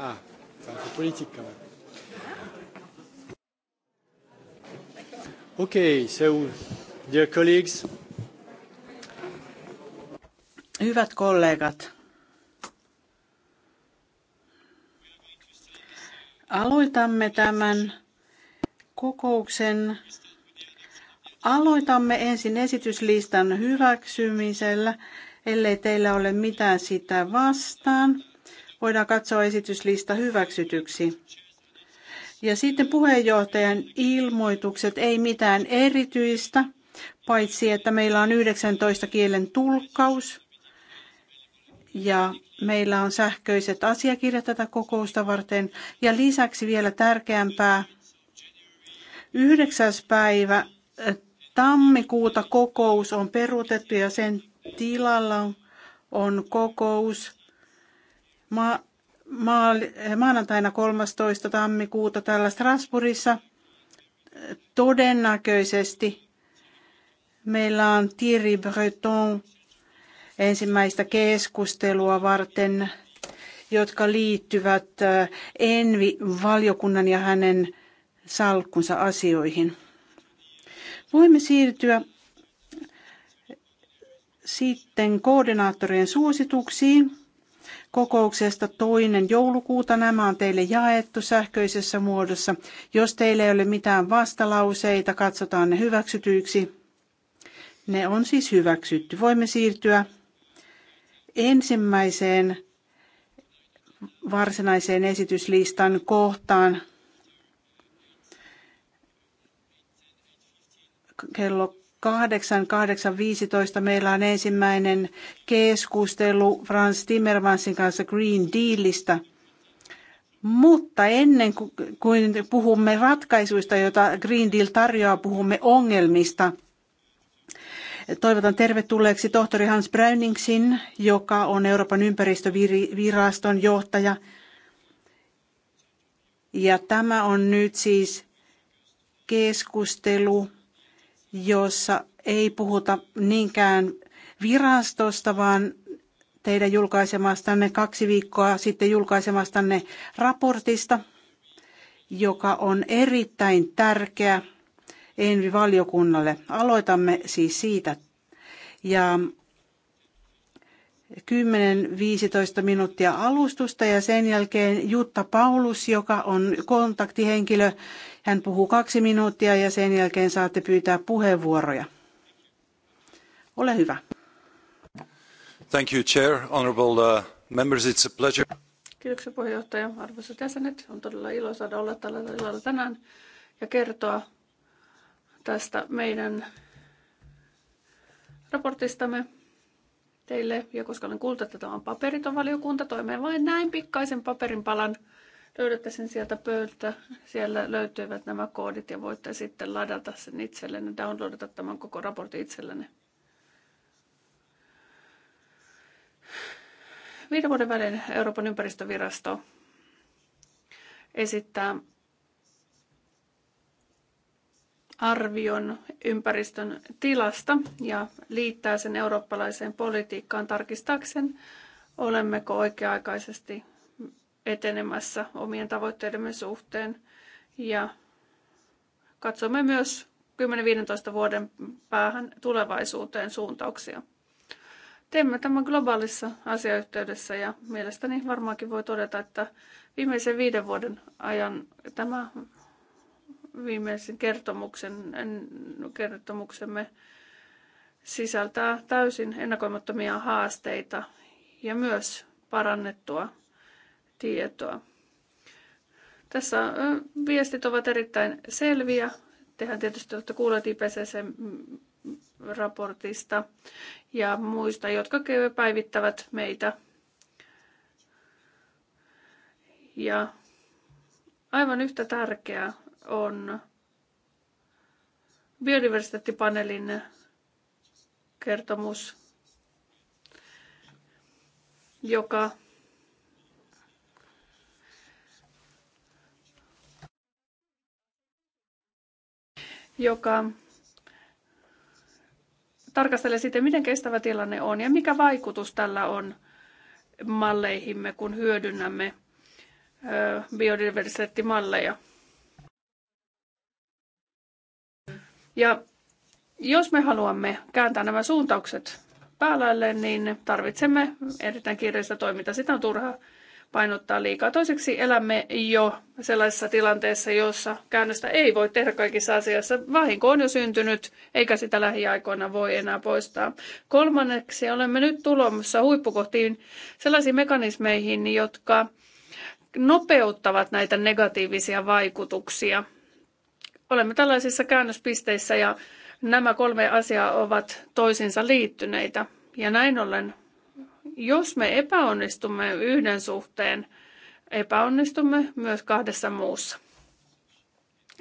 Ah, c'est un peu politique quand même. Okay, so, dear colleagues. Hyvät kollegat, aloitamme tämän kokouksen. Aloitamme ensin esityslistan hyväksymisellä, ellei teillä ole mitään sitä vastaan voidaan katsoa esityslista hyväksytyksi. Ja sitten puheenjohtajan ilmoitukset, ei mitään erityistä, paitsi että meillä on 19 kielen tulkkaus ja meillä on sähköiset asiakirjat tätä kokousta varten. Ja lisäksi vielä tärkeämpää, 9. päivä eh, tammikuuta kokous on peruutettu ja sen tilalla on kokous ma- ma- maanantaina 13. tammikuuta täällä Strasbourgissa todennäköisesti meillä on Thierry Breton ensimmäistä keskustelua varten, jotka liittyvät äh, Envi-valiokunnan ja hänen salkkunsa asioihin. Voimme siirtyä sitten koordinaattorien suosituksiin kokouksesta toinen joulukuuta. Nämä on teille jaettu sähköisessä muodossa. Jos teillä ei ole mitään vastalauseita, katsotaan ne hyväksytyiksi. Ne on siis hyväksytty. Voimme siirtyä ensimmäiseen varsinaiseen esityslistan kohtaan. Kello 8.8.15 meillä on ensimmäinen keskustelu Frans Timmermansin kanssa Green Dealista. Mutta ennen kuin puhumme ratkaisuista, joita Green Deal tarjoaa, puhumme ongelmista. Toivotan tervetulleeksi tohtori Hans Browningsin, joka on Euroopan ympäristöviraston johtaja. Ja tämä on nyt siis keskustelu jossa ei puhuta niinkään virastosta, vaan teidän julkaisemastanne kaksi viikkoa sitten julkaisemastanne raportista, joka on erittäin tärkeä ENVI-valiokunnalle. Aloitamme siis siitä. Ja 10-15 minuuttia alustusta ja sen jälkeen Jutta Paulus, joka on kontaktihenkilö hän puhuu kaksi minuuttia ja sen jälkeen saatte pyytää puheenvuoroja. Ole hyvä. Thank you, Chair. Honorable uh, members, it's a pleasure. Kiitoksia puheenjohtaja. Arvoisat jäsenet, on todella ilo saada olla tällä tavalla tänään ja kertoa tästä meidän raportistamme teille. Ja koska olen kuullut, että tämä on paperiton valiokunta, toimeen vain näin pikkaisen paperin palan – Löydätte sen sieltä pöyltä. Siellä löytyvät nämä koodit ja voitte sitten ladata sen itsellenne, downloadata tämän koko raportin itsellenne. Viiden vuoden välein Euroopan ympäristövirasto esittää arvion ympäristön tilasta ja liittää sen eurooppalaiseen politiikkaan tarkistaakseen, olemmeko oikea-aikaisesti etenemässä omien tavoitteidemme suhteen. Ja katsomme myös 10-15 vuoden päähän tulevaisuuteen suuntauksia. Teemme tämän globaalissa asiayhteydessä ja mielestäni varmaankin voi todeta, että viimeisen viiden vuoden ajan tämä viimeisen kertomuksen, kertomuksemme sisältää täysin ennakoimattomia haasteita ja myös parannettua tietoa. Tässä viestit ovat erittäin selviä. Tehän tietysti olette kuulleet IPCC-raportista ja muista, jotka päivittävät meitä. Ja aivan yhtä tärkeää on biodiversiteettipaneelin kertomus, joka joka tarkastelee sitten, miten kestävä tilanne on ja mikä vaikutus tällä on malleihimme, kun hyödynnämme biodiversiteettimalleja. Ja jos me haluamme kääntää nämä suuntaukset päälaille, niin tarvitsemme erittäin kiireistä toimintaa. Sitä on turha painottaa liikaa. Toiseksi elämme jo sellaisessa tilanteessa, jossa käännöstä ei voi tehdä kaikissa asioissa. Vahinko on jo syntynyt, eikä sitä lähiaikoina voi enää poistaa. Kolmanneksi olemme nyt tulossa huippukohtiin sellaisiin mekanismeihin, jotka nopeuttavat näitä negatiivisia vaikutuksia. Olemme tällaisissa käännöspisteissä ja nämä kolme asiaa ovat toisiinsa liittyneitä. Ja näin ollen jos me epäonnistumme yhden suhteen, epäonnistumme myös kahdessa muussa.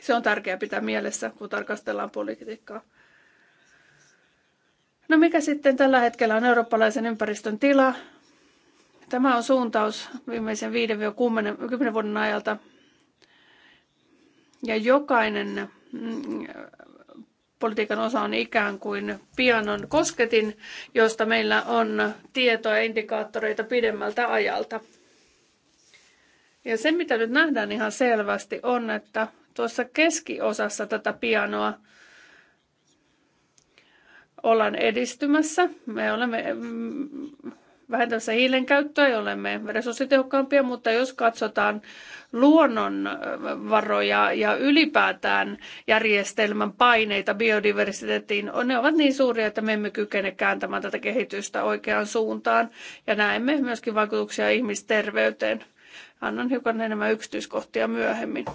Se on tärkeää pitää mielessä, kun tarkastellaan politiikkaa. No mikä sitten tällä hetkellä on eurooppalaisen ympäristön tila? Tämä on suuntaus viimeisen 5-10 vuoden ajalta. Ja jokainen mm, politiikan osa on ikään kuin pianon kosketin, josta meillä on tietoa ja indikaattoreita pidemmältä ajalta. Ja se, mitä nyt nähdään ihan selvästi, on, että tuossa keskiosassa tätä pianoa ollaan edistymässä. Me olemme mm, vähentämässä hiilen käyttöä ja olemme resurssitehokkaampia, mutta jos katsotaan luonnonvaroja ja ylipäätään järjestelmän paineita biodiversiteettiin, ne ovat niin suuria, että me emme kykene kääntämään tätä kehitystä oikeaan suuntaan ja näemme myöskin vaikutuksia ihmisterveyteen. Annan hiukan enemmän yksityiskohtia myöhemmin.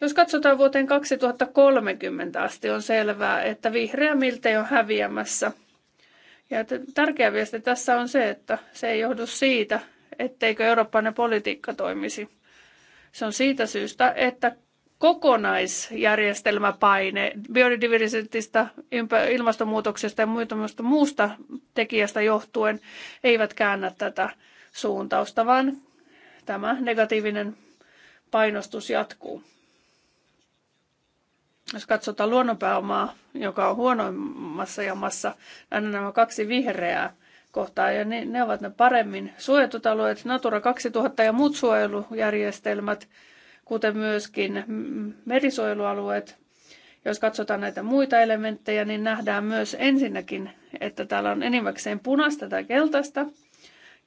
Jos katsotaan vuoteen 2030 asti, on selvää, että vihreä miltei on häviämässä – ja tärkeä viesti tässä on se, että se ei johdu siitä, etteikö eurooppalainen politiikka toimisi. Se on siitä syystä, että kokonaisjärjestelmäpaine biodiversiteetista ilmastonmuutoksesta ja muutamasta muusta tekijästä johtuen eivät käännä tätä suuntausta, vaan tämä negatiivinen painostus jatkuu. Jos katsotaan luonnonpääomaa, joka on huonoimmassa jamassa, aina nämä kaksi vihreää kohtaa, ja ne, ne ovat ne paremmin suojatut alueet, Natura 2000 ja muut suojelujärjestelmät, kuten myöskin merisuojelualueet. Jos katsotaan näitä muita elementtejä, niin nähdään myös ensinnäkin, että täällä on enimmäkseen punaista tai keltaista,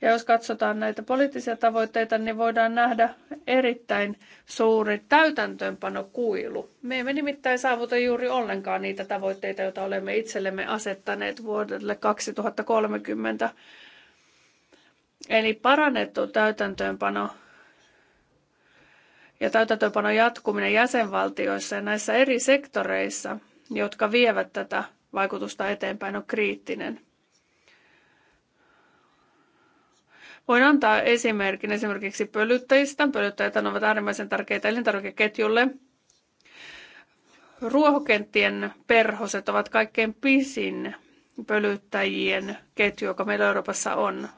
ja jos katsotaan näitä poliittisia tavoitteita, niin voidaan nähdä erittäin suuri täytäntöönpanokuilu. Me emme nimittäin saavuta juuri ollenkaan niitä tavoitteita, joita olemme itsellemme asettaneet vuodelle 2030. Eli parannettu täytäntöönpano ja täytäntöönpanon jatkuminen jäsenvaltioissa ja näissä eri sektoreissa, jotka vievät tätä vaikutusta eteenpäin, on kriittinen. Voin antaa esimerkin esimerkiksi pölyttäjistä. Pölyttäjät ovat äärimmäisen tärkeitä elintarvikeketjulle. Ruohokenttien perhoset ovat kaikkein pisin pölyttäjien ketju, joka meillä Euroopassa on.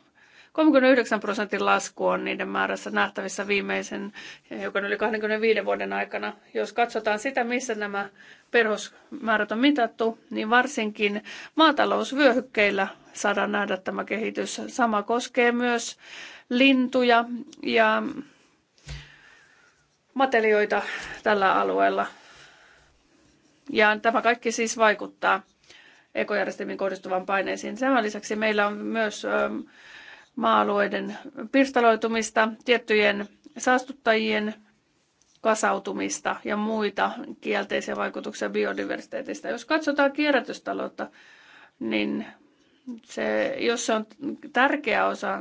39 prosentin lasku on niiden määrässä nähtävissä viimeisen hiukan yli 25 vuoden aikana. Jos katsotaan sitä, missä nämä perhosmäärät on mitattu, niin varsinkin maatalousvyöhykkeillä saadaan nähdä tämä kehitys. Sama koskee myös lintuja ja matelioita tällä alueella. Ja tämä kaikki siis vaikuttaa ekojärjestelmiin kohdistuvan paineisiin. Sen lisäksi meillä on myös maa-alueiden pirstaloitumista, tiettyjen saastuttajien kasautumista ja muita kielteisiä vaikutuksia biodiversiteetistä. Jos katsotaan kierrätystaloutta, niin se, jos se on tärkeä osa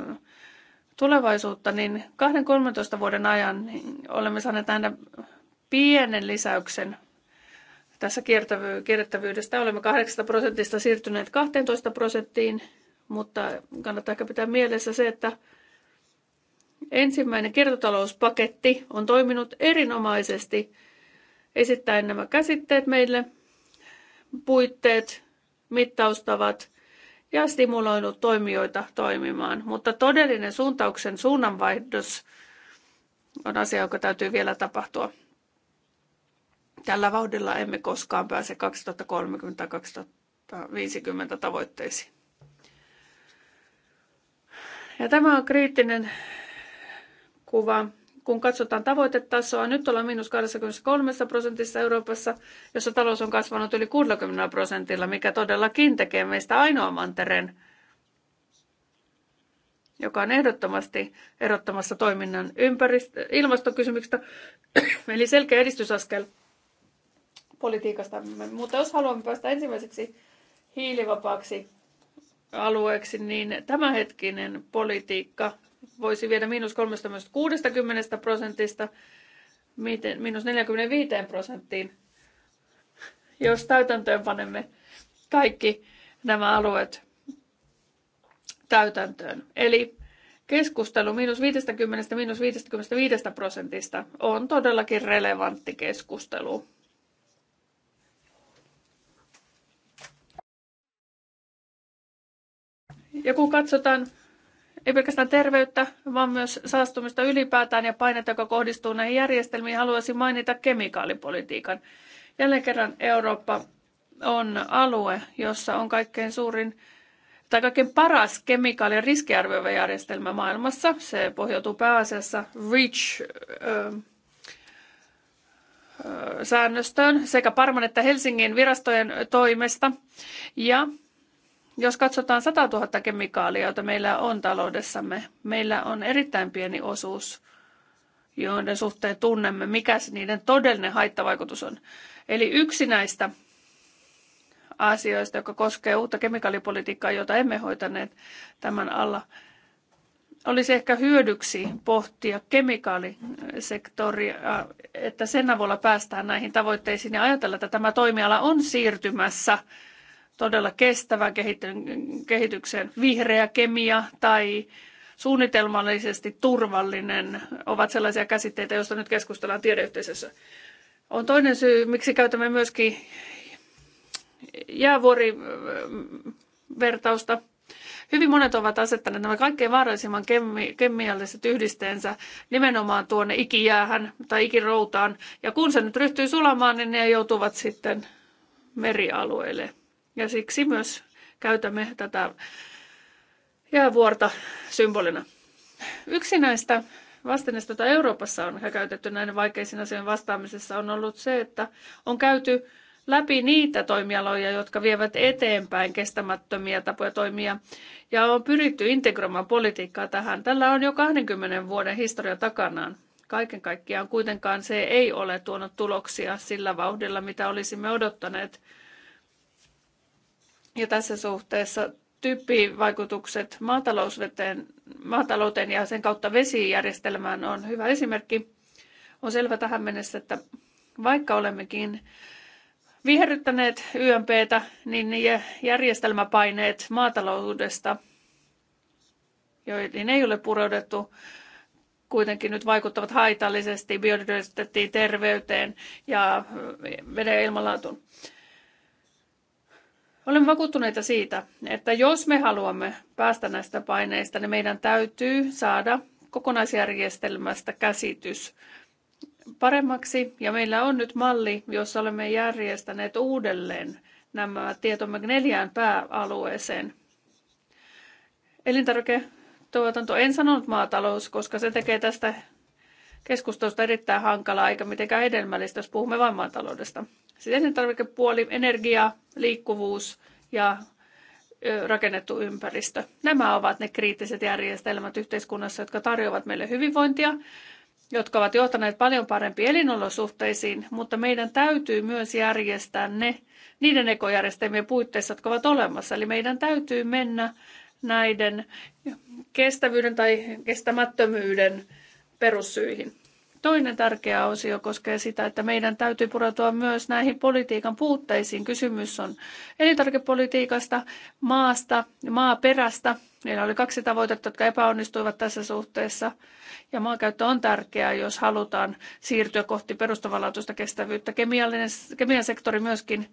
tulevaisuutta, niin 2-13 vuoden ajan niin olemme saaneet nähdä pienen lisäyksen tässä kierrättävyydestä. Olemme 8 prosentista siirtyneet 12 prosenttiin, mutta kannattaa ehkä pitää mielessä se, että ensimmäinen kiertotalouspaketti on toiminut erinomaisesti esittäen nämä käsitteet meille, puitteet, mittaustavat – ja stimuloinut toimijoita toimimaan. Mutta todellinen suuntauksen suunnanvaihdos on asia, joka täytyy vielä tapahtua. Tällä vauhdilla emme koskaan pääse 2030-2050 tavoitteisiin. Ja tämä on kriittinen kuva kun katsotaan tavoitetasoa, nyt ollaan miinus 23 prosentissa Euroopassa, jossa talous on kasvanut yli 60 prosentilla, mikä todellakin tekee meistä ainoa mantereen, joka on ehdottomasti erottamassa toiminnan ympäristö- ilmastokysymyksistä, eli selkeä edistysaskel politiikasta. Mutta jos haluamme päästä ensimmäiseksi hiilivapaaksi alueeksi, niin tämänhetkinen politiikka voisi viedä miinus 360 prosentista miinus 45 prosenttiin, jos täytäntöön panemme kaikki nämä alueet täytäntöön. Eli keskustelu miinus 50 miinus 55 prosentista on todellakin relevantti keskustelu. Ja kun katsotaan ei pelkästään terveyttä, vaan myös saastumista ylipäätään ja painetta, joka kohdistuu näihin järjestelmiin. Haluaisin mainita kemikaalipolitiikan. Jälleen kerran Eurooppa on alue, jossa on kaikkein suurin tai kaikkein paras kemikaalien riskiarvioiva järjestelmä maailmassa. Se pohjautuu pääasiassa REACH-säännöstöön sekä Parman että Helsingin virastojen toimesta. Ja jos katsotaan 100 000 kemikaalia, joita meillä on taloudessamme, meillä on erittäin pieni osuus, joiden suhteen tunnemme, mikä se niiden todellinen haittavaikutus on. Eli yksi näistä asioista, joka koskee uutta kemikaalipolitiikkaa, jota emme hoitaneet tämän alla, olisi ehkä hyödyksi pohtia kemikaalisektoria, että sen avulla päästään näihin tavoitteisiin ja ajatella, että tämä toimiala on siirtymässä todella kestävän kehityksen vihreä kemia tai suunnitelmallisesti turvallinen ovat sellaisia käsitteitä, joista nyt keskustellaan tiedeyhteisössä. On toinen syy, miksi käytämme myöskin jäävuorivertausta. Hyvin monet ovat asettaneet nämä kaikkein vaarallisimman kemi- kemialliset yhdisteensä nimenomaan tuonne ikijäähän tai ikiroutaan. Ja kun se nyt ryhtyy sulamaan, niin ne joutuvat sitten merialueille. Ja siksi myös käytämme tätä jäävuorta symbolina. Yksi näistä vastineista, joita Euroopassa on käytetty näiden vaikeisiin asioihin vastaamisessa, on ollut se, että on käyty läpi niitä toimialoja, jotka vievät eteenpäin kestämättömiä tapoja toimia. Ja on pyritty integroimaan politiikkaa tähän. Tällä on jo 20 vuoden historia takanaan. Kaiken kaikkiaan kuitenkaan se ei ole tuonut tuloksia sillä vauhdilla, mitä olisimme odottaneet. Ja tässä suhteessa typpivaikutukset maatalousveteen, maatalouteen ja sen kautta vesijärjestelmään on hyvä esimerkki. On selvä tähän mennessä, että vaikka olemmekin viherryttäneet YMPtä, niin järjestelmäpaineet maataloudesta, joihin ei ole pureudettu, kuitenkin nyt vaikuttavat haitallisesti biodiversiteettiin, terveyteen ja veden ilmanlaatuun. Olen vakuuttuneita siitä, että jos me haluamme päästä näistä paineista, niin meidän täytyy saada kokonaisjärjestelmästä käsitys paremmaksi. Ja meillä on nyt malli, jossa olemme järjestäneet uudelleen nämä tietomme neljään pääalueeseen. Elintarviketuotanto, en sanonut maatalous, koska se tekee tästä keskustelusta erittäin hankalaa eikä mitenkään hedelmällistä, jos puhumme maataloudesta. Sitten siis elintarvikepuoli, energia, liikkuvuus ja rakennettu ympäristö. Nämä ovat ne kriittiset järjestelmät yhteiskunnassa, jotka tarjoavat meille hyvinvointia, jotka ovat johtaneet paljon parempiin elinolosuhteisiin, mutta meidän täytyy myös järjestää ne niiden ekojärjestelmien puitteissa, jotka ovat olemassa. Eli meidän täytyy mennä näiden kestävyyden tai kestämättömyyden perussyihin. Toinen tärkeä osio koskee sitä, että meidän täytyy pureutua myös näihin politiikan puutteisiin. Kysymys on elintarvikepolitiikasta, maasta, maaperästä. Meillä oli kaksi tavoitetta, jotka epäonnistuivat tässä suhteessa. Ja maankäyttö on tärkeää, jos halutaan siirtyä kohti perustavanlaatuista kestävyyttä. Kemiallinen, kemian sektori myöskin,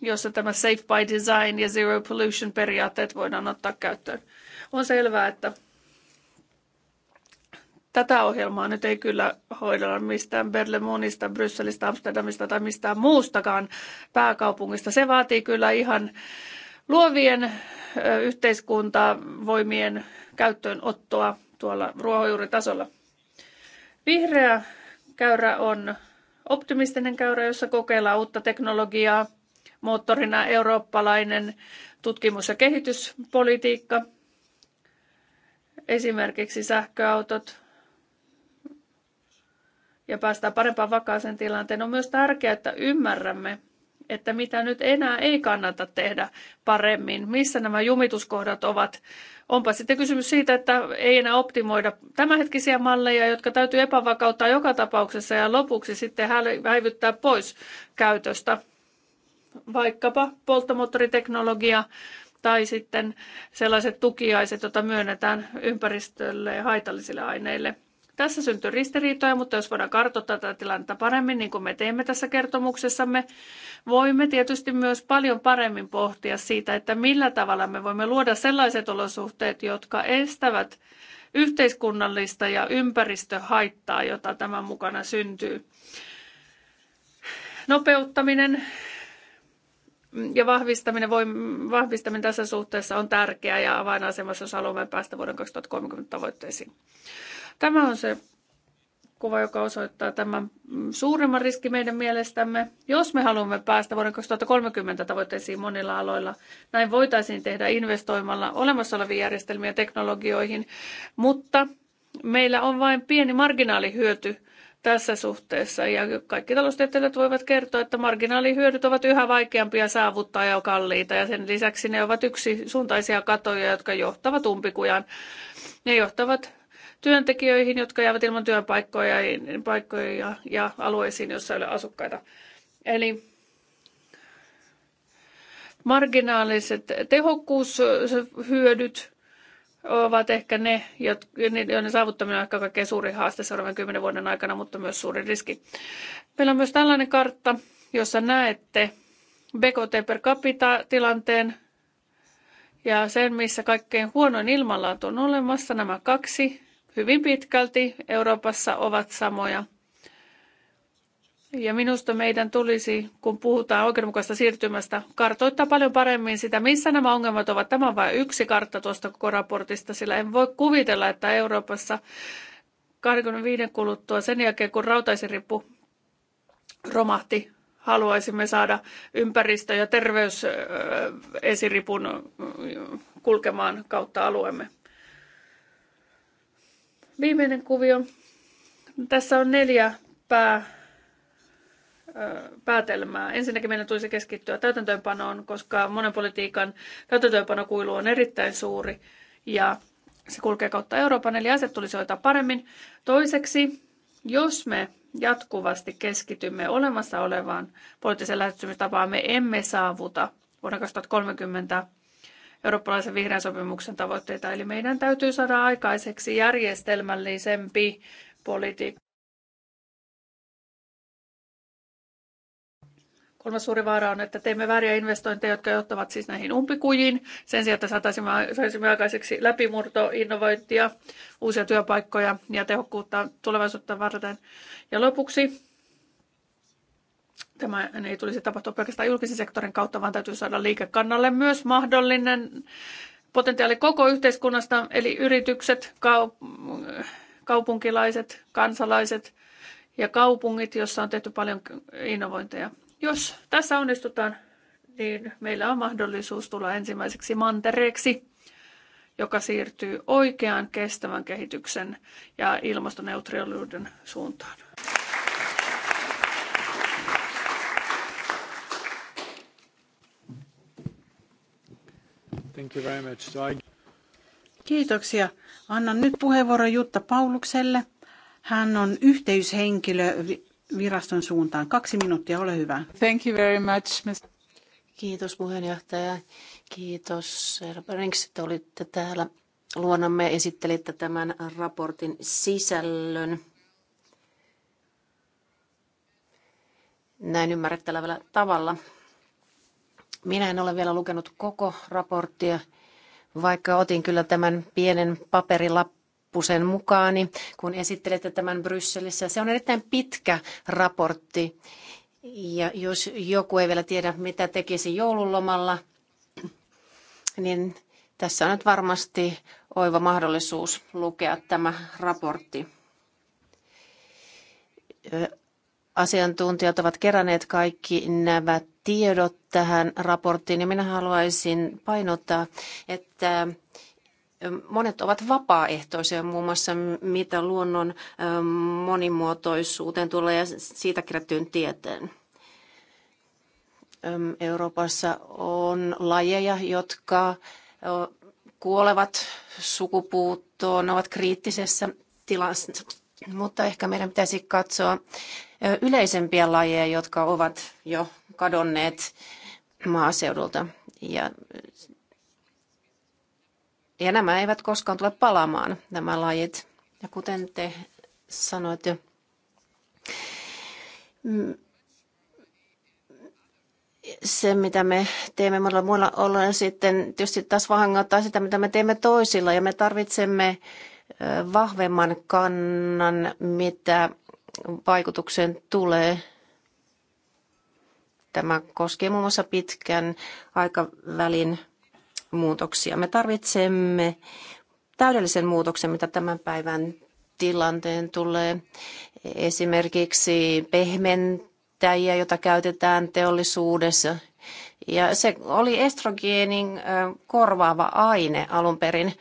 jossa tämä Safe by Design ja Zero Pollution periaatteet voidaan ottaa käyttöön. On selvää, että Tätä ohjelmaa nyt ei kyllä hoidella mistään Berlemonista, Brysselistä, Amsterdamista tai mistään muustakaan pääkaupungista. Se vaatii kyllä ihan luovien yhteiskuntavoimien käyttöönottoa tuolla ruohonjuuritasolla. Vihreä käyrä on optimistinen käyrä, jossa kokeillaan uutta teknologiaa, moottorina eurooppalainen tutkimus- ja kehityspolitiikka, esimerkiksi sähköautot, ja päästään parempaan vakaaseen tilanteen, on myös tärkeää, että ymmärrämme, että mitä nyt enää ei kannata tehdä paremmin, missä nämä jumituskohdat ovat. Onpa sitten kysymys siitä, että ei enää optimoida tämänhetkisiä malleja, jotka täytyy epävakauttaa joka tapauksessa ja lopuksi sitten häivyttää pois käytöstä. Vaikkapa polttomoottoriteknologia tai sitten sellaiset tukiaiset, joita myönnetään ympäristölle ja haitallisille aineille – tässä syntyy ristiriitoja, mutta jos voidaan kartoittaa tätä tilannetta paremmin, niin kuin me teemme tässä kertomuksessamme, voimme tietysti myös paljon paremmin pohtia siitä, että millä tavalla me voimme luoda sellaiset olosuhteet, jotka estävät yhteiskunnallista ja ympäristöhaittaa, jota tämän mukana syntyy. Nopeuttaminen ja vahvistaminen, voi, vahvistaminen tässä suhteessa on tärkeää ja avainasemassa, jos haluamme päästä vuoden 2030 tavoitteisiin. Tämä on se kuva, joka osoittaa tämän suuremman riski meidän mielestämme. Jos me haluamme päästä vuoden 2030 tavoitteisiin monilla aloilla, näin voitaisiin tehdä investoimalla olemassa oleviin järjestelmiin ja teknologioihin, mutta meillä on vain pieni marginaalihyöty tässä suhteessa. Ja kaikki taloustieteilijät voivat kertoa, että marginaalihyödyt ovat yhä vaikeampia saavuttaa ja kalliita. Ja sen lisäksi ne ovat yksisuuntaisia katoja, jotka johtavat umpikujaan. Ne johtavat työntekijöihin, jotka jäävät ilman työpaikkoja paikkoja ja, ja alueisiin, joissa ei ole asukkaita. Eli marginaaliset tehokkuushyödyt ovat ehkä ne, joiden saavuttaminen on ehkä kaikkein suurin haaste seuraavan kymmenen vuoden aikana, mutta myös suuri riski. Meillä on myös tällainen kartta, jossa näette BKT per capita tilanteen ja sen, missä kaikkein huonoin ilmanlaatu on olemassa, nämä kaksi hyvin pitkälti Euroopassa ovat samoja. Ja minusta meidän tulisi, kun puhutaan oikeudenmukaista siirtymästä, kartoittaa paljon paremmin sitä, missä nämä ongelmat ovat. Tämä on vain yksi kartta tuosta koko raportista, sillä en voi kuvitella, että Euroopassa 25 kuluttua sen jälkeen, kun rautaisirippu romahti, haluaisimme saada ympäristö- ja terveysesiripun kulkemaan kautta alueemme. Viimeinen kuvio. Tässä on neljä pää, päätelmää. Ensinnäkin meidän tulisi keskittyä täytäntöönpanoon, koska monen politiikan täytäntöönpanokuilu on erittäin suuri ja se kulkee kautta Euroopan, eli asiat tulisi hoitaa paremmin. Toiseksi, jos me jatkuvasti keskitymme olemassa olevaan poliittiseen lähestymistapaan, me emme saavuta vuonna 2030 eurooppalaisen vihreän sopimuksen tavoitteita. Eli meidän täytyy saada aikaiseksi järjestelmällisempi politiikka. Kolmas suuri vaara on, että teemme vääriä investointeja, jotka johtavat siis näihin umpikujiin. Sen sijaan, että saataisimme, saisimme aikaiseksi läpimurto, innovointia, uusia työpaikkoja ja tehokkuutta tulevaisuutta varten. Ja lopuksi Tämä ei tulisi tapahtua pelkästään julkisen sektorin kautta, vaan täytyy saada liikekannalle myös mahdollinen potentiaali koko yhteiskunnasta, eli yritykset, kaupunkilaiset, kansalaiset ja kaupungit, joissa on tehty paljon innovointeja. Jos tässä onnistutaan, niin meillä on mahdollisuus tulla ensimmäiseksi mantereeksi, joka siirtyy oikeaan kestävän kehityksen ja ilmastoneutraaliuden suuntaan. Kiitoksia. Annan nyt puheenvuoron Jutta Paulukselle. Hän on yhteyshenkilö viraston suuntaan. Kaksi minuuttia, ole hyvä. Thank you very much, Mr. Kiitos puheenjohtaja. Kiitos, herra että olitte täällä luonamme esittelitte tämän raportin sisällön. Näin ymmärrettävällä tavalla. Minä en ole vielä lukenut koko raporttia, vaikka otin kyllä tämän pienen paperilappusen mukaani, kun esittelette tämän Brysselissä. Se on erittäin pitkä raportti. Ja jos joku ei vielä tiedä, mitä tekisi joululomalla, niin tässä on nyt varmasti oiva mahdollisuus lukea tämä raportti. Asiantuntijat ovat keränneet kaikki nämä tiedot tähän raporttiin ja niin minä haluaisin painottaa, että Monet ovat vapaaehtoisia, muun muassa mitä luonnon monimuotoisuuteen tulee ja siitä kerättyyn tieteen. Euroopassa on lajeja, jotka kuolevat sukupuuttoon, ovat kriittisessä tilassa, mutta ehkä meidän pitäisi katsoa yleisempiä lajeja, jotka ovat jo kadonneet maaseudulta. Ja, ja nämä eivät koskaan tule palaamaan, nämä lajit. Ja kuten te sanoitte, mm, se, mitä me teemme monella muilla ollen sitten tietysti taas vahingoittaa sitä, mitä me teemme toisilla. Ja me tarvitsemme vahvemman kannan, mitä vaikutukseen tulee – Tämä koskee muun muassa pitkän aikavälin muutoksia. Me tarvitsemme täydellisen muutoksen, mitä tämän päivän tilanteen tulee. Esimerkiksi pehmentäjiä, jota käytetään teollisuudessa. Ja se oli estrogeenin korvaava aine alun perin.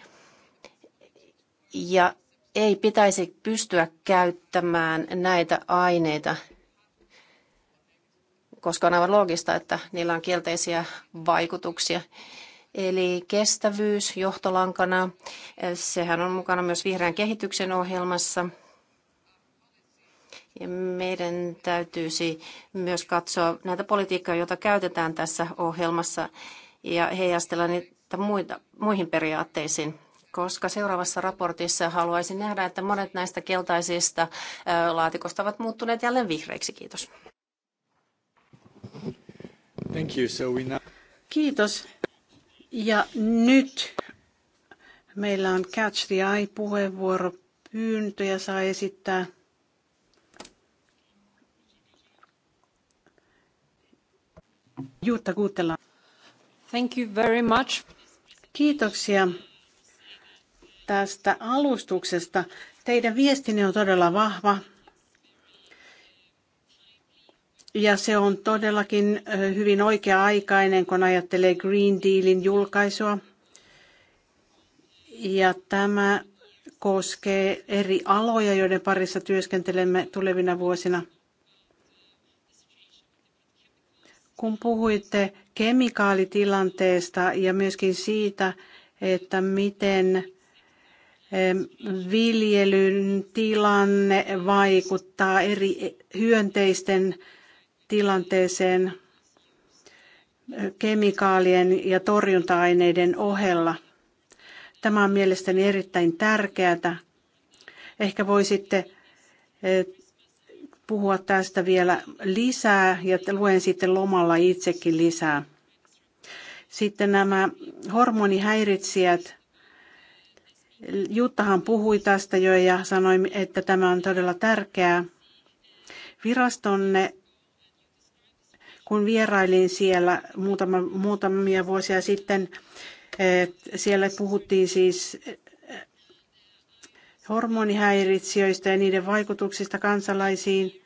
Ja ei pitäisi pystyä käyttämään näitä aineita – koska on aivan loogista, että niillä on kielteisiä vaikutuksia. Eli kestävyys johtolankana, sehän on mukana myös vihreän kehityksen ohjelmassa. Ja meidän täytyisi myös katsoa näitä politiikkaa, joita käytetään tässä ohjelmassa ja heijastella niitä muita, muihin periaatteisiin koska seuraavassa raportissa haluaisin nähdä, että monet näistä keltaisista laatikosta ovat muuttuneet jälleen vihreiksi. Kiitos. Thank you. So we now... Kiitos. Ja nyt meillä on Catch the Eye-puheenvuoro. Pyyntöjä saa esittää. Jutta Kuutela. Thank you very much. Kiitoksia tästä alustuksesta. Teidän viestinne on todella vahva ja se on todellakin hyvin oikea-aikainen, kun ajattelee Green Dealin julkaisua. Ja tämä koskee eri aloja, joiden parissa työskentelemme tulevina vuosina. Kun puhuitte kemikaalitilanteesta ja myöskin siitä, että miten viljelyn tilanne vaikuttaa eri hyönteisten tilanteeseen kemikaalien ja torjunta-aineiden ohella. Tämä on mielestäni erittäin tärkeää. Ehkä voisitte eh, puhua tästä vielä lisää ja luen sitten lomalla itsekin lisää. Sitten nämä hormonihäiritsijät. Juttahan puhui tästä jo ja sanoi, että tämä on todella tärkeää. Virastonne kun vierailin siellä muutama, muutamia vuosia sitten, eh, siellä puhuttiin siis eh, hormonihäiritsijöistä ja niiden vaikutuksista kansalaisiin.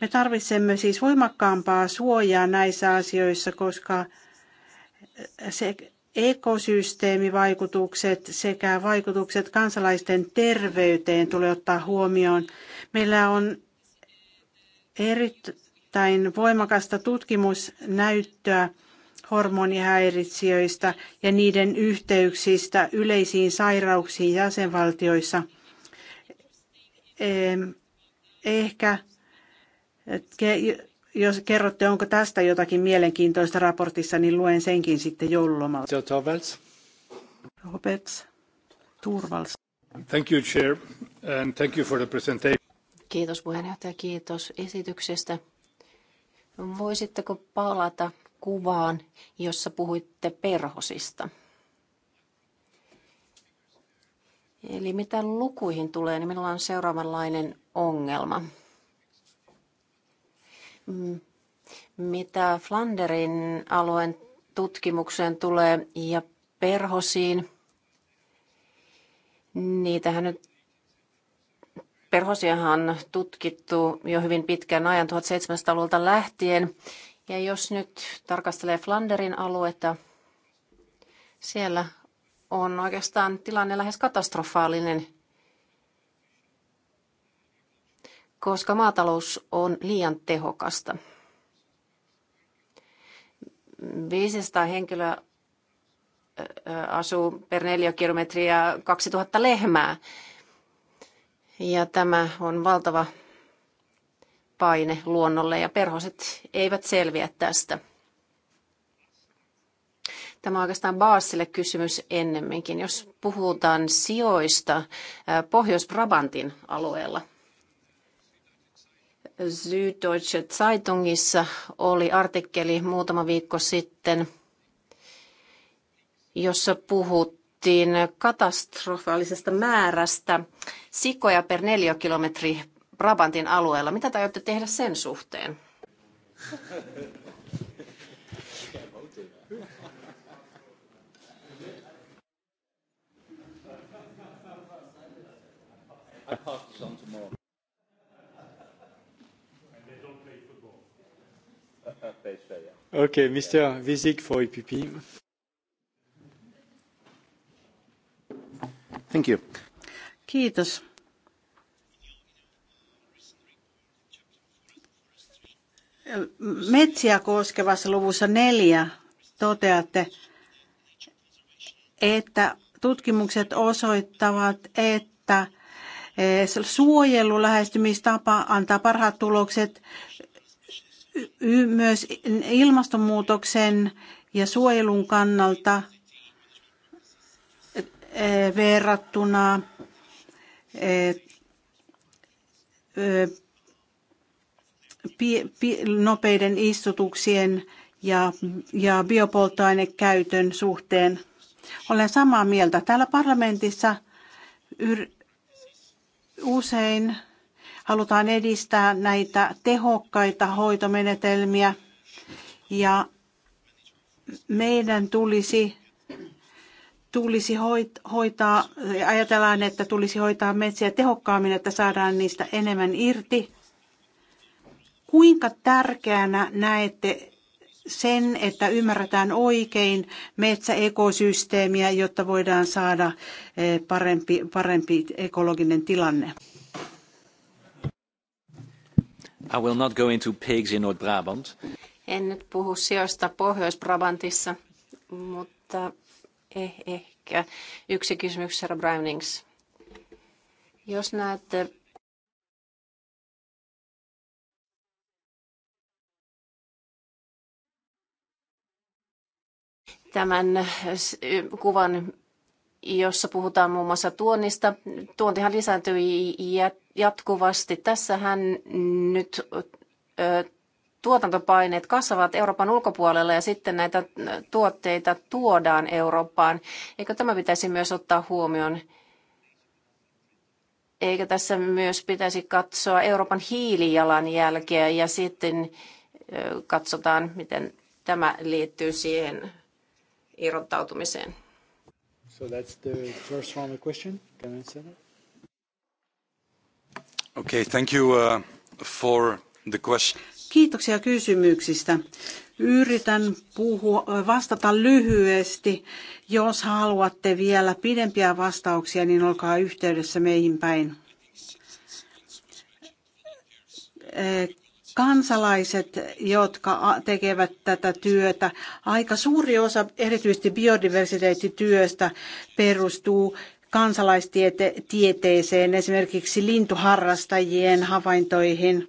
Me tarvitsemme siis voimakkaampaa suojaa näissä asioissa, koska se ekosysteemivaikutukset sekä vaikutukset kansalaisten terveyteen tulee ottaa huomioon. Meillä on erit, erittäin voimakasta tutkimusnäyttöä hormonihäiritsijöistä ja niiden yhteyksistä yleisiin sairauksiin jäsenvaltioissa. Ehkä jos kerrotte, onko tästä jotakin mielenkiintoista raportissa, niin luen senkin sitten joululomalla. Torvalds. Roberts. Turvals. Thank you, Chair, and thank you for the presentation. Kiitos puheenjohtaja, kiitos esityksestä. Voisitteko palata kuvaan, jossa puhuitte perhosista? Eli mitä lukuihin tulee, niin minulla on seuraavanlainen ongelma. Mm, mitä Flanderin alueen tutkimukseen tulee ja perhosiin, niitähän nyt Perhosiahan on tutkittu jo hyvin pitkän ajan 1700-luvulta lähtien. Ja jos nyt tarkastelee Flanderin aluetta, siellä on oikeastaan tilanne lähes katastrofaalinen, koska maatalous on liian tehokasta. 500 henkilöä asuu per kilometriä 2000 lehmää. Ja tämä on valtava paine luonnolle ja perhoset eivät selviä tästä. Tämä on oikeastaan Baasille kysymys ennemminkin. Jos puhutaan sijoista Pohjois-Brabantin alueella, Süddeutsche Zeitungissa oli artikkeli muutama viikko sitten, jossa puhut puhuttiin katastrofaalisesta määrästä sikoja per neliökilometri Brabantin alueella. Mitä te aiotte tehdä sen suhteen? Okay, Mr. Visick for EPP. Thank you. Kiitos. Metsiä koskevassa luvussa neljä toteatte, että tutkimukset osoittavat, että eh, suojelulähestymistapa antaa parhaat tulokset myös ilmastonmuutoksen ja suojelun kannalta – Eh, verrattuna eh, eh, nopeiden istutuksien ja, ja biopolttoainekäytön suhteen. Olen samaa mieltä. Täällä parlamentissa usein halutaan edistää näitä tehokkaita hoitomenetelmiä ja meidän tulisi tulisi hoitaa, ajatellaan, että tulisi hoitaa metsiä tehokkaammin, että saadaan niistä enemmän irti. Kuinka tärkeänä näette sen, että ymmärretään oikein metsäekosysteemiä, jotta voidaan saada eh, parempi, parempi ekologinen tilanne? I will not go into pigs in North Brabant. En nyt puhu sijoista Pohjois-Brabantissa, mutta Eh, ehkä yksi kysymys, herra Brownings. Jos näette tämän eh, kuvan, jossa puhutaan muun muassa tuonnista. Tuontihan lisääntyi jatkuvasti. Tässähän nyt eh, tuotantopaineet kasvavat Euroopan ulkopuolella ja sitten näitä äh, tuotteita tuodaan Eurooppaan. Eikö tämä pitäisi myös ottaa huomioon? Eikö tässä myös pitäisi katsoa Euroopan hiilijalanjälkeä ja sitten äh, katsotaan, miten tämä liittyy siihen irrottautumiseen? So that's the first round of question. Can I answer that? Okay, thank you uh, for the question. Kiitoksia kysymyksistä. Yritän puhua, vastata lyhyesti. Jos haluatte vielä pidempiä vastauksia, niin olkaa yhteydessä meihin päin. Kansalaiset, jotka tekevät tätä työtä, aika suuri osa erityisesti biodiversiteettityöstä perustuu kansalaistieteeseen, esimerkiksi lintuharrastajien havaintoihin –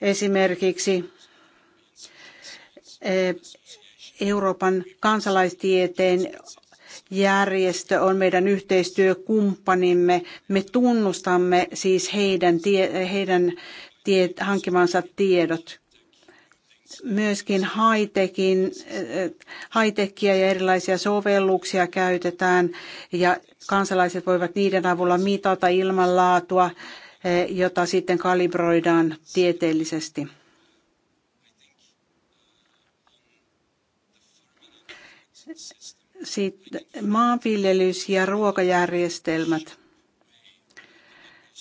Esimerkiksi eh, Euroopan kansalaistieteen järjestö on meidän yhteistyökumppanimme. Me tunnustamme siis heidän, tie, heidän tie, hankimansa tiedot. Myöskin high-techin, eh, ja erilaisia sovelluksia käytetään ja kansalaiset voivat niiden avulla mitata ilmanlaatua Eh, jota sitten kalibroidaan tieteellisesti. Sitten maanviljelys ja ruokajärjestelmät.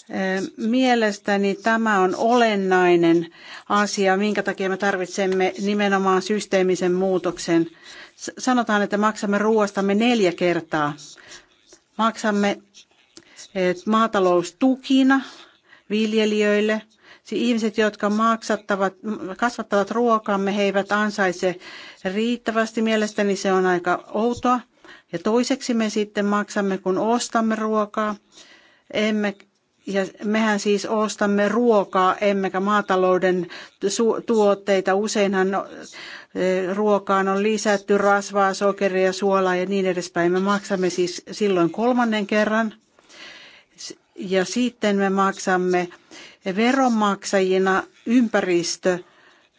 Eh, mielestäni tämä on olennainen asia, minkä takia me tarvitsemme nimenomaan systeemisen muutoksen. Sanotaan, että maksamme ruoastamme neljä kertaa. Maksamme eh, maataloustukina, viljelijöille. Ihmiset, jotka maksattavat, kasvattavat ruokamme, he eivät ansaise riittävästi. Mielestäni se on aika outoa. Ja toiseksi me sitten maksamme, kun ostamme ruokaa. Emme, ja mehän siis ostamme ruokaa, emmekä maatalouden tuotteita. Useinhan ruokaan on lisätty rasvaa, sokeria, suolaa ja niin edespäin. Me maksamme siis silloin kolmannen kerran – ja sitten me maksamme veronmaksajina ympäristö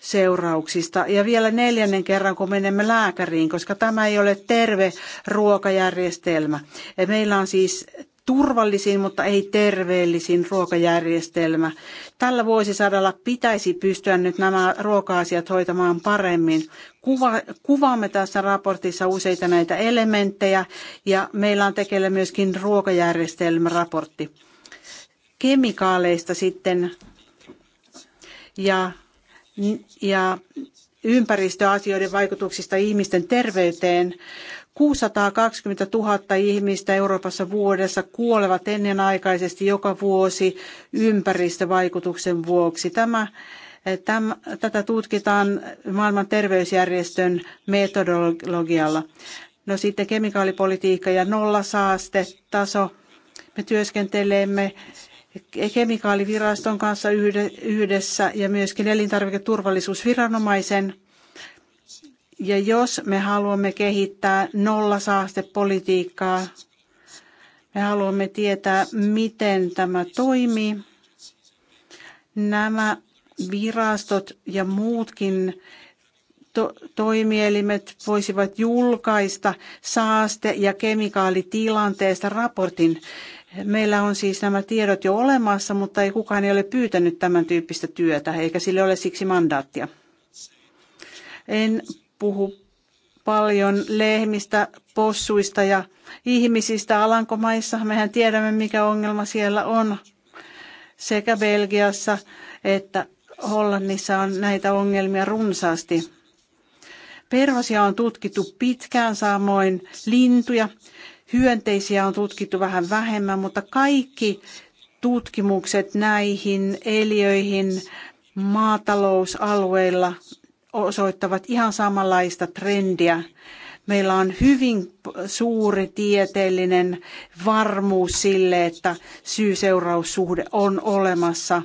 seurauksista. Ja vielä neljännen kerran, kun menemme lääkäriin, koska tämä ei ole terve ruokajärjestelmä. Meillä on siis turvallisin, mutta ei terveellisin ruokajärjestelmä. Tällä vuosisadalla pitäisi pystyä nyt nämä ruoka-asiat hoitamaan paremmin. Kuva, kuvaamme tässä raportissa useita näitä elementtejä ja meillä on tekeillä myöskin ruokajärjestelmäraportti kemikaaleista sitten ja, ja ympäristöasioiden vaikutuksista ihmisten terveyteen. 620 000 ihmistä Euroopassa vuodessa kuolevat ennenaikaisesti joka vuosi ympäristövaikutuksen vuoksi. Tämä, täm, tätä tutkitaan maailman terveysjärjestön metodologialla. No sitten kemikaalipolitiikka ja nollasaastetaso. taso. Me työskentelemme kemikaaliviraston kanssa yhdessä ja myöskin elintarviketurvallisuusviranomaisen. Ja jos me haluamme kehittää nollasaastepolitiikkaa, me haluamme tietää, miten tämä toimii. Nämä virastot ja muutkin to- toimielimet voisivat julkaista saaste- ja kemikaalitilanteesta raportin. Meillä on siis nämä tiedot jo olemassa, mutta ei kukaan ei ole pyytänyt tämän tyyppistä työtä, eikä sille ole siksi mandaattia. En puhu paljon lehmistä, possuista ja ihmisistä Alankomaissa. Mehän tiedämme, mikä ongelma siellä on. Sekä Belgiassa että Hollannissa on näitä ongelmia runsaasti. Pervasia on tutkittu pitkään, samoin lintuja. Hyönteisiä on tutkittu vähän vähemmän, mutta kaikki tutkimukset näihin eliöihin maatalousalueilla osoittavat ihan samanlaista trendiä. Meillä on hyvin suuri tieteellinen varmuus sille, että syy-seuraussuhde on olemassa.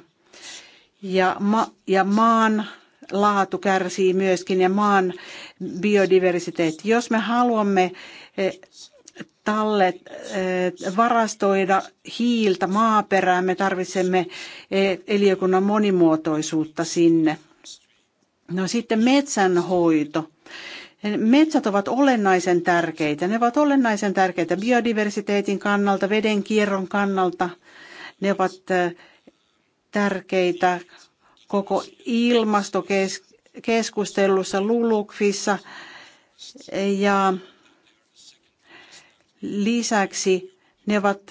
Ja, ma- ja maan laatu kärsii myöskin ja maan biodiversiteetti. Jos me haluamme eh, tallet, eh, varastoida hiiltä maaperään. Me tarvitsemme eh, eliökunnan monimuotoisuutta sinne. No sitten metsänhoito. Metsät ovat olennaisen tärkeitä. Ne ovat olennaisen tärkeitä biodiversiteetin kannalta, veden kierron kannalta. Ne ovat eh, tärkeitä koko ilmastokeskustelussa, LULUKFissa ja Lisäksi ne ovat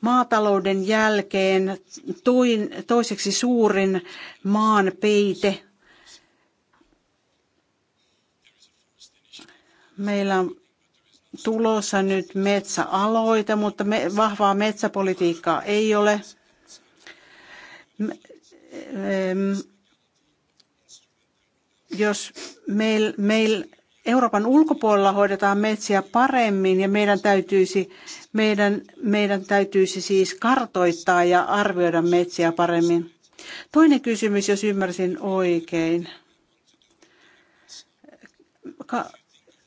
maatalouden jälkeen toiseksi suurin maanpeite. Meillä on tulossa nyt metsäaloite, mutta me, vahvaa metsäpolitiikkaa ei ole. Me, em, jos meillä meil, Euroopan ulkopuolella hoidetaan metsiä paremmin ja meidän täytyisi, meidän, meidän täytyisi siis kartoittaa ja arvioida metsiä paremmin. Toinen kysymys, jos ymmärsin oikein.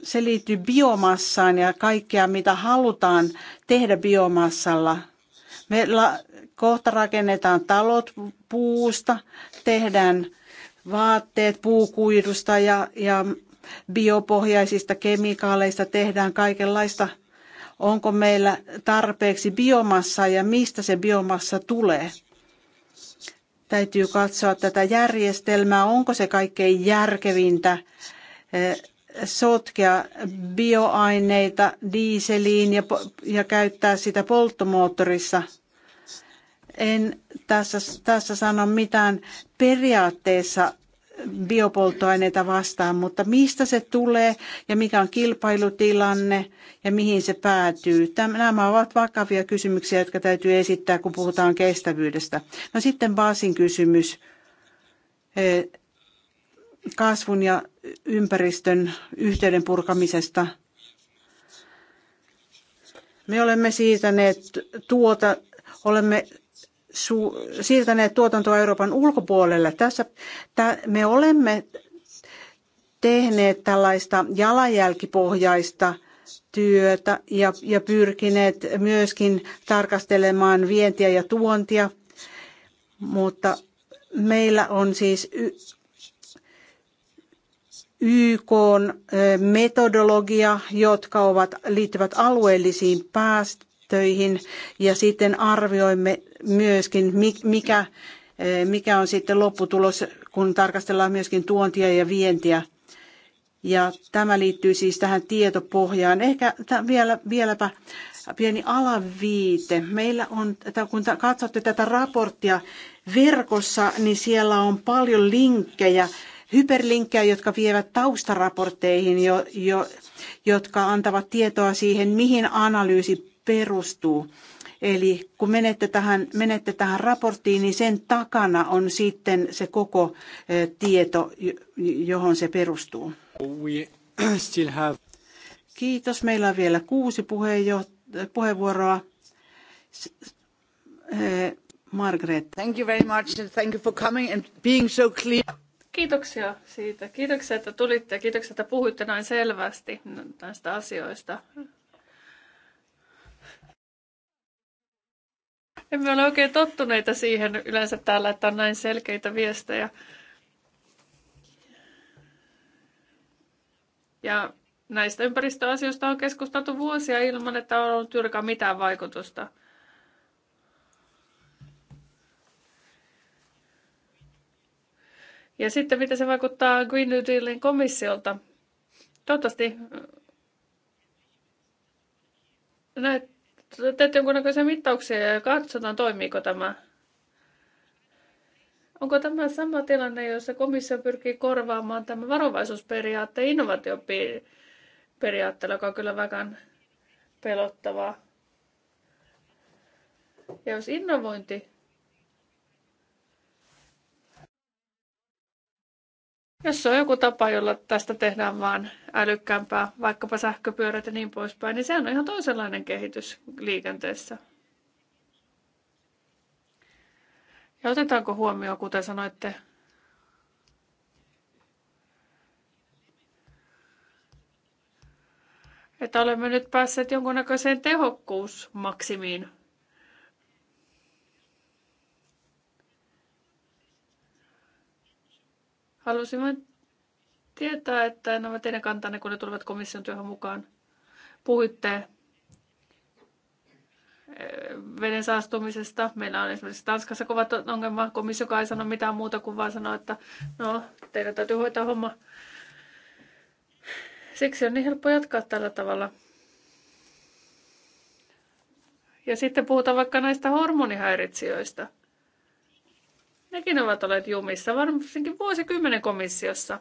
se liittyy biomassaan ja kaikkea, mitä halutaan tehdä biomassalla. Me kohta rakennetaan talot puusta, tehdään vaatteet puukuidusta ja, ja biopohjaisista kemikaaleista tehdään kaikenlaista. Onko meillä tarpeeksi biomassaa ja mistä se biomassa tulee? Täytyy katsoa tätä järjestelmää, onko se kaikkein järkevintä eh, sotkea bioaineita diiseliin ja, ja käyttää sitä polttomoottorissa. En tässä, tässä sano mitään periaatteessa biopolttoaineita vastaan, mutta mistä se tulee ja mikä on kilpailutilanne ja mihin se päätyy? Nämä ovat vakavia kysymyksiä, jotka täytyy esittää, kun puhutaan kestävyydestä. No sitten Baasin kysymys e, kasvun ja ympäristön yhteyden purkamisesta. Me olemme siirtäneet tuota, olemme su- siirtäneet tuotantoa Euroopan ulkopuolelle. Tässä me olemme tehneet tällaista jalanjälkipohjaista työtä ja, ja pyrkineet myöskin tarkastelemaan vientiä ja tuontia, mutta meillä on siis YK metodologia, jotka ovat, liittyvät alueellisiin pääst, töihin ja sitten arvioimme myöskin, mikä, eh, mikä on sitten lopputulos, kun tarkastellaan myöskin tuontia ja vientiä. Ja tämä liittyy siis tähän tietopohjaan. Ehkä vielä, vieläpä pieni alaviite. Meillä on, kun katsotte tätä raporttia verkossa, niin siellä on paljon linkkejä, hyperlinkkejä, jotka vievät taustaraportteihin, jo, jo, jotka antavat tietoa siihen, mihin analyysi perustuu. Eli kun menette tähän, menette tähän raporttiin, niin sen takana on sitten se koko eh, tieto, johon se perustuu. Kiitos. Meillä on vielä kuusi puheenvuoroa. Eh, Margaret. Thank you very much and thank you for coming and being so clear. Kiitoksia siitä. Kiitoksia, että tulitte ja kiitoksia, että puhuitte näin selvästi näistä asioista. Emme ole oikein tottuneita siihen yleensä täällä, että on näin selkeitä viestejä. Ja näistä ympäristöasioista on keskusteltu vuosia ilman, että on ollut juurikaan mitään vaikutusta. Ja sitten mitä se vaikuttaa Green New Dealin komissiolta. Toivottavasti äh, näet teet jonkunnäköisiä mittauksia ja katsotaan, toimiiko tämä. Onko tämä sama tilanne, jossa komissio pyrkii korvaamaan tämä varovaisuusperiaatteen innovaatioperiaatteella, joka on kyllä vähän pelottavaa. Ja jos innovointi Jos on joku tapa, jolla tästä tehdään vaan älykkäämpää, vaikkapa sähköpyörät ja niin poispäin, niin se on ihan toisenlainen kehitys liikenteessä. Ja otetaanko huomioon, kuten sanoitte, että olemme nyt päässeet jonkunnäköiseen tehokkuusmaksimiin Haluaisin vain tietää, että nämä teidän kantanne, kun ne tulevat komission työhön mukaan, puhuitte eh, veden saastumisesta. Meillä on esimerkiksi Tanskassa kovat ongelma. Komissio ei sano mitään muuta kuin vaan sanoa, että no, teidän täytyy hoitaa homma. Siksi on niin helppo jatkaa tällä tavalla. Ja sitten puhutaan vaikka näistä hormonihäiritsijöistä – Nekin ovat olleet jumissa, varsinkin vuosikymmenen komissiossa.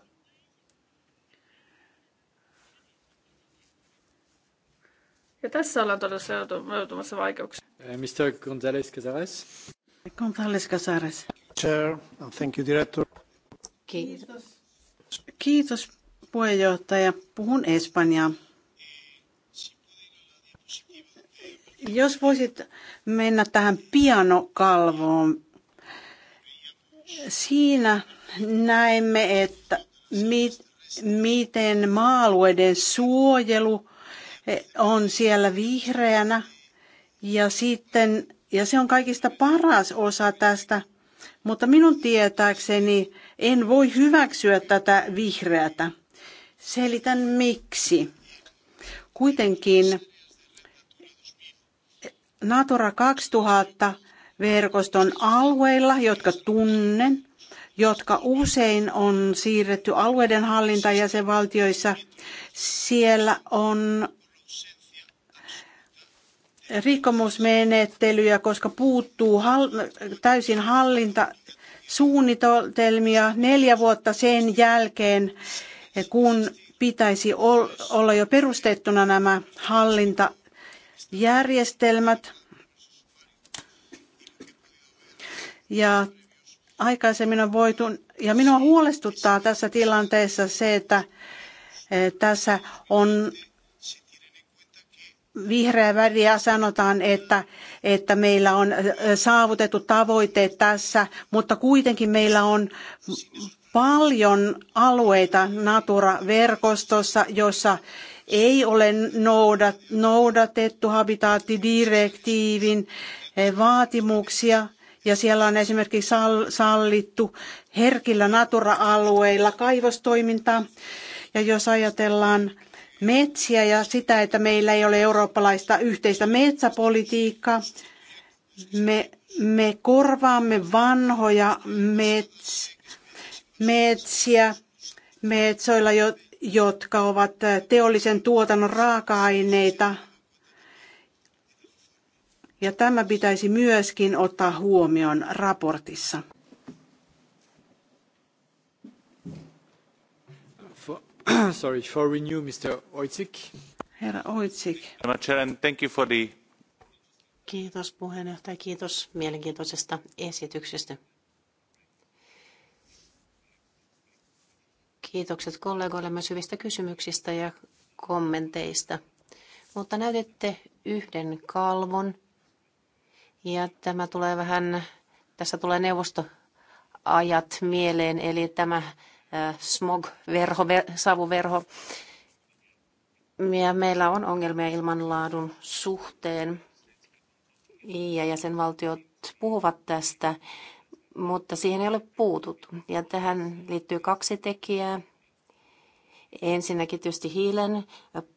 Ja tässä ollaan todella joutumassa vaikeuksia. Eh, Mr. González Casares. González Casares. Chair, thank you, director. Kiitos. Kiitos puheenjohtaja. Puhun Espanjaa. Jos voisit mennä tähän pianokalvoon Siinä näemme, että mit, miten maalueiden suojelu eh, on siellä vihreänä ja sitten ja se on kaikista paras osa tästä, mutta minun tietääkseni en voi hyväksyä tätä vihreätä. Selitän miksi. Kuitenkin Natura 2000 verkoston alueilla, jotka tunnen, jotka usein on siirretty alueiden hallintaan jäsenvaltioissa. Siellä on rikkomusmenettelyjä, koska puuttuu täysin hallinta suunnitelmia neljä vuotta sen jälkeen, kun pitäisi olla jo perustettuna nämä hallintajärjestelmät. Ja aikaisemmin on voitu, ja minua huolestuttaa tässä tilanteessa se, että e, tässä on vihreä väriä sanotaan, että, että meillä on e, saavutettu tavoitteet tässä, mutta kuitenkin meillä on paljon alueita Natura-verkostossa, jossa ei ole noudatettu habitaattidirektiivin e, vaatimuksia – ja siellä on esimerkiksi sallittu herkillä natura-alueilla kaivostoimintaa. Ja jos ajatellaan metsiä ja sitä, että meillä ei ole eurooppalaista yhteistä metsäpolitiikkaa, me, me korvaamme vanhoja mets, metsiä metsoilla, jotka ovat teollisen tuotannon raaka-aineita – ja tämä pitäisi myöskin ottaa huomioon raportissa. For, sorry, for renew, Mr. Oitsik. Herra Oitsik. Thank you for the... Kiitos puheenjohtaja, kiitos mielenkiintoisesta esityksestä. Kiitokset kollegoille myös hyvistä kysymyksistä ja kommenteista. Mutta näytitte yhden kalvon, ja tämä tulee vähän, tässä tulee neuvostoajat mieleen, eli tämä smog-verho, savuverho. Ja meillä on ongelmia ilmanlaadun suhteen ja jäsenvaltiot puhuvat tästä, mutta siihen ei ole puututtu. Ja tähän liittyy kaksi tekijää. Ensinnäkin tietysti hiilen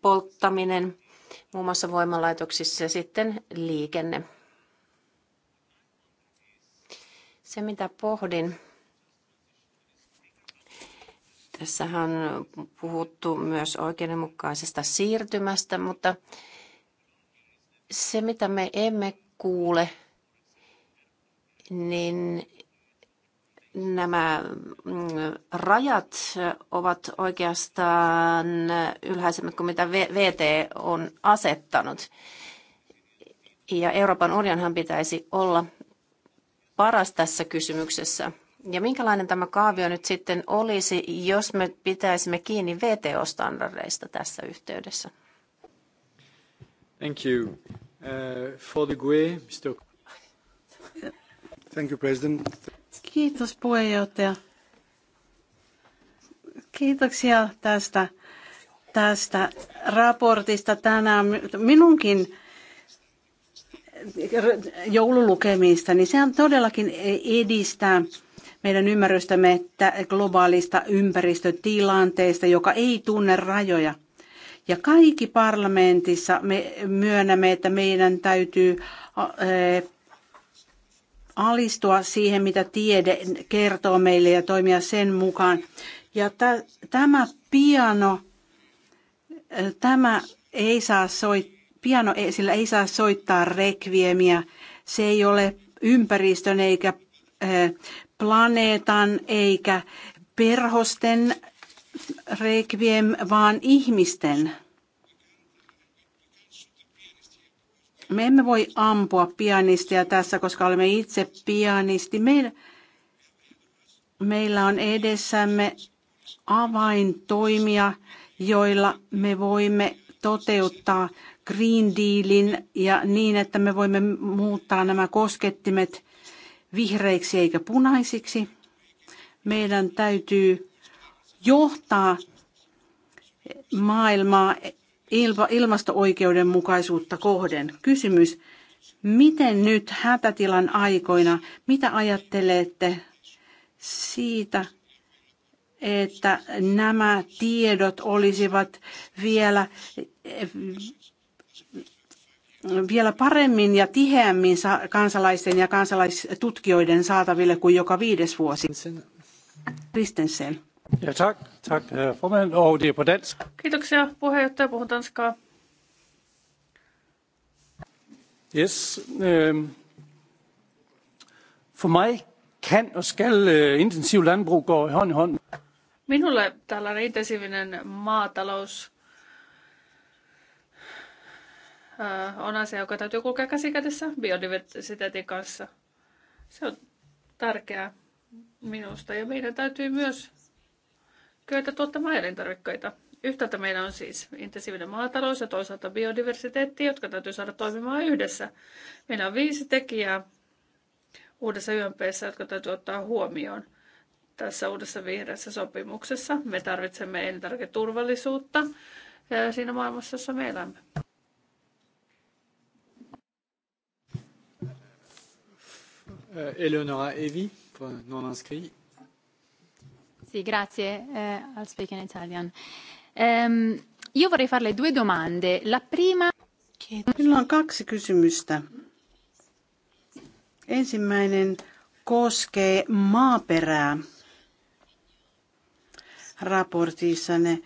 polttaminen muun muassa voimalaitoksissa ja sitten liikenne. Se, mitä pohdin, tässähän on puhuttu myös oikeudenmukaisesta siirtymästä, mutta se, mitä me emme kuule, niin nämä mm, rajat ovat oikeastaan ylhäisemmät kuin mitä VT on asettanut. Ja Euroopan unionhan pitäisi olla paras tässä kysymyksessä. Ja minkälainen tämä kaavio nyt sitten olisi, jos me pitäisimme kiinni VTO-standardeista tässä yhteydessä? Thank you. Uh, for the GUE, Mr. Thank you, President. Kiitos puheenjohtaja. Kiitoksia tästä, tästä raportista tänään. Minunkin joululukemista, niin sehän todellakin edistää meidän ymmärrystämme että globaalista ympäristötilanteesta, joka ei tunne rajoja. Ja kaikki parlamentissa me myönnämme, että meidän täytyy eh, alistua siihen, mitä tiede kertoo meille ja toimia sen mukaan. Ja tämä piano, eh, tämä ei saa soittaa piano, sillä ei saa soittaa rekviemiä. Se ei ole ympäristön eikä eh, planeetan eikä perhosten rekviem, vaan ihmisten. Me emme voi ampua pianistia tässä, koska olemme itse pianisti. Meillä, meillä on edessämme avaintoimia, joilla me voimme toteuttaa Green Dealin ja niin, että me voimme muuttaa nämä koskettimet vihreiksi eikä punaisiksi. Meidän täytyy johtaa maailmaa ilmasto-oikeudenmukaisuutta kohden. Kysymys, miten nyt hätätilan aikoina, mitä ajattelette siitä, että nämä tiedot olisivat vielä vielä paremmin ja tiheämmin kansalaisten ja kansalaistutkijoiden saataville kuin joka viides vuosi. Kristensen. Ja tak, tak. formand och det er på dansk. Kiitoksia puheenjohtaja, puhun tanskaa. Yes, øh, for mig kan og skal øh, intensiv landbrug gå hånd i hånd. Minulle tällainen intensiivinen maatalous on asia, joka täytyy kulkea käsikädessä biodiversiteetin kanssa. Se on tärkeää minusta. Ja meidän täytyy myös kyetä tuottamaan elintarvikkeita. Yhtäältä meillä on siis intensiivinen maatalous ja toisaalta biodiversiteetti, jotka täytyy saada toimimaan yhdessä. Meillä on viisi tekijää uudessa YMPssä, jotka täytyy ottaa huomioon tässä uudessa vihreässä sopimuksessa. Me tarvitsemme elintarviketurvallisuutta siinä maailmassa, jossa me elämme. Eh, Eleonora Evi, non inscrit. Sì, grazie. Eh, I'll speak in Italian. Um, io vorrei farle due domande. La prima... Minulla on kaksi kysymystä. Ensimmäinen koskee maaperää. Raportissanne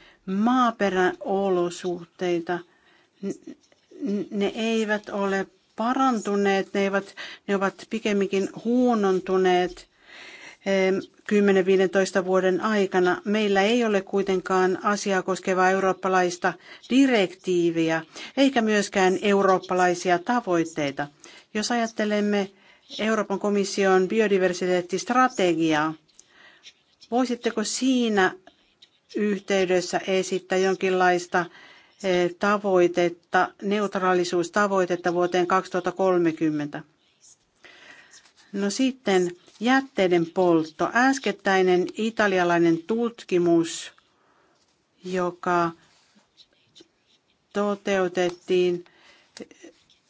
olosuhteita. ne eivät ole parantuneet, ne, eivät, ne ovat pikemminkin huonontuneet 10-15 vuoden aikana. Meillä ei ole kuitenkaan asiaa koskevaa eurooppalaista direktiiviä, eikä myöskään eurooppalaisia tavoitteita. Jos ajattelemme Euroopan komission biodiversiteettistrategiaa, voisitteko siinä yhteydessä esittää jonkinlaista tavoitetta, neutraalisuustavoitetta vuoteen 2030. No sitten jätteiden poltto. Äskettäinen italialainen tutkimus, joka toteutettiin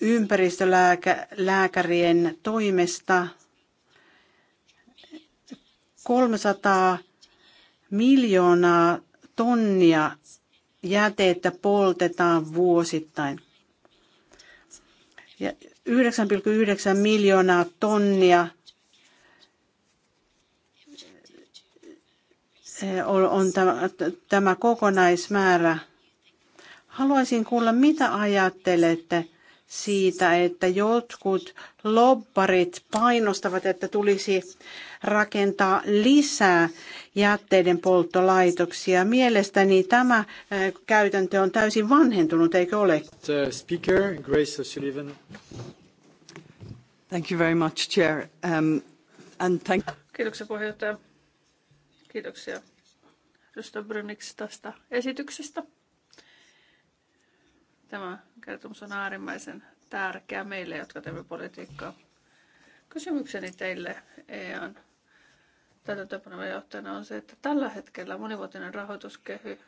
ympäristölääkärien toimesta 300 miljoonaa tonnia jätettä poltetaan vuosittain. 9,9 miljoonaa tonnia eh, on tämä kokonaismäärä. Haluaisin kuulla, mitä ajattelette – siitä, että jotkut lobbarit painostavat, että tulisi rakentaa lisää jätteiden polttolaitoksia. Mielestäni tämä käytäntö on täysin vanhentunut, eikö ole? speaker, Grace O'Sullivan. Thank you very much, Chair. Um, and thank... Kiitoksia puheenjohtaja. Kiitoksia Rystä Brynix tästä esityksestä. Tämä kertomus on äärimmäisen tärkeä meille, jotka teemme politiikkaa. Kysymykseni teille EAN täytäntöpanevan johtajana on se, että tällä hetkellä monivuotinen rahoituskehy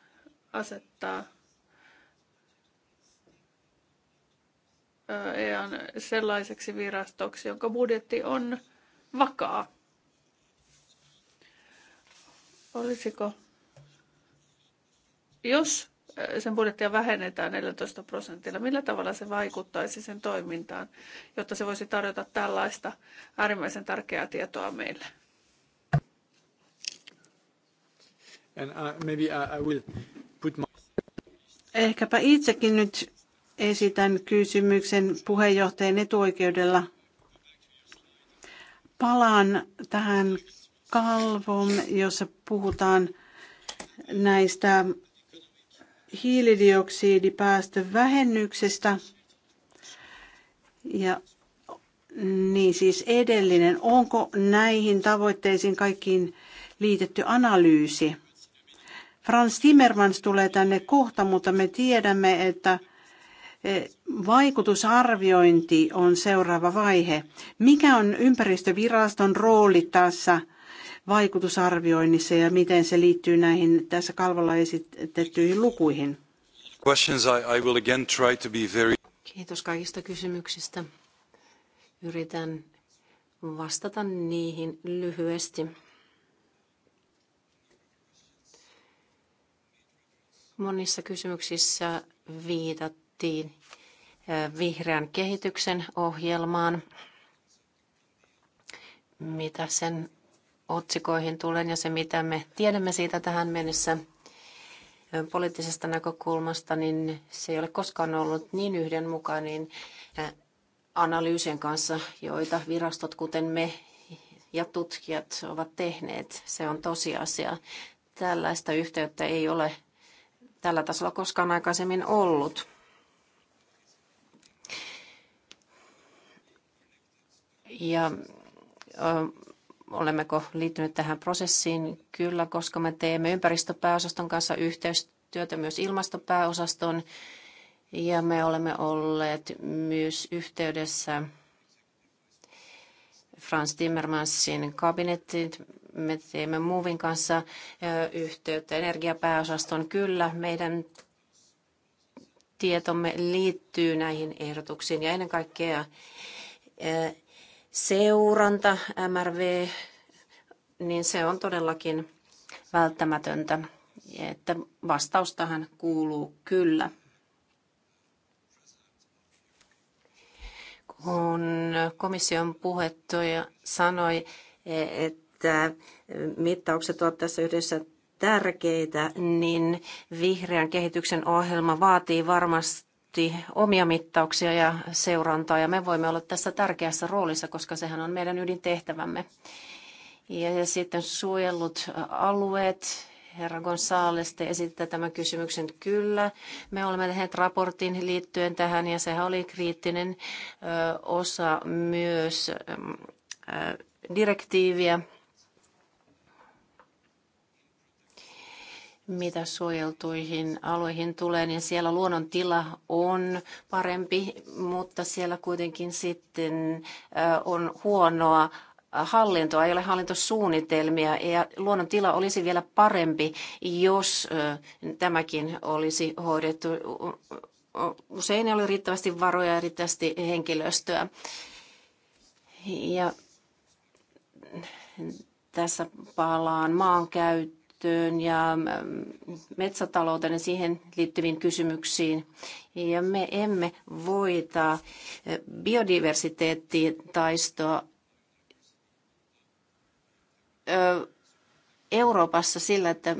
asettaa EAN sellaiseksi virastoksi, jonka budjetti on vakaa. Olisiko, jos sen budjettia vähennetään 14 prosentilla. Millä tavalla se vaikuttaisi sen toimintaan, jotta se voisi tarjota tällaista äärimmäisen tärkeää tietoa meille? And, uh, maybe uh, I will put my... Ehkäpä itsekin nyt esitän kysymyksen puheenjohtajan etuoikeudella. Palaan tähän kalvoon, jossa puhutaan näistä hiilidioksidipäästövähennyksestä. Ja niin siis edellinen, onko näihin tavoitteisiin kaikkiin liitetty analyysi? Franz Timmermans tulee tänne kohta, mutta me tiedämme, että e, vaikutusarviointi on seuraava vaihe. Mikä on ympäristöviraston rooli tässä – vaikutusarvioinnissa ja miten se liittyy näihin tässä kalvolla esitettyihin lukuihin? Kiitos kaikista kysymyksistä. Yritän vastata niihin lyhyesti. Monissa kysymyksissä viitattiin vihreän kehityksen ohjelmaan, mitä sen otsikoihin tulen ja se, mitä me tiedämme siitä tähän mennessä poliittisesta näkökulmasta, niin se ei ole koskaan ollut niin yhdenmukainen analyysien kanssa, joita virastot, kuten me ja tutkijat ovat tehneet. Se on tosiasia. Tällaista yhteyttä ei ole tällä tasolla koskaan aikaisemmin ollut. Ja olemmeko liittyneet tähän prosessiin? Kyllä, koska me teemme ympäristöpääosaston kanssa yhteistyötä myös ilmastopääosaston ja me olemme olleet myös yhteydessä Franz Timmermansin kabinettiin. Me teemme Muuvin kanssa yhteyttä energiapääosaston. Kyllä, meidän tietomme liittyy näihin ehdotuksiin ja ennen kaikkea seuranta MRV, niin se on todellakin välttämätöntä. Että vastaus tähän kuuluu kyllä. Kun komission puheenjohtaja sanoi, että mittaukset ovat tässä yhdessä tärkeitä, niin vihreän kehityksen ohjelma vaatii varmasti tietysti omia mittauksia ja seurantaa, ja me voimme olla tässä tärkeässä roolissa, koska sehän on meidän ydintehtävämme. Ja sitten suojellut alueet, herra Gonzales, te esitte tämän kysymyksen. Kyllä, me olemme tehneet raportin liittyen tähän, ja sehän oli kriittinen osa myös direktiiviä mitä suojeltuihin alueihin tulee, niin siellä luonnon tila on parempi, mutta siellä kuitenkin sitten on huonoa hallintoa, ei ole hallintosuunnitelmia ja luonnon tila olisi vielä parempi, jos tämäkin olisi hoidettu. Usein ei ole riittävästi varoja ja riittävästi henkilöstöä. Ja tässä palaan maankäyttöön ympäristöön ja mm, metsätalouteen ja siihen liittyviin kysymyksiin. Ja me emme voita eh, biodiversiteettitaistoa eh, Euroopassa sillä, että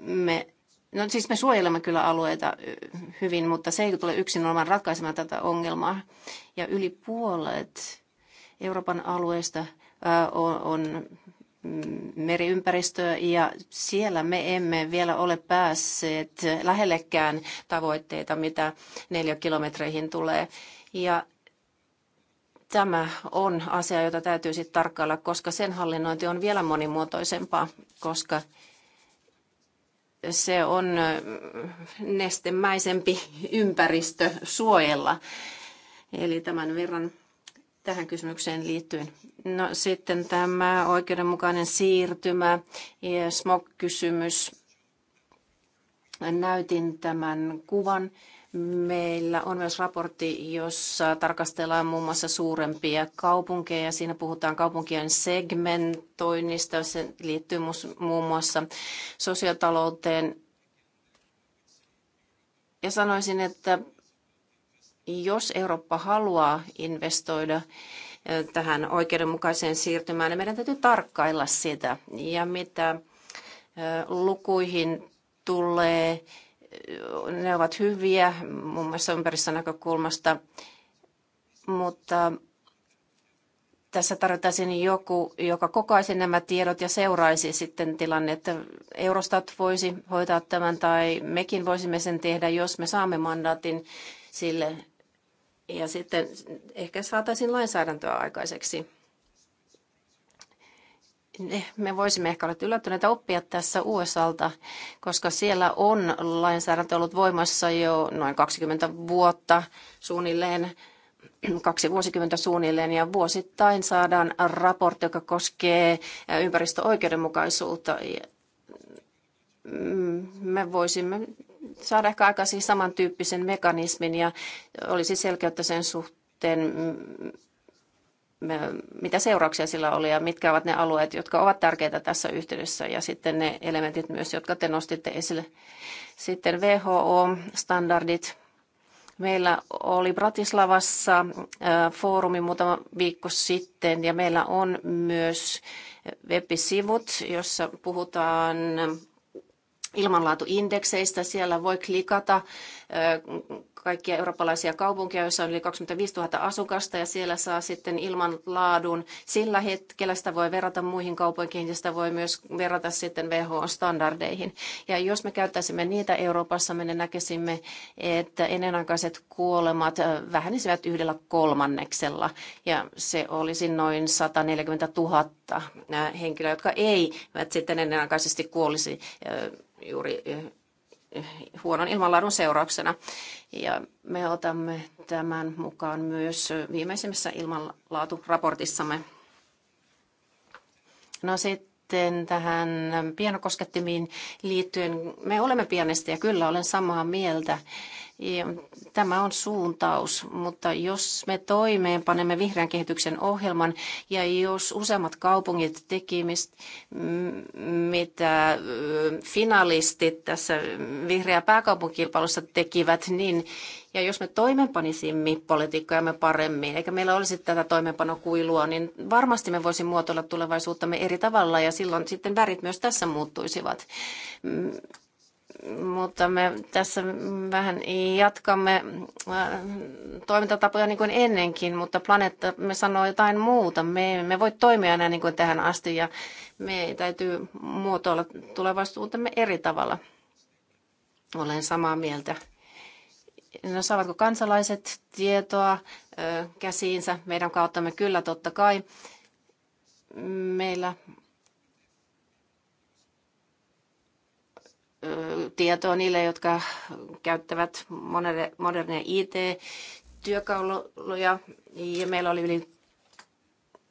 me No siis me suojelemme kyllä alueita eh, hyvin, mutta se ei tule yksin olemaan ratkaisemaan tätä ongelmaa. Ja yli puolet Euroopan alueesta on Mm, meriympäristöä ja siellä me emme vielä ole päässeet lähellekään tavoitteita, mitä neljä kilometreihin tulee. Ja tämä on asia, jota täytyy sitten tarkkailla, koska sen hallinnointi on vielä monimuotoisempaa, koska se on mm, nestemäisempi ympäristö suojella. Eli tämän verran tähän kysymykseen liittyen. No sitten tämä oikeudenmukainen siirtymä, SMOG-kysymys. Näytin tämän kuvan. Meillä on myös raportti, jossa tarkastellaan muun muassa suurempia kaupunkeja. Siinä puhutaan kaupunkien segmentoinnista. Se liittyy muun muassa sosiaalitalouteen. Ja sanoisin, että jos Eurooppa haluaa investoida tähän oikeudenmukaiseen siirtymään, niin meidän täytyy tarkkailla sitä. Ja mitä lukuihin tulee, ne ovat hyviä muun mm. muassa ympäristönäkökulmasta, mutta tässä tarvittaisiin joku, joka kokaisi nämä tiedot ja seuraisi sitten tilannetta. Eurostat voisi hoitaa tämän tai mekin voisimme sen tehdä, jos me saamme mandaatin sille. Ja sitten ehkä saataisiin lainsäädäntöä aikaiseksi. Me voisimme ehkä olla yllättyneitä oppia tässä USAlta, koska siellä on lainsäädäntö ollut voimassa jo noin 20 vuotta suunnilleen, kaksi vuosikymmentä suunnilleen, ja vuosittain saadaan raportti, joka koskee ympäristöoikeudenmukaisuutta. Mm, me voisimme saada ehkä aikaisin samantyyppisen mekanismin ja olisi selkeyttä sen suhteen, mitä seurauksia sillä oli ja mitkä ovat ne alueet, jotka ovat tärkeitä tässä yhteydessä ja sitten ne elementit myös, jotka te nostitte esille. Sitten WHO-standardit. Meillä oli Bratislavassa foorumi muutama viikko sitten ja meillä on myös web-sivut, jossa puhutaan ilmanlaatuindekseistä. Siellä voi klikata kaikkia eurooppalaisia kaupunkeja, joissa on yli 25 000 asukasta ja siellä saa sitten ilmanlaadun. Sillä hetkellä sitä voi verrata muihin kaupunkiin ja sitä voi myös verrata sitten WHO-standardeihin. Ja jos me käyttäisimme niitä Euroopassa, me näkisimme, että ennenaikaiset kuolemat äh, vähenisivät yhdellä kolmanneksella ja se olisi noin 140 000 äh, henkilöä, jotka eivät sitten ennenaikaisesti kuolisi äh, juuri huonon ilmanlaadun seurauksena. Ja me otamme tämän mukaan myös viimeisimmässä ilmanlaaturaportissamme. No sitten tähän pienokoskettimiin liittyen, me olemme pienesti ja kyllä olen samaa mieltä tämä on suuntaus, mutta jos me toimeenpanemme vihreän kehityksen ohjelman ja jos useammat kaupungit tekivät, mitä finalistit tässä vihreä pääkaupunkilpailussa tekivät, niin ja jos me toimeenpanisimme politiikkojamme paremmin, eikä meillä olisi tätä toimeenpanokuilua, niin varmasti me voisimme muotoilla tulevaisuuttamme eri tavalla ja silloin sitten värit myös tässä muuttuisivat mutta me tässä vähän jatkamme äh, toimintatapoja niin kuin ennenkin, mutta planeetta me sanoo jotain muuta. Me emme voi toimia enää niin kuin tähän asti ja me täytyy muotoilla tulevaisuutemme eri tavalla. Olen samaa mieltä. No saavatko kansalaiset tietoa äh, käsiinsä meidän kauttamme? Kyllä, totta kai. Meillä tietoa niille, jotka käyttävät moderneja IT-työkaluja. Ja meillä oli yli,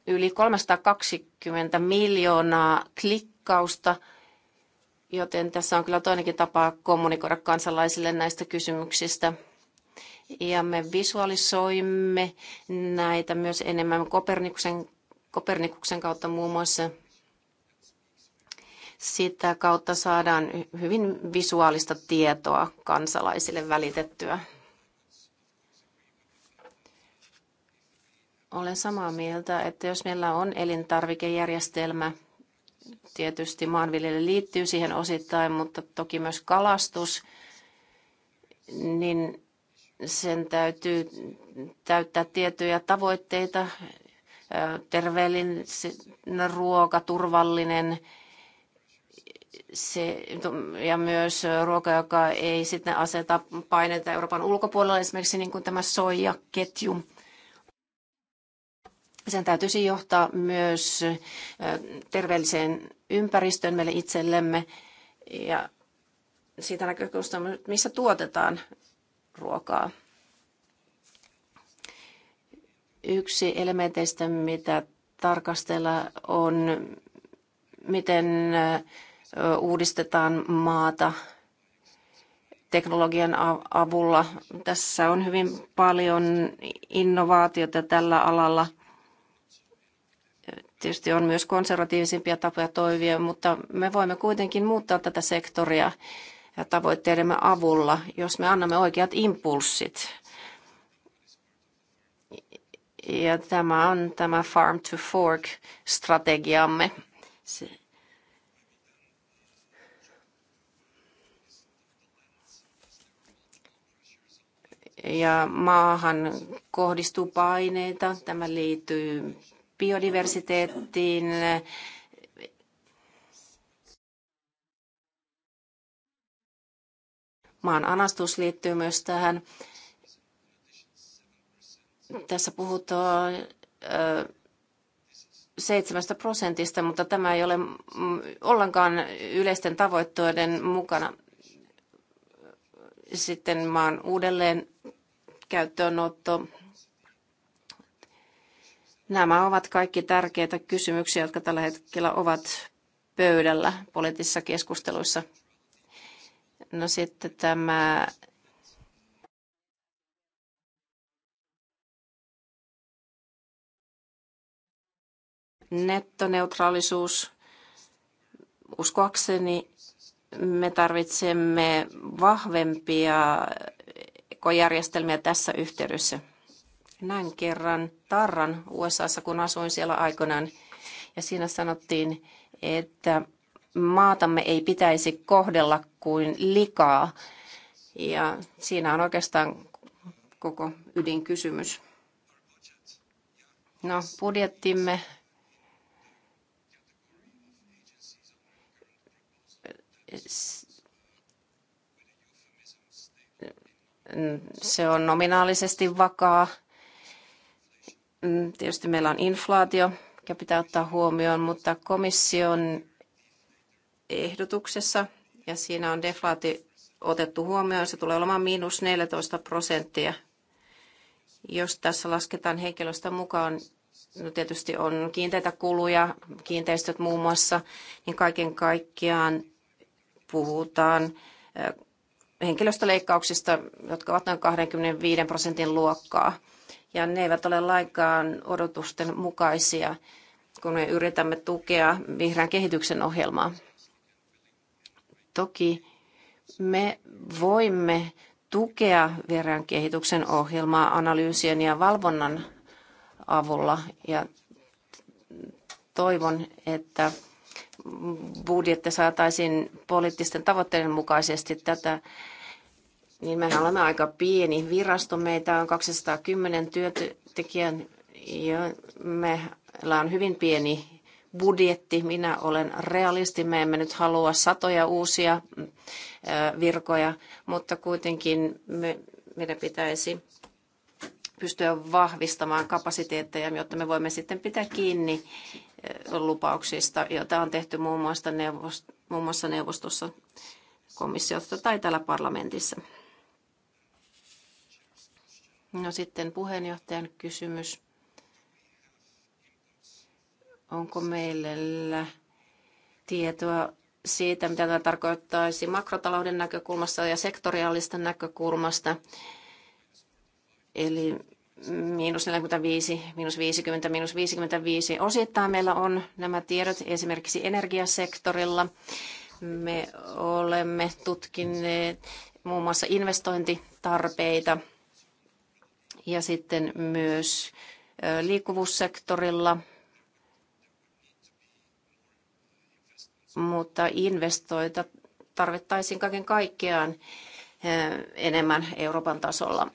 yli 320 miljoonaa klikkausta, joten tässä on kyllä toinenkin tapa kommunikoida kansalaisille näistä kysymyksistä. Ja me visualisoimme näitä myös enemmän Kopernikuksen, Kopernikuksen kautta muun muassa – sitä kautta saadaan hyvin visuaalista tietoa kansalaisille välitettyä. Olen samaa mieltä, että jos meillä on elintarvikejärjestelmä, tietysti maanviljely liittyy siihen osittain, mutta toki myös kalastus, niin sen täytyy täyttää tiettyjä tavoitteita, terveellinen ruoka, turvallinen se, ja myös ruoka, joka ei sitten aseta paineita Euroopan ulkopuolella, esimerkiksi niin kuin tämä soijaketju. Sen täytyisi johtaa myös terveelliseen ympäristöön meille itsellemme ja siitä näkökulmasta, missä tuotetaan ruokaa. Yksi elementeistä, mitä tarkastella, on miten uudistetaan maata teknologian avulla. Tässä on hyvin paljon innovaatiota tällä alalla. Tietysti on myös konservatiivisimpia tapoja toivia, mutta me voimme kuitenkin muuttaa tätä sektoria ja tavoitteidemme avulla, jos me annamme oikeat impulssit. Ja tämä on tämä Farm to Fork-strategiamme. ja maahan kohdistuu paineita. Tämä liittyy biodiversiteettiin, maan anastus liittyy myös tähän. Tässä puhutaan 7 prosentista, mutta tämä ei ole mm, ollenkaan yleisten tavoitteiden mukana. Sitten maan uudelleen käyttöönotto. Nämä ovat kaikki tärkeitä kysymyksiä, jotka tällä hetkellä ovat pöydällä poliittisissa keskusteluissa. No sitten tämä nettoneutraalisuus. Uskoakseni me tarvitsemme vahvempia verkkojärjestelmiä tässä yhteydessä. Näin kerran Tarran USAssa, kun asuin siellä aikoinaan, ja siinä sanottiin, että maatamme ei pitäisi kohdella kuin likaa. Ja siinä on oikeastaan koko ydinkysymys. No, budjettimme se on nominaalisesti vakaa. Mm, tietysti meillä on inflaatio, mikä pitää ottaa huomioon, mutta komission ehdotuksessa ja siinä on deflaati otettu huomioon, se tulee olemaan miinus 14 prosenttia. Jos tässä lasketaan henkilöstä mukaan, no tietysti on kiinteitä kuluja, kiinteistöt muun muassa, niin kaiken kaikkiaan puhutaan henkilöstöleikkauksista, jotka ovat noin 25 prosentin luokkaa. Ja ne eivät ole lainkaan odotusten mukaisia, kun me yritämme tukea vihreän kehityksen ohjelmaa. Toki me voimme tukea vihreän kehityksen ohjelmaa analyysien ja valvonnan avulla ja toivon, että budjetti saataisiin poliittisten tavoitteiden mukaisesti. Tätä niin mehän olemme aika pieni virasto. Meitä on 210 työntekijää ja meillä on hyvin pieni budjetti. Minä olen realisti, me emme nyt halua satoja uusia virkoja, mutta kuitenkin me, meidän pitäisi pystyä vahvistamaan kapasiteetteja, jotta me voimme sitten pitää kiinni lupauksista, joita on tehty muun muassa neuvostossa, muun komissiosta tai täällä parlamentissa. No sitten puheenjohtajan kysymys. Onko meillä tietoa siitä, mitä tämä tarkoittaisi makrotalouden näkökulmasta ja sektoriaalista näkökulmasta? Eli miinus 45, miinus 50, miinus 55. Osittain meillä on nämä tiedot esimerkiksi energiasektorilla. Me olemme tutkineet muun muassa investointitarpeita – ja sitten myös liikkuvuussektorilla. Mutta investoita tarvittaisiin kaiken kaikkiaan enemmän Euroopan tasolla.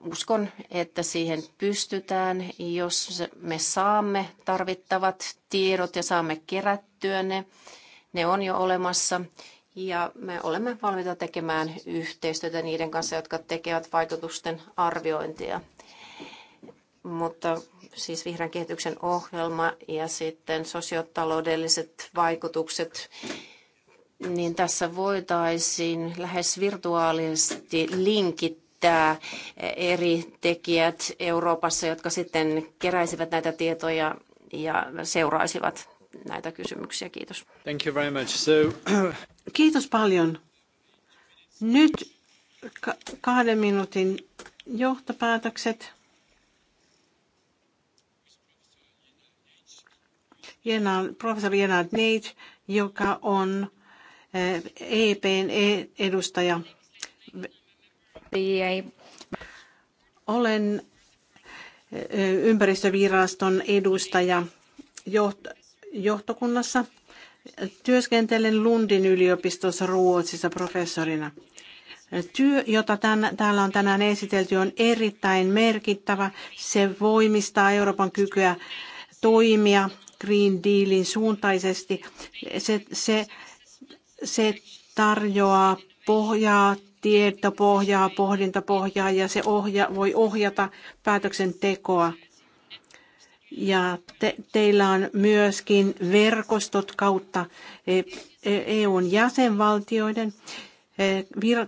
Uskon, että siihen pystytään, jos me saamme tarvittavat tiedot ja saamme kerättyä ne. Ne on jo olemassa ja me olemme valmiita tekemään yhteistyötä niiden kanssa, jotka tekevät vaikutusten arviointia. Mutta siis vihreän kehityksen ohjelma ja sitten sosiotaloudelliset vaikutukset, niin tässä voitaisiin lähes virtuaalisesti linkittää eri tekijät Euroopassa, jotka sitten keräisivät näitä tietoja ja seuraisivat näitä kysymyksiä. Kiitos. Thank you very much. So... Kiitos paljon. Nyt kahden minuutin johtopäätökset. Jena, professori Jenard Neid, joka on EPn eh, e e- edustaja. Olen eh, ympäristöviraston edustaja johtokunnassa Työskentelen Lundin yliopistossa Ruotsissa professorina. Työ, jota tämän, täällä on tänään esitelty, on erittäin merkittävä. Se voimistaa Euroopan kykyä toimia Green Dealin suuntaisesti. Se, se, se tarjoaa pohjaa, tietopohjaa, pohdintapohjaa ja se ohja, voi ohjata päätöksentekoa. Ja te, teillä on myöskin verkostot kautta EUn e, e jäsenvaltioiden. E,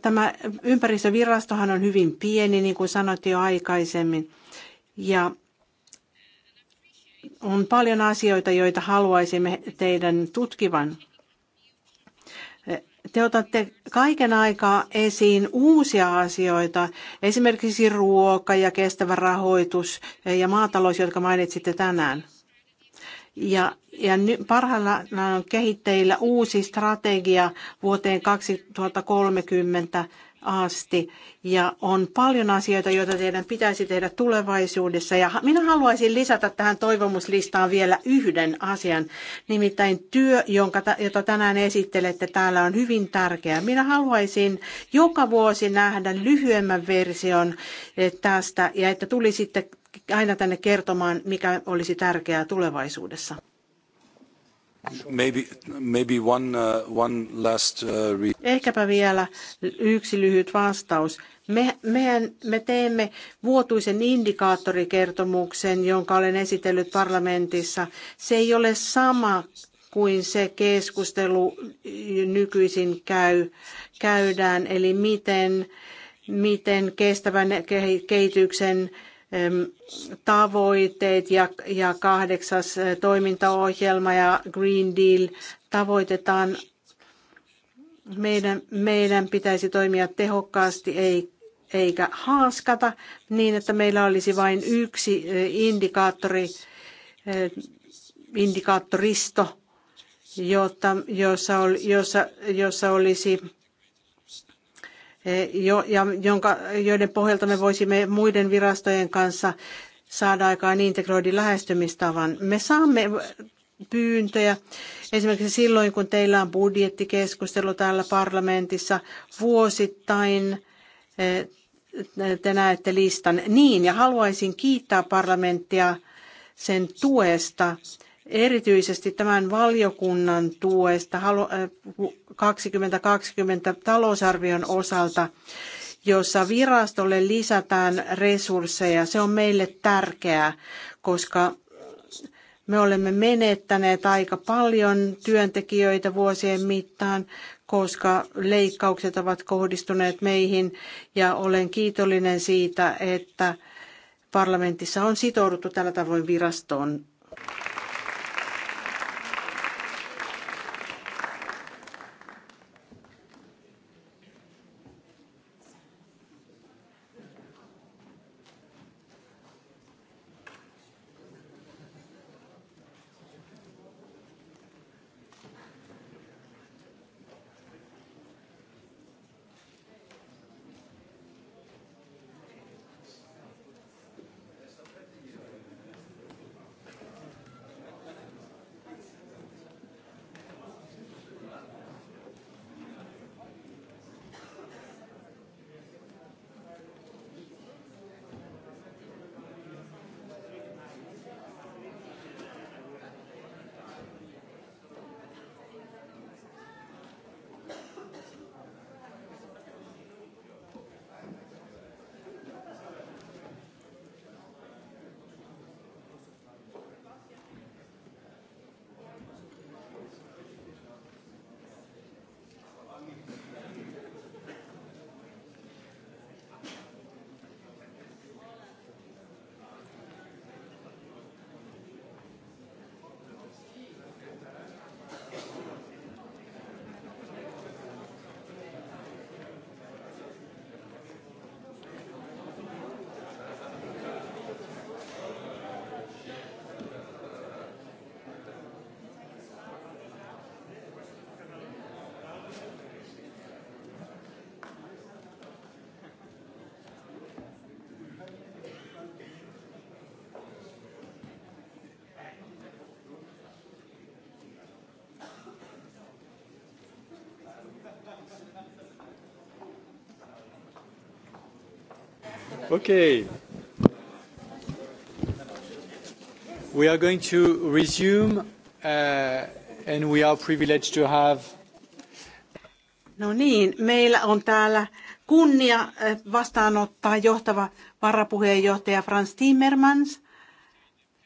tämä ympäristövirastohan on hyvin pieni, niin kuin sanoit jo aikaisemmin. Ja on paljon asioita, joita haluaisimme teidän tutkivan te otatte kaiken aikaa esiin uusia asioita, esimerkiksi ruoka ja kestävä rahoitus ja maatalous, jotka mainitsitte tänään. Ja, ja parhaillaan on kehitteillä uusi strategia vuoteen 2030 asti. Ja on paljon asioita, joita teidän pitäisi tehdä tulevaisuudessa. Ja minä haluaisin lisätä tähän toivomuslistaan vielä yhden asian. Nimittäin työ, jonka, jota tänään esittelette täällä, on hyvin tärkeä. Minä haluaisin joka vuosi nähdä lyhyemmän version eh, tästä ja että tulisitte aina tänne kertomaan, mikä olisi tärkeää tulevaisuudessa. Maybe, one, uh, last, uh, Ehkäpä vielä yksi lyhyt vastaus. Me, mehän, me teemme vuotuisen indikaattorikertomuksen, jonka olen esitellyt parlamentissa. Se ei ole sama kuin se keskustelu nykyisin käy, käydään, eli miten, miten kestävän kehityksen tavoitteet ja, ja kahdeksas eh, toimintaohjelma ja Green Deal tavoitetaan. Meidän, meidän pitäisi toimia tehokkaasti ei, eikä haaskata niin, että meillä olisi vain yksi eh, indikaattori, eh, indikaattoristo, jotta, jossa, jossa, jossa olisi Eh, jo, ja jonka, joiden pohjalta me voisimme muiden virastojen kanssa saada aikaan integroidin lähestymistavan. Me saamme pyyntöjä. Esimerkiksi silloin, kun teillä on budjettikeskustelu täällä parlamentissa vuosittain, eh, te näette listan. Niin, ja haluaisin kiittää parlamenttia sen tuesta erityisesti tämän valiokunnan tuesta 2020 äh, talousarvion osalta, jossa virastolle lisätään resursseja. Se on meille tärkeää, koska me olemme menettäneet aika paljon työntekijöitä vuosien mittaan, koska leikkaukset ovat kohdistuneet meihin ja olen kiitollinen siitä, että parlamentissa on sitouduttu tällä tavoin viraston Okay. We are going to resume, uh, and we are privileged to have. No niin, meillä on täällä kunnia eh, vastaanottaa johtava varapuheenjohtaja Frans Timmermans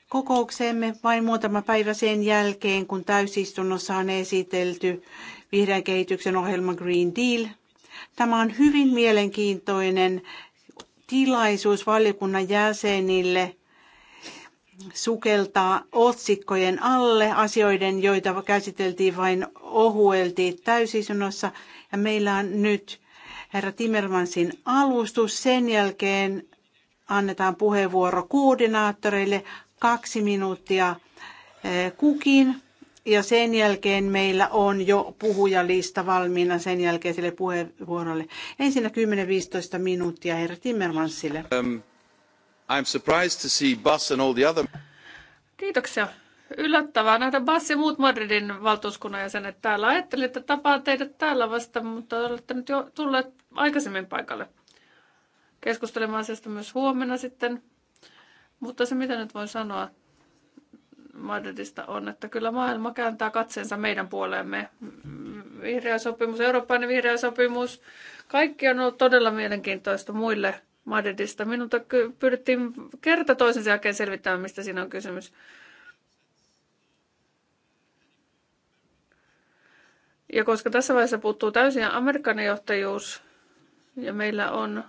kokoukseemme vain muutama päivä sen jälkeen, kun täysistunnossa on esitelty vihreän kehityksen ohjelma Green Deal. Tämä on hyvin mielenkiintoinen tilaisuus valiokunnan jäsenille sukeltaa otsikkojen alle asioiden, joita käsiteltiin vain ohuelti täysisunnossa. Ja meillä on nyt herra Timmermansin alustus. Sen jälkeen annetaan puheenvuoro koordinaattoreille kaksi minuuttia eh, kukin. Ja sen jälkeen meillä on jo puhujalista valmiina sen jälkeiselle puheenvuorolle. Ensinnä 10-15 minuuttia herra Timmermansille. Um, I'm surprised to see Bas and all the other... Kiitoksia. Yllättävää nähdä Bas ja muut Madridin valtuuskunnan jäsenet täällä. Ajattelin, että tapaan teidät täällä vasta, mutta olette nyt jo tulleet aikaisemmin paikalle. Keskustelemme asiasta myös huomenna sitten. Mutta se mitä nyt voin sanoa Madridista on, että kyllä maailma kääntää katseensa meidän puoleemme. Vihreä sopimus, Euroopan vihreä sopimus, kaikki on ollut todella mielenkiintoista muille Madridista. Minulta pyydettiin kerta toisensa jälkeen selvittämään, mistä siinä on kysymys. Ja koska tässä vaiheessa puuttuu täysin Amerikan johtajuus ja meillä on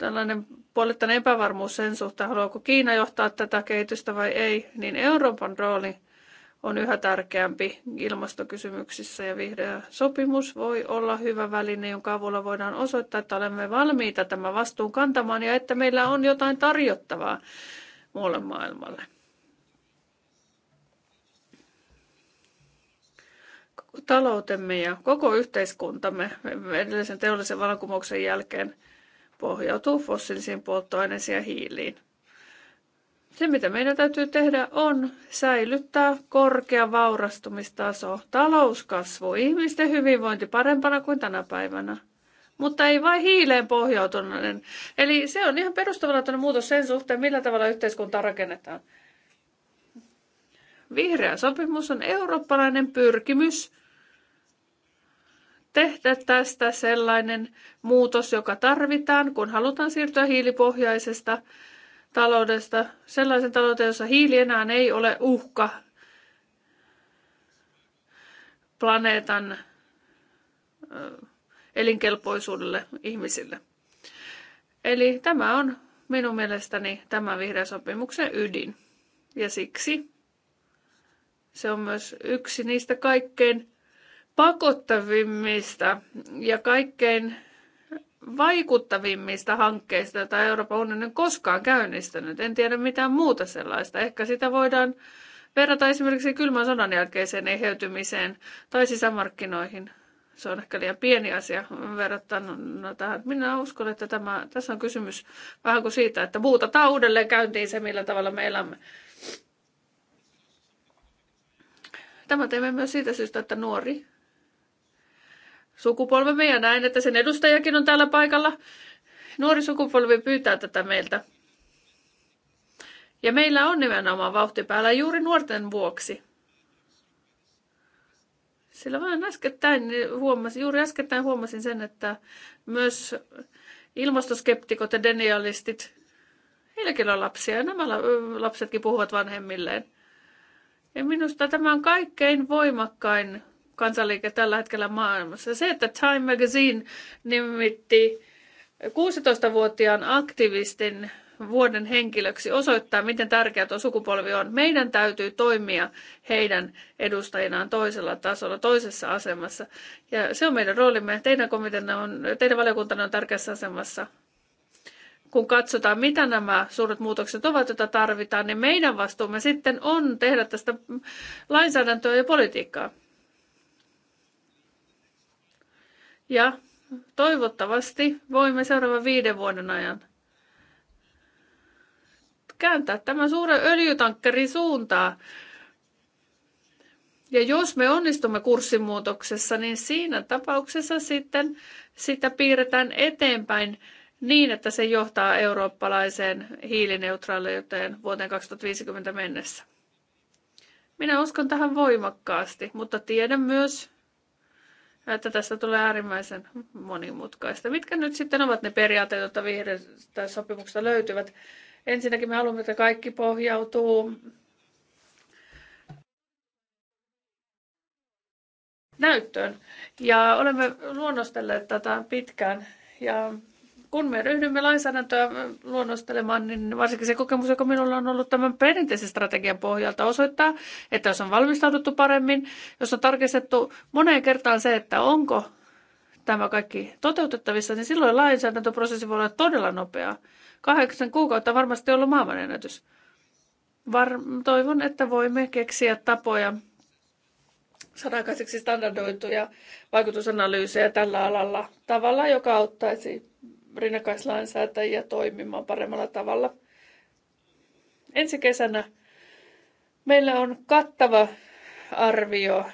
tällainen puolittainen epävarmuus sen suhteen, haluaako Kiina johtaa tätä kehitystä vai ei, niin Euroopan rooli on yhä tärkeämpi ilmastokysymyksissä ja vihreä sopimus voi olla hyvä väline, jonka avulla voidaan osoittaa, että olemme valmiita tämän vastuun kantamaan ja että meillä on jotain tarjottavaa muulle maailmalle. Koko taloutemme ja koko yhteiskuntamme edellisen teollisen vallankumouksen jälkeen – pohjautuu fossiilisiin polttoaineisiin ja hiiliin. Se, mitä meidän täytyy tehdä, on säilyttää korkea vaurastumistaso, talouskasvu, ihmisten hyvinvointi parempana kuin tänä päivänä. Mutta ei vain hiileen pohjautuneen. Eli se on ihan perustavanlaatuinen muutos sen suhteen, millä tavalla yhteiskuntaa rakennetaan. Vihreä sopimus on eurooppalainen pyrkimys tehdä tästä sellainen muutos, joka tarvitaan, kun halutaan siirtyä hiilipohjaisesta taloudesta sellaisen talouteen, jossa hiili enää ei ole uhka planeetan elinkelpoisuudelle ihmisille. Eli tämä on minun mielestäni tämän vihreän sopimuksen ydin. Ja siksi se on myös yksi niistä kaikkein pakottavimmista ja kaikkein vaikuttavimmista hankkeista, joita Euroopan unioni on koskaan käynnistänyt. En tiedä mitään muuta sellaista. Ehkä sitä voidaan verrata esimerkiksi kylmän sodan jälkeiseen eheytymiseen tai sisämarkkinoihin. Se on ehkä liian pieni asia verrattuna tähän. Minä uskon, että tämä, tässä on kysymys vähän kuin siitä, että muutetaan uudelleen käyntiin se, millä tavalla me elämme. Tämä teemme myös siitä syystä, että nuori sukupolvemme ja näen, että sen edustajakin on täällä paikalla. Nuori sukupolvi pyytää tätä meiltä. Ja meillä on nimenomaan vauhti päällä juuri nuorten vuoksi. Sillä vaan äskettäin huomasin, juuri äskettäin huomasin sen, että myös ilmastoskeptikot ja denialistit, heilläkin on lapsia ja nämä lapsetkin puhuvat vanhemmilleen. Ja minusta tämä on kaikkein voimakkain kansanliike tällä hetkellä maailmassa. Se, että Time Magazine nimitti 16-vuotiaan aktivistin vuoden henkilöksi osoittaa, miten tärkeä tuo sukupolvi on. Meidän täytyy toimia heidän edustajinaan toisella tasolla, toisessa asemassa. Ja se on meidän roolimme. Teidän, on, teidän valiokuntanne on tärkeässä asemassa. Kun katsotaan, mitä nämä suuret muutokset ovat, joita tarvitaan, niin meidän vastuumme sitten on tehdä tästä lainsäädäntöä ja politiikkaa. Ja toivottavasti voimme seuraavan viiden vuoden ajan kääntää tämän suuren öljytankkerin suuntaa. Ja jos me onnistumme kurssimuutoksessa, niin siinä tapauksessa sitten sitä piirretään eteenpäin niin, että se johtaa eurooppalaiseen hiilineutraaliuteen vuoteen 2050 mennessä. Minä uskon tähän voimakkaasti, mutta tiedän myös, että tästä tulee äärimmäisen monimutkaista. Mitkä nyt sitten ovat ne periaatteet, joita vihreästä sopimuksesta löytyvät? Ensinnäkin me haluamme, että kaikki pohjautuu näyttöön. Ja olemme luonnostelleet tätä pitkään. Ja kun me ryhdymme lainsäädäntöä luonnostelemaan, niin varsinkin se kokemus, joka minulla on ollut tämän perinteisen strategian pohjalta, osoittaa, että jos on valmistauduttu paremmin, jos on tarkistettu moneen kertaan se, että onko tämä kaikki toteutettavissa, niin silloin lainsäädäntöprosessi voi olla todella nopea. Kahdeksan kuukautta varmasti ollut maailmanennätys. Var- toivon, että voimme keksiä tapoja saada standardoituja vaikutusanalyysejä tällä alalla tavalla, joka auttaisi rinnakkaislainsäätäjiä toimimaan paremmalla tavalla. Ensi kesänä meillä on kattava arvio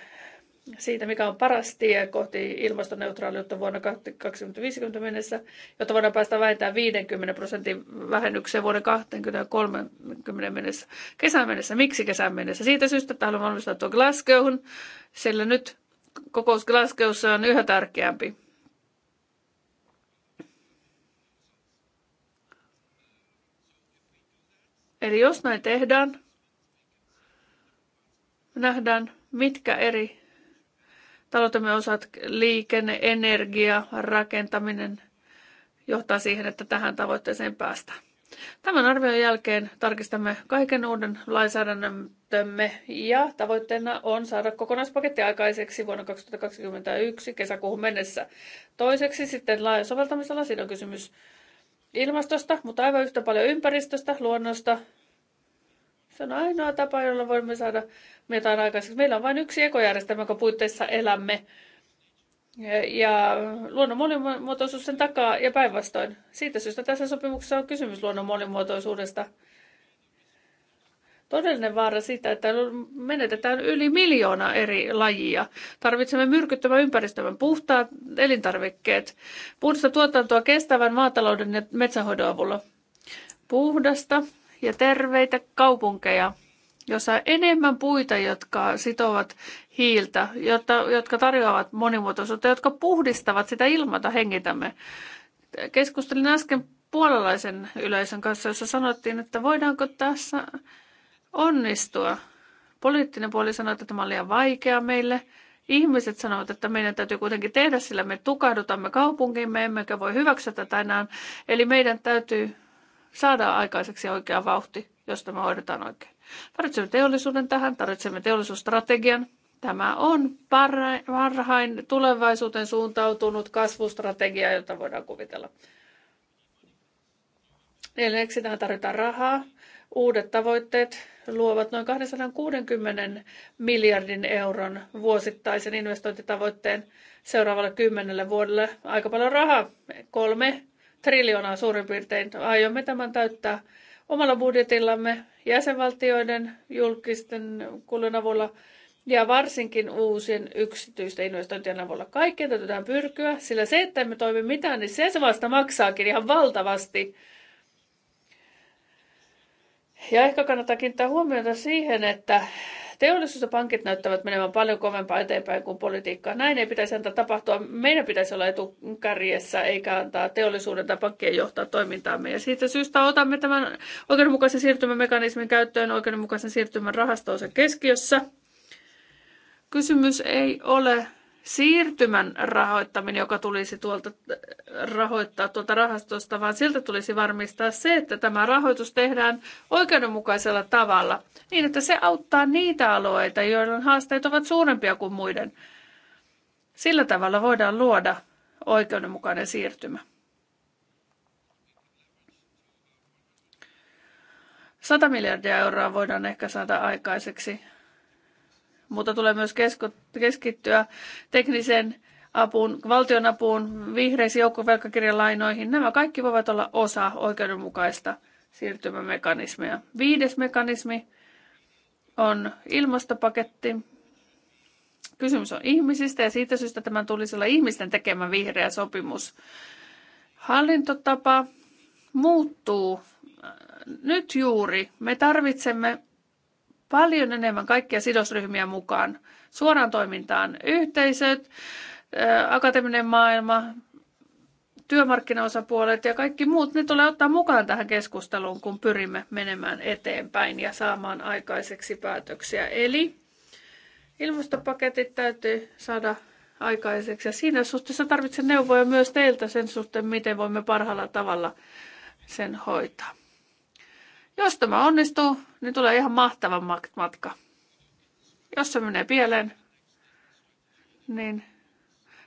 siitä, mikä on paras tie kohti ilmastoneutraaliutta vuonna 2050 mennessä, jotta voidaan päästä vähintään 50 prosentin vähennykseen vuoden 2030 mennessä. Kesän mennessä. Miksi kesän mennessä? Siitä syystä, että haluan valmistautua Glasgowhun, sillä nyt kokous Glasgowssa on yhä tärkeämpi. Eli jos näin tehdään, nähdään mitkä eri taloutemme osat, liikenne, energia, rakentaminen, johtaa siihen, että tähän tavoitteeseen päästään. Tämän arvion jälkeen tarkistamme kaiken uuden lainsäädännömme ja tavoitteena on saada kokonaispaketti aikaiseksi vuonna 2021 kesäkuuhun mennessä. Toiseksi sitten laaja soveltamisala, siinä on kysymys ilmastosta, mutta aivan yhtä paljon ympäristöstä, luonnosta, se on ainoa tapa, jolla voimme saada jotain aikaiseksi. Meillä on vain yksi ekojärjestelmä, jonka puitteissa elämme. Ja luonnon monimuotoisuus sen takaa ja päinvastoin. Siitä syystä tässä sopimuksessa on kysymys luonnon monimuotoisuudesta. Todellinen vaara siitä, että menetetään yli miljoona eri lajia. Tarvitsemme myrkyttävän ympäristöön puhtaat elintarvikkeet, puhdasta tuotantoa kestävän maatalouden ja metsähoidon avulla. Puhdasta, ja terveitä kaupunkeja, jossa on enemmän puita, jotka sitovat hiiltä, jotta, jotka tarjoavat monimuotoisuutta, jotka puhdistavat sitä ilmata hengitämme. Keskustelin äsken puolalaisen yleisön kanssa, jossa sanottiin, että voidaanko tässä onnistua. Poliittinen puoli sanoi, että tämä on liian vaikea meille. Ihmiset sanovat, että meidän täytyy kuitenkin tehdä, sillä me tukahdutamme me emmekä voi hyväksyä tätä enää. Eli meidän täytyy saadaan aikaiseksi oikea vauhti, jos tämä hoidetaan oikein. Tarvitsemme teollisuuden tähän, tarvitsemme teollisuusstrategian. Tämä on parhain tulevaisuuteen suuntautunut kasvustrategia, jota voidaan kuvitella. Neljänneksi tähän tarvitaan rahaa. Uudet tavoitteet luovat noin 260 miljardin euron vuosittaisen investointitavoitteen seuraavalle kymmenelle vuodelle. Aika paljon rahaa. Kolme triljoonaa suurin piirtein. Aiomme tämän täyttää omalla budjetillamme, jäsenvaltioiden julkisten kulun avulla ja varsinkin uusien yksityisten investointien avulla. Kaikkeen täytyy pyrkyä, sillä se, että emme toimi mitään, niin se, se vasta maksaakin ihan valtavasti. Ja ehkä kannattaa kiinnittää huomiota siihen, että Teollisuus ja pankit näyttävät menevän paljon kovempaa eteenpäin kuin politiikkaa. Näin ei pitäisi antaa tapahtua. Meidän pitäisi olla etukärjessä eikä antaa teollisuuden tai pankkien johtaa toimintaamme. Ja siitä syystä otamme tämän oikeudenmukaisen siirtymämekanismin käyttöön oikeudenmukaisen siirtymän rahastoon sen keskiössä. Kysymys ei ole siirtymän rahoittaminen, joka tulisi tuolta rahoittaa tuolta rahastosta, vaan siltä tulisi varmistaa se, että tämä rahoitus tehdään oikeudenmukaisella tavalla, niin että se auttaa niitä alueita, joiden haasteet ovat suurempia kuin muiden. Sillä tavalla voidaan luoda oikeudenmukainen siirtymä. 100 miljardia euroa voidaan ehkä saada aikaiseksi mutta tulee myös keskittyä tekniseen apuun, valtionapuun, vihreisiin joukkovelkakirjalainoihin. Nämä kaikki voivat olla osa oikeudenmukaista siirtymämekanismia. Viides mekanismi on ilmastopaketti. Kysymys on ihmisistä ja siitä syystä tämän tulisi olla ihmisten tekemä vihreä sopimus. Hallintotapa muuttuu nyt juuri. Me tarvitsemme paljon enemmän kaikkia sidosryhmiä mukaan suoraan toimintaan. Yhteisöt, akateeminen maailma, työmarkkinaosapuolet ja kaikki muut, ne tulee ottaa mukaan tähän keskusteluun, kun pyrimme menemään eteenpäin ja saamaan aikaiseksi päätöksiä. Eli ilmastopaketit täytyy saada aikaiseksi. Ja siinä suhteessa tarvitsen neuvoja myös teiltä sen suhteen, miten voimme parhaalla tavalla sen hoitaa. Jos tämä onnistuu, niin tulee ihan mahtava matka. Jos se menee pieleen, niin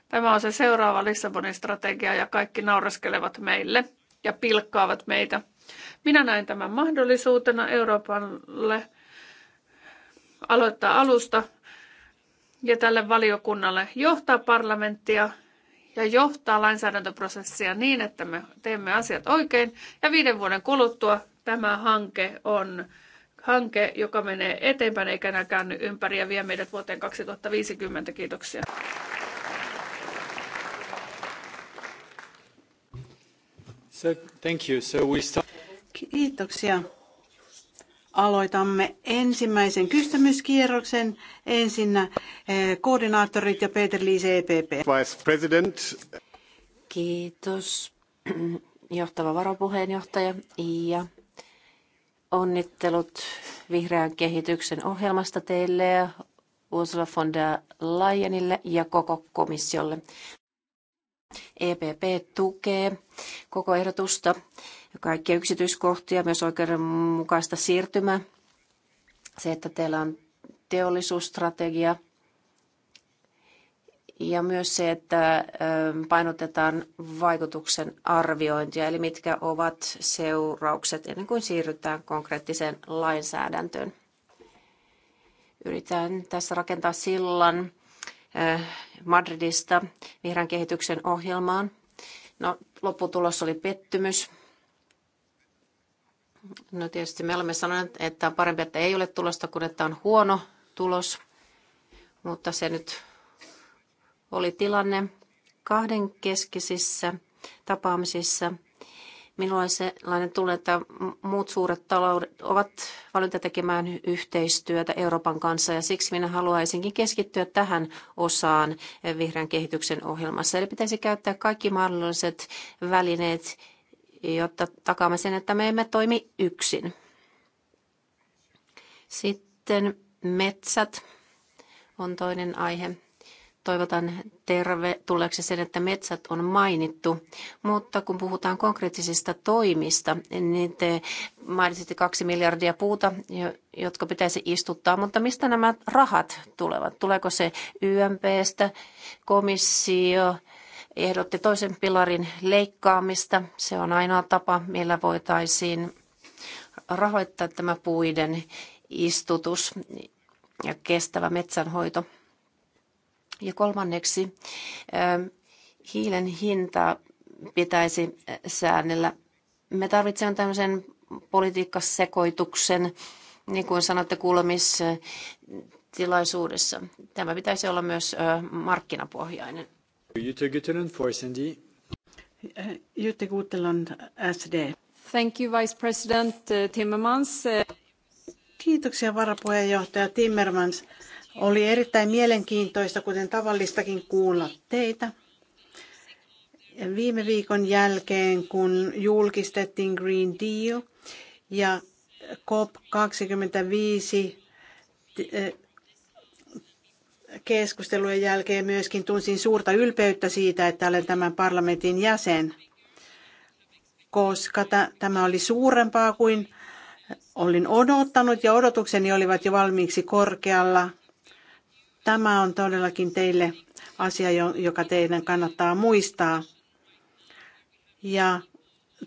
tämä on se seuraava Lissabonin strategia ja kaikki naureskelevat meille ja pilkkaavat meitä. Minä näen tämän mahdollisuutena Euroopalle aloittaa alusta ja tälle valiokunnalle johtaa parlamenttia ja johtaa lainsäädäntöprosessia niin, että me teemme asiat oikein. Ja viiden vuoden kuluttua tämä hanke on hanke, joka menee eteenpäin eikä enää käänny ympäri ja vie meidät vuoteen 2050. Kiitoksia. So, thank you. So we start... Kiitoksia. Aloitamme ensimmäisen kysymyskierroksen. Ensinnä eh, koordinaattorit ja Peter Liise EPP. Vice President. Kiitos johtava varapuheenjohtaja ja Onnittelut vihreän kehityksen ohjelmasta teille ja Ursula von der Leyenille ja koko komissiolle. EPP tukee koko ehdotusta ja kaikkia yksityiskohtia, myös oikeudenmukaista siirtymää. Se, että teillä on teollisuusstrategia – ja myös se, että painotetaan vaikutuksen arviointia, eli mitkä ovat seuraukset ennen kuin siirrytään konkreettiseen lainsäädäntöön. Yritän tässä rakentaa sillan Madridista vihreän kehityksen ohjelmaan. No, lopputulos oli pettymys. No tietysti me olemme sanoneet, että on parempi, että ei ole tulosta kuin että on huono tulos, mutta se nyt oli tilanne kahden keskisissä tapaamisissa. Minulla on sellainen tunne, että muut suuret taloudet ovat valinta tekemään yhteistyötä Euroopan kanssa ja siksi minä haluaisinkin keskittyä tähän osaan vihreän kehityksen ohjelmassa. Eli pitäisi käyttää kaikki mahdolliset välineet, jotta takaamme sen, että me emme toimi yksin. Sitten metsät on toinen aihe toivotan tervetulleeksi sen, että metsät on mainittu, mutta kun puhutaan konkreettisista toimista, niin te mainitsitte kaksi miljardia puuta, jotka pitäisi istuttaa, mutta mistä nämä rahat tulevat? Tuleeko se YMPstä, komissio, ehdotti toisen pilarin leikkaamista. Se on ainoa tapa, millä voitaisiin rahoittaa tämä puiden istutus ja kestävä metsänhoito. Ja kolmanneksi ähm, hiilen hinta pitäisi äh, säännellä. Me tarvitsemme tämmöisen politiikkasekoituksen, niin kuin sanotte kuulemistilaisuudessa. Tämä pitäisi olla myös markkinapohjainen. Jutta Guttelund for äh, Guttelund, SD. Thank you, Vice President uh, Timmermans. Kiitoksia varapuheenjohtaja Timmermans. Oli erittäin mielenkiintoista, kuten tavallistakin, kuulla teitä. Viime viikon jälkeen, kun julkistettiin Green Deal ja COP25 eh, keskustelujen jälkeen myöskin tunsin suurta ylpeyttä siitä, että olen tämän parlamentin jäsen, koska tämä oli suurempaa kuin olin odottanut ja odotukseni olivat jo valmiiksi korkealla. Tämä on todellakin teille asia, joka teidän kannattaa muistaa. Ja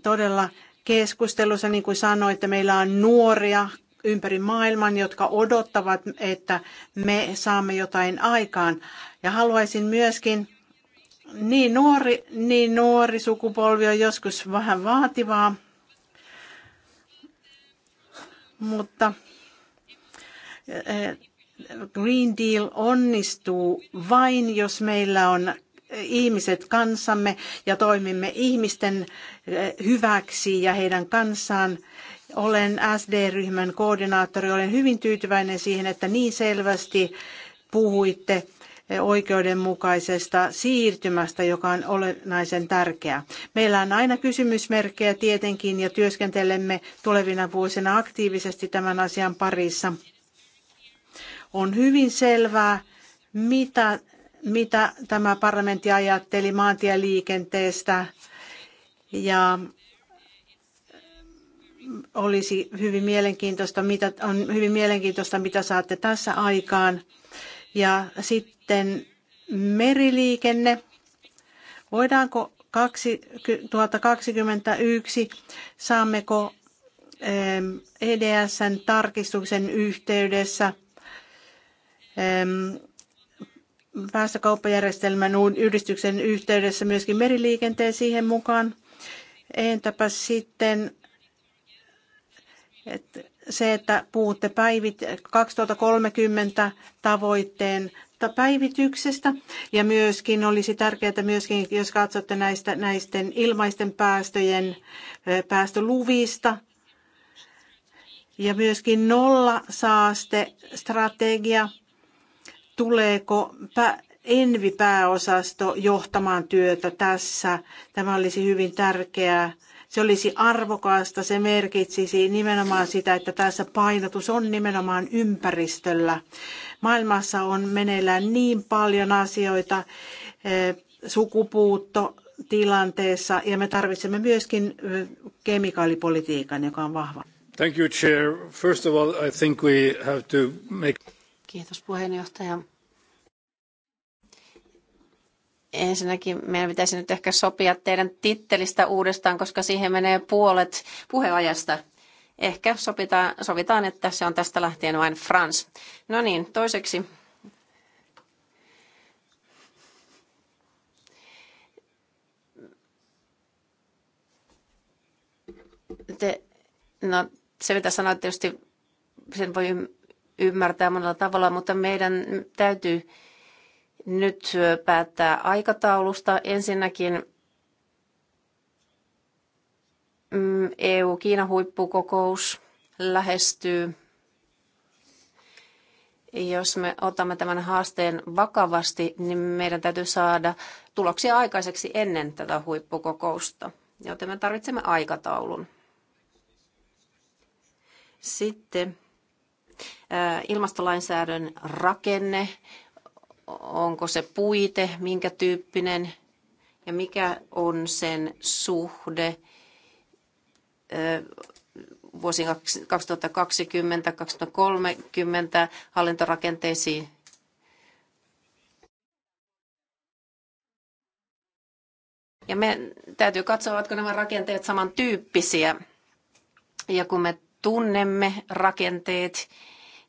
todella keskustelussa, niin kuin sanoitte, meillä on nuoria ympäri maailman, jotka odottavat, että me saamme jotain aikaan. Ja haluaisin myöskin, niin nuori, niin nuori sukupolvi on joskus vähän vaativaa, mutta eh, Green Deal onnistuu vain, jos meillä on ihmiset kansamme ja toimimme ihmisten eh, hyväksi ja heidän kanssaan. Olen SD-ryhmän koordinaattori. Olen hyvin tyytyväinen siihen, että niin selvästi puhuitte eh, oikeudenmukaisesta siirtymästä, joka on olennaisen tärkeä. Meillä on aina kysymysmerkkejä tietenkin ja työskentelemme tulevina vuosina aktiivisesti tämän asian parissa on hyvin selvää, mitä, mitä tämä parlamentti ajatteli maantieliikenteestä ja olisi hyvin mielenkiintoista, mitä, on hyvin mielenkiintoista, mitä saatte tässä aikaan. Ja sitten meriliikenne. Voidaanko 2021, saammeko EDSn e tarkistuksen yhteydessä päästökauppajärjestelmän yhdistyksen yhteydessä myöskin meriliikenteen siihen mukaan. Entäpä sitten että se, että puhutte päivit 2030 tavoitteen päivityksestä ja myöskin olisi tärkeää myöskin, jos katsotte näistä, näisten ilmaisten päästöjen päästöluvista ja myöskin nolla saaste strategia – Tuleeko Envi-pääosasto johtamaan työtä tässä? Tämä olisi hyvin tärkeää. Se olisi arvokasta, se merkitsisi nimenomaan sitä, että tässä painotus on nimenomaan ympäristöllä. Maailmassa on meneillään niin paljon asioita eh, sukupuutto tilanteessa ja me tarvitsemme myöskin eh, kemikaalipolitiikan, joka on vahva. Thank you, Chair. First of all, I think we have to make... Kiitos puheenjohtaja. Ensinnäkin meidän pitäisi nyt ehkä sopia teidän tittelistä uudestaan, koska siihen menee puolet puheajasta. Ehkä sopitaan, sovitaan, että se on tästä lähtien vain Frans. No niin, toiseksi te, no, se mitä sanoit tietysti, sen voi ymmärtää monella tavalla, mutta meidän täytyy nyt päättää aikataulusta. Ensinnäkin mm, EU-Kiina-huippukokous lähestyy. Jos me otamme tämän haasteen vakavasti, niin meidän täytyy saada tuloksia aikaiseksi ennen tätä huippukokousta, joten me tarvitsemme aikataulun. Sitten ilmastolainsäädön rakenne, onko se puite, minkä tyyppinen ja mikä on sen suhde vuosien 2020-2030 hallintorakenteisiin. Ja me täytyy katsoa, ovatko nämä rakenteet samantyyppisiä. Ja kun me tunnemme rakenteet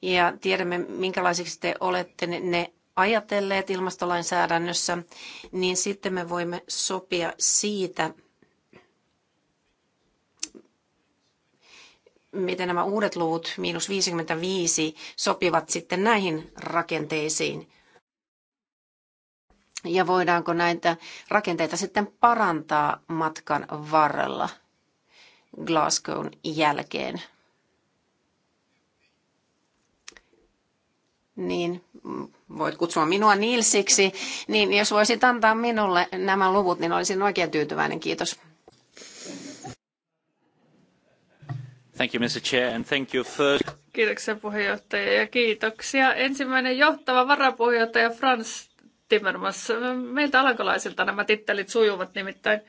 ja tiedämme, minkälaisiksi te olette ne ajatelleet ilmastolainsäädännössä, niin sitten me voimme sopia siitä, miten nämä uudet luvut, miinus 55, sopivat sitten näihin rakenteisiin. Ja voidaanko näitä rakenteita sitten parantaa matkan varrella Glasgown jälkeen. niin mm, voit kutsua minua Nilsiksi, niin jos voisit antaa minulle nämä luvut, niin olisin oikein tyytyväinen. Kiitos. Thank you, Mr. Chair, and thank you first. Kiitoksia puheenjohtaja ja kiitoksia. Ensimmäinen johtava varapuheenjohtaja Frans Timmermans. Meiltä alankolaisilta nämä tittelit sujuvat nimittäin.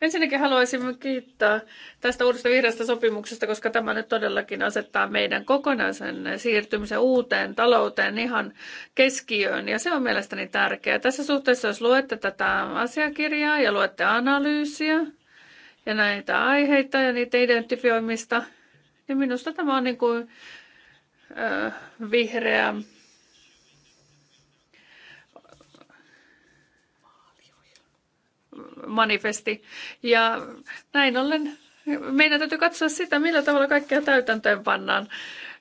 Ensinnäkin haluaisin kiittää tästä uudesta vihreästä sopimuksesta, koska tämä nyt todellakin asettaa meidän kokonaisen siirtymisen uuteen talouteen ihan keskiöön. Ja se on mielestäni tärkeää. Tässä suhteessa, jos luette tätä asiakirjaa ja luette analyysiä ja näitä aiheita ja niitä identifioimista, niin minusta tämä on niin kuin vihreä manifesti. Ja näin ollen meidän täytyy katsoa sitä, millä tavalla kaikkea täytäntöön pannaan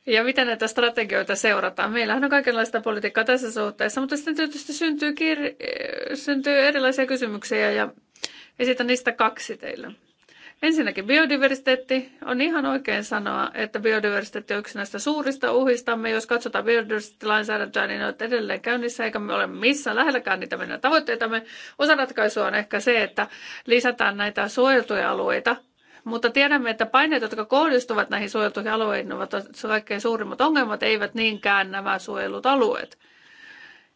ja miten näitä strategioita seurataan. Meillähän on kaikenlaista politiikkaa tässä suhteessa, mutta sitten tietysti syntyy, kir- syntyy erilaisia kysymyksiä ja esitän niistä kaksi teille. Ensinnäkin biodiversiteetti. On ihan oikein sanoa, että biodiversiteetti on yksi näistä suurista uhistamme. Jos katsotaan biodiversiteettilainsäädäntöä, niin ne ovat edelleen käynnissä, eikä me ole missään lähelläkään niitä meidän tavoitteitamme. Osa ratkaisua on ehkä se, että lisätään näitä suojeltuja alueita, mutta tiedämme, että paineet, jotka kohdistuvat näihin suojeltuihin alueihin, ovat kaikkein suurimmat ongelmat, eivät niinkään nämä suojellut alueet.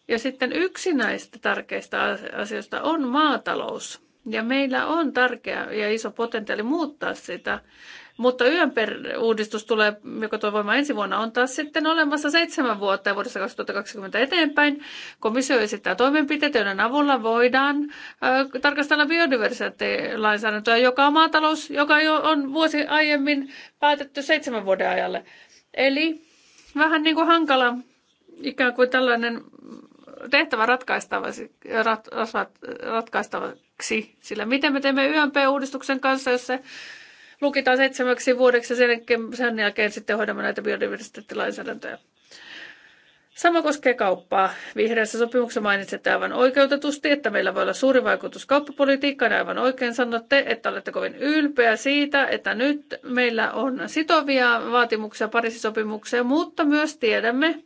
Ja sitten yksi näistä tärkeistä asioista on maatalous ja meillä on tärkeä ja iso potentiaali muuttaa sitä. Mutta YMPR-uudistus tulee, joka tuo voimaan ensi vuonna, on taas sitten olemassa seitsemän vuotta ja vuodesta 2020 eteenpäin. Komissio esittää toimenpiteitä, joiden avulla voidaan äh, tarkastella biodiversiteettilainsäädäntöä, joka on maatalous, joka jo on vuosi aiemmin päätetty seitsemän vuoden ajalle. Eli vähän niin kuin hankala ikään kuin tällainen tehtävä ratkaistava, rat, rat, ratkaistava kaksi. Sillä miten me teemme YMP-uudistuksen kanssa, jos se lukitaan seitsemäksi vuodeksi ja sen jälkeen, sen jälkeen sitten hoidamme näitä biodiversiteettilainsäädäntöjä. Sama koskee kauppaa. Vihreässä sopimuksessa mainitsette aivan oikeutetusti, että meillä voi olla suuri vaikutus kauppapolitiikkaan. Ja aivan oikein sanotte, että olette kovin ylpeä siitä, että nyt meillä on sitovia vaatimuksia Pariisin sopimukseen, mutta myös tiedämme,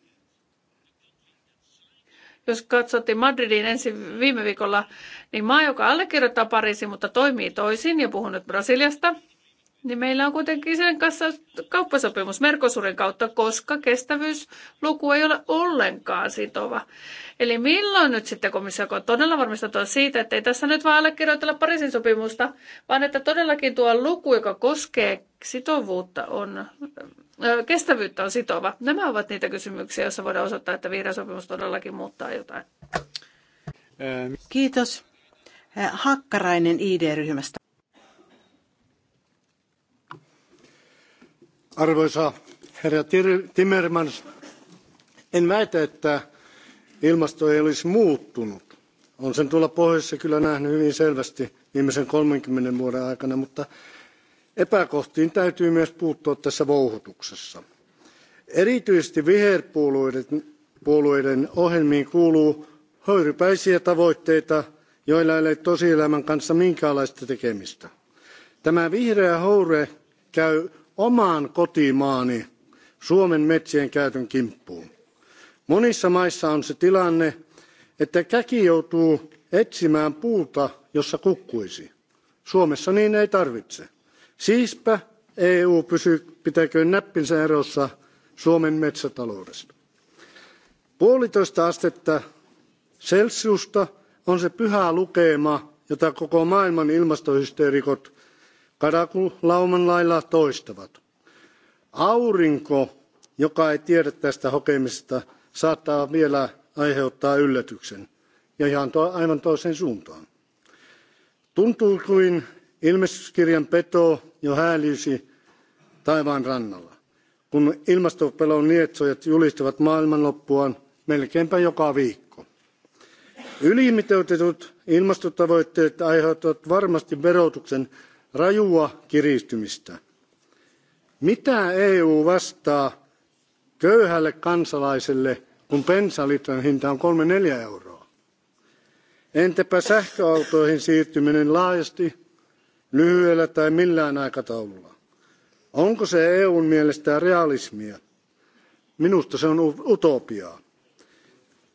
jos katsottiin Madridin ensi viime viikolla niin maa, joka allekirjoittaa Pariisin, mutta toimii toisin ja puhun nyt Brasiliasta, niin meillä on kuitenkin sen kanssa kauppasopimus Merkosurin kautta, koska kestävyysluku ei ole ollenkaan sitova. Eli milloin nyt sitten komissio on todella varmistettava siitä, että ei tässä nyt vaan allekirjoitella Pariisin sopimusta, vaan että todellakin tuo luku, joka koskee sitovuutta, on, kestävyyttä on sitova. Nämä ovat niitä kysymyksiä, joissa voidaan osoittaa, että vihreä sopimus todellakin muuttaa jotain. Kiitos. Eh, Hakkarainen ID-ryhmästä. Arvoisa herra Timmermans, en väitä, että ilmasto ei olisi muuttunut. Olen sen tuolla pohjoisessa kyllä nähnyt hyvin selvästi viimeisen 30 vuoden aikana, mutta epäkohtiin täytyy myös puuttua tässä vouhutuksessa. Erityisesti viherpuolueiden ohjelmiin kuuluu höyrypäisiä tavoitteita – joilla ei ole tosielämän kanssa minkäänlaista tekemistä. tämä vihreä houre käy oman kotimaani suomen metsien käytön kimppuun. monissa maissa on se tilanne että käki joutuu etsimään puuta jossa kukkuisi. suomessa niin ei tarvitse. siispä eu pysyy, pitäköön näppinsä erossa suomen metsätaloudesta. puolitoista astetta celsiusta on se pyhä lukema, jota koko maailman ilmastohysteerikot kadakulauman lailla toistavat. Aurinko, joka ei tiedä tästä hokemisesta, saattaa vielä aiheuttaa yllätyksen ja ihan to, aivan toiseen suuntaan. Tuntuu kuin ilmestyskirjan peto jo häälyisi taivaan rannalla, kun ilmastopelon lietsojat julistavat maailmanloppuaan melkeinpä joka viikko. Ylimitoitetut ilmastotavoitteet aiheuttavat varmasti verotuksen rajua kiristymistä. Mitä EU vastaa köyhälle kansalaiselle, kun bensalitran hinta on kolme neljä euroa? Entäpä sähköautoihin siirtyminen laajasti, lyhyellä tai millään aikataululla? Onko se EUn mielestä realismia? Minusta se on utopiaa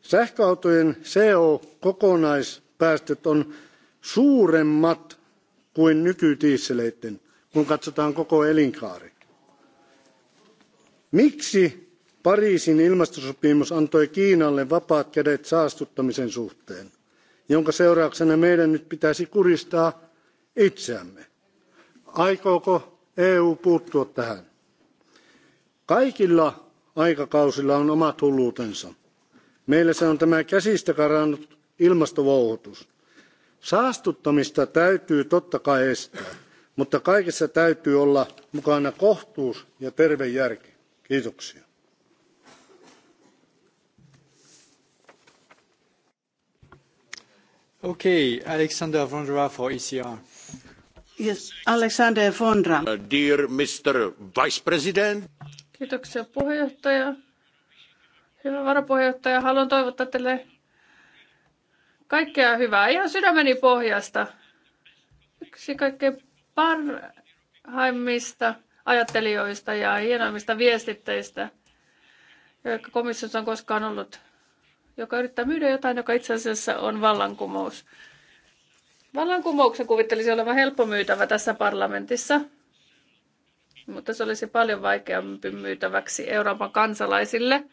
sähköautojen co kokonaispäästöt ovat suuremmat kuin nykydieseleiden kun katsotaan koko elinkaari. miksi pariisin ilmastosopimus antoi kiinalle vapaat kädet saastuttamisen suhteen jonka seurauksena meidän nyt pitäisi kuristaa itseämme? aikooko eu puuttua tähän? kaikilla aikakausilla on omat hulluutensa meillä se on tämä käsistä karannut ilmastovouhotus. saastuttamista täytyy totta kai estää mutta kaikessa täytyy olla mukana kohtuus ja terve järki. kiitoksia. Okay, Alexander Vondra for ECR. Yes, Alexander Vondra. dear Mr. Vice President. Kiitoksia puheenjohtaja. Hyvä varapuheenjohtaja, haluan toivottaa teille kaikkea hyvää ihan sydämeni pohjasta. Yksi kaikkein parhaimmista ajattelijoista ja hienoimmista viestitteistä, jotka komissiossa on koskaan ollut, joka yrittää myydä jotain, joka itse asiassa on vallankumous. Vallankumouksen kuvittelisi olevan helppo myytävä tässä parlamentissa, mutta se olisi paljon vaikeampi myytäväksi Euroopan kansalaisille –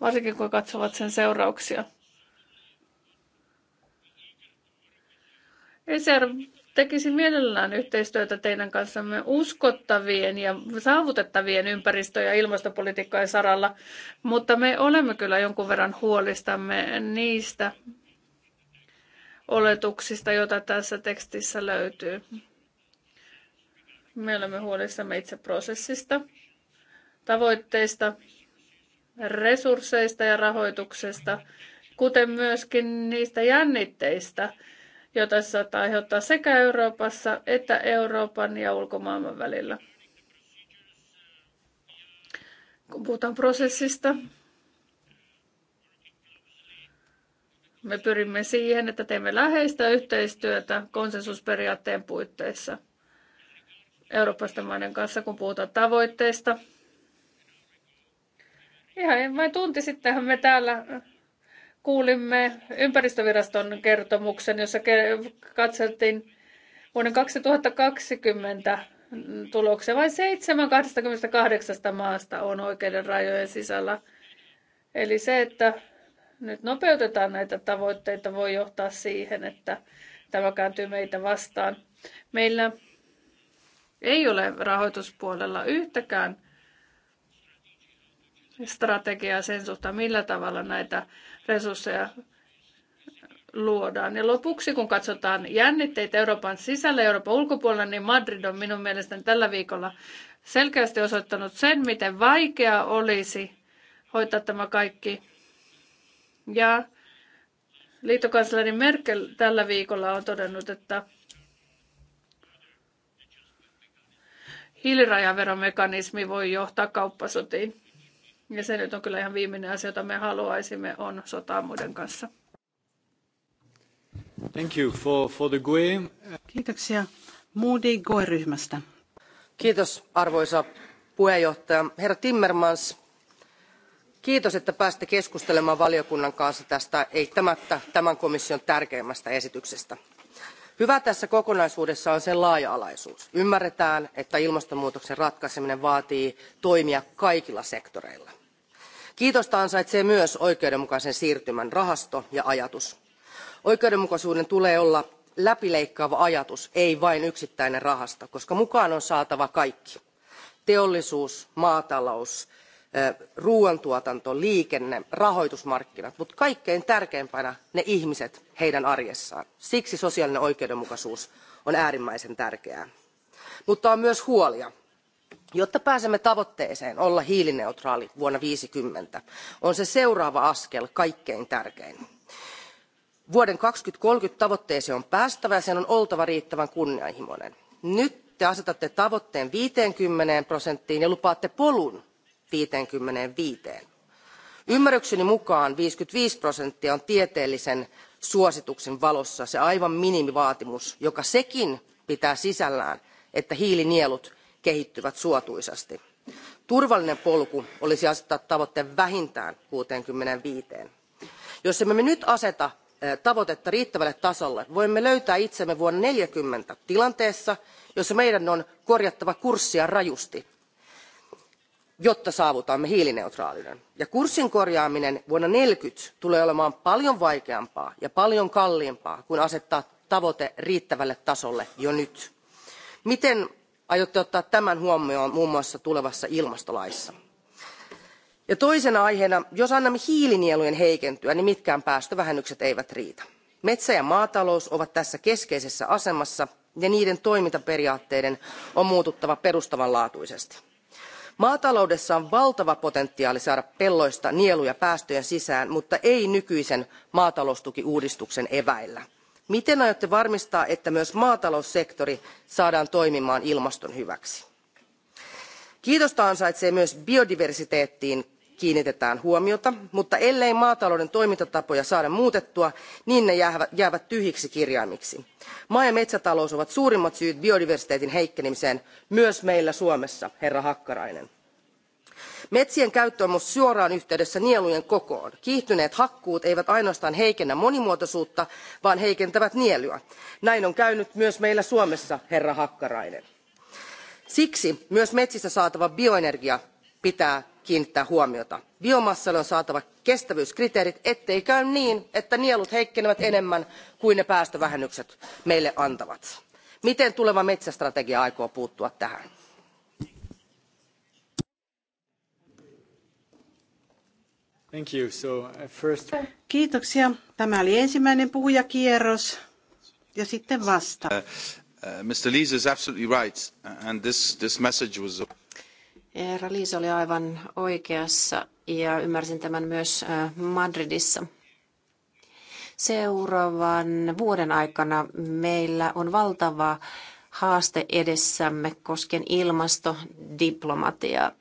varsinkin kun katsovat sen seurauksia. Eser tekisi mielellään yhteistyötä teidän kanssamme uskottavien ja saavutettavien ympäristö- ja ilmastopolitiikkojen saralla, mutta me olemme kyllä jonkun verran huolistamme niistä oletuksista, joita tässä tekstissä löytyy. Me olemme huolissamme itse prosessista, tavoitteista resursseista ja rahoituksesta, kuten myöskin niistä jännitteistä, joita se saattaa aiheuttaa sekä Euroopassa että Euroopan ja ulkomaailman välillä. Kun puhutaan prosessista, me pyrimme siihen, että teemme läheistä yhteistyötä konsensusperiaatteen puitteissa Euroopasta maiden kanssa, kun puhutaan tavoitteista – Ihan vain tunti sittenhän me täällä kuulimme ympäristöviraston kertomuksen, jossa katseltiin vuoden 2020 tuloksia. Vain 7 28 maasta on oikeiden rajojen sisällä. Eli se, että nyt nopeutetaan näitä tavoitteita, voi johtaa siihen, että tämä kääntyy meitä vastaan. Meillä ei ole rahoituspuolella yhtäkään strategiaa sen suhteen, millä tavalla näitä resursseja luodaan. Ja lopuksi, kun katsotaan jännitteitä Euroopan sisällä ja Euroopan ulkopuolella, niin Madrid on minun mielestäni tällä viikolla selkeästi osoittanut sen, miten vaikeaa olisi hoitaa tämä kaikki. Ja liittokansleri Merkel tällä viikolla on todennut, että hiilirajaveromekanismi voi johtaa kauppasotiin. Ja se nyt on kyllä ihan viimeinen asia, jota me haluaisimme, on sotaa muiden kanssa. Thank you for, for the GUE. Kiitoksia Moody GUE-ryhmästä. Kiitos arvoisa puheenjohtaja. Herra Timmermans, kiitos, että pääsitte keskustelemaan valiokunnan kanssa tästä eittämättä tämän komission tärkeimmästä esityksestä hyvää tässä kokonaisuudessa on sen laaja alaisuus. ymmärretään että ilmastonmuutoksen ratkaiseminen vaatii toimia kaikilla sektoreilla. kiitosta ansaitsee myös oikeudenmukaisen siirtymän rahasto ja ajatus. oikeudenmukaisuuden tulee olla läpileikkaava ajatus ei vain yksittäinen rahasto koska mukaan on saatava kaikki teollisuus maatalous ruoantuotanto, liikenne, rahoitusmarkkinat, mutta kaikkein tärkeimpänä ne ihmiset heidän arjessaan. Siksi sosiaalinen oikeudenmukaisuus on äärimmäisen tärkeää. Mutta on myös huolia. Jotta pääsemme tavoitteeseen olla hiilineutraali vuonna 2050, on se seuraava askel kaikkein tärkein. Vuoden 2030 tavoitteeseen on päästävä ja sen on oltava riittävän kunnianhimoinen. Nyt te asetatte tavoitteen 50 prosenttiin ja lupaatte polun 55. Ymmärrykseni mukaan 55 prosenttia on tieteellisen suosituksen valossa se aivan minimivaatimus, joka sekin pitää sisällään, että hiilinielut kehittyvät suotuisasti. Turvallinen polku olisi asettaa tavoitteen vähintään 65. Jos emme me nyt aseta tavoitetta riittävälle tasolle, voimme löytää itsemme vuonna 40 tilanteessa, jossa meidän on korjattava kurssia rajusti jotta saavutamme hiilineutraaliuden. Ja kurssin korjaaminen vuonna 2040 tulee olemaan paljon vaikeampaa ja paljon kalliimpaa kuin asettaa tavoite riittävälle tasolle jo nyt. Miten aiotte ottaa tämän huomioon muun muassa tulevassa ilmastolaissa? Ja toisena aiheena, jos annamme hiilinielujen heikentyä, niin mitkään päästövähennykset eivät riitä. Metsä ja maatalous ovat tässä keskeisessä asemassa ja niiden toimintaperiaatteiden on muututtava perustavanlaatuisesti maataloudessa on valtava potentiaali saada pelloista nieluja päästöjen sisään mutta ei nykyisen maataloustukiuudistuksen eväillä. miten aiotte varmistaa että myös maataloussektori saadaan toimimaan ilmaston hyväksi? kiitosta ansaitsee myös biodiversiteettiin kiinnitetään huomiota mutta ellei maatalouden toimintatapoja saada muutettua niin ne jäävät tyhjiksi kirjaimiksi. maa ja metsätalous ovat suurimmat syyt biodiversiteetin heikkenemiseen myös meillä suomessa herra hakkarainen. metsien käyttö on myös suoraan yhteydessä nielujen kokoon. kiihtyneet hakkuut eivät ainoastaan heikennä monimuotoisuutta vaan heikentävät nielyä. näin on käynyt myös meillä suomessa herra hakkarainen. siksi myös metsistä saatava bioenergia pitää kiinnittää huomiota. biomassalle on saatava kestävyyskriteerit ettei käy niin että nielut heikkenevät enemmän kuin ne päästövähennykset meille antavat. miten tuleva metsästrategia aikoo puuttua tähän? Uh, Kiitoksia. Tämä oli ensimmäinen puhujakierros ja sitten vasta. Uh, uh, Mr. Lees is absolutely right and this, this message was Eera Liisa oli aivan oikeassa ja ymmärsin tämän myös äh, Madridissa. Seuraavan vuoden aikana meillä on valtava haaste edessämme koskien ilmastodiplomatiaa.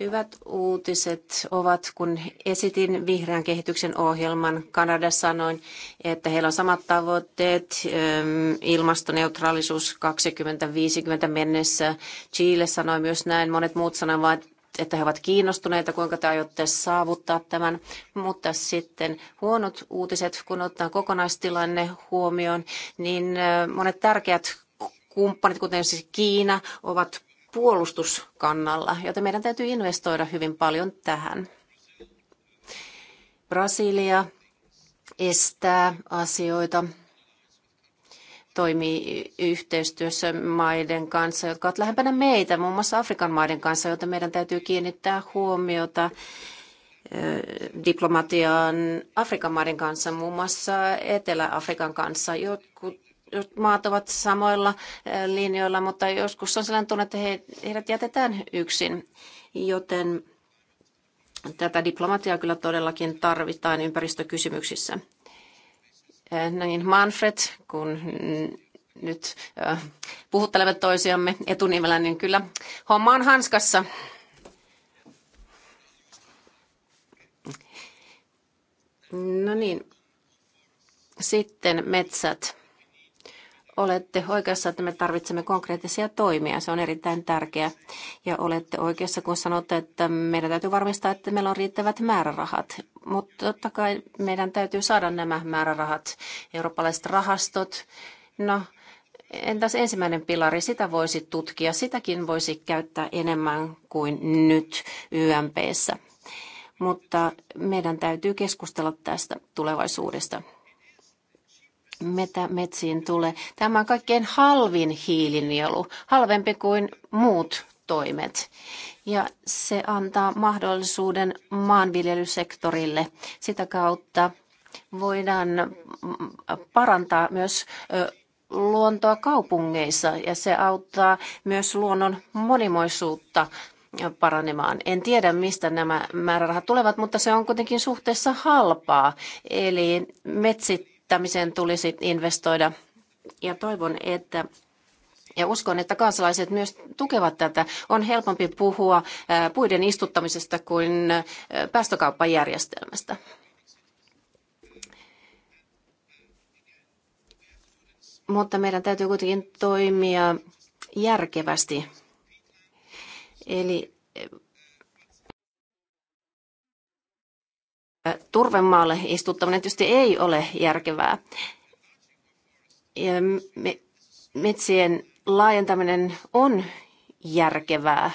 Hyvät uutiset ovat, kun esitin vihreän kehityksen ohjelman. Kanadassa sanoin, että heillä on samat tavoitteet, ähm, ilmastoneutraalisuus 2050 mennessä. Chile sanoi myös näin, monet muut sanovat, että he ovat kiinnostuneita, kuinka te aiotte saavuttaa tämän. Mutta sitten huonot uutiset, kun ottaa kokonaistilanne huomioon, niin äh, monet tärkeät kumppanit, kuten siis Kiina, ovat puolustuskannalla, joten meidän täytyy investoida hyvin paljon tähän. Brasilia estää asioita, toimii yhteistyössä maiden kanssa, jotka ovat lähempänä meitä, muun muassa Afrikan maiden kanssa, joten meidän täytyy kiinnittää huomiota diplomatiaan Afrikan maiden kanssa, muun muassa Etelä-Afrikan kanssa. Jotkut maat ovat samoilla eh, linjoilla, mutta joskus on sellainen tunne, että heidät jätetään yksin. Joten tätä diplomatiaa kyllä todellakin tarvitaan ympäristökysymyksissä. Eh, Näin Manfred, kun nyt eh, puhuttelevat toisiamme etunimellä, niin kyllä homma on hanskassa. No niin, sitten metsät olette oikeassa, että me tarvitsemme konkreettisia toimia. Se on erittäin tärkeää. Ja olette oikeassa, kun sanotte, että meidän täytyy varmistaa, että meillä on riittävät määrärahat. Mutta totta kai meidän täytyy saada nämä määrärahat, eurooppalaiset rahastot. No, entäs ensimmäinen pilari, sitä voisi tutkia. Sitäkin voisi käyttää enemmän kuin nyt YMPssä. Mutta meidän täytyy keskustella tästä tulevaisuudesta mitä metsiin tulee. Tämä on kaikkein halvin hiilinielu, halvempi kuin muut toimet. Ja se antaa mahdollisuuden maanviljelysektorille. Sitä kautta voidaan parantaa myös luontoa kaupungeissa ja se auttaa myös luonnon monimoisuutta paranemaan. En tiedä, mistä nämä määrärahat tulevat, mutta se on kuitenkin suhteessa halpaa. Eli metsit kehittämiseen tulisi investoida. Ja toivon, että ja uskon, että kansalaiset myös tukevat tätä. On helpompi puhua puiden istuttamisesta kuin päästökauppajärjestelmästä. Mutta meidän täytyy kuitenkin toimia järkevästi. Eli turvemaalle istuttaminen tietysti ei ole järkevää. Ja metsien laajentaminen on järkevää,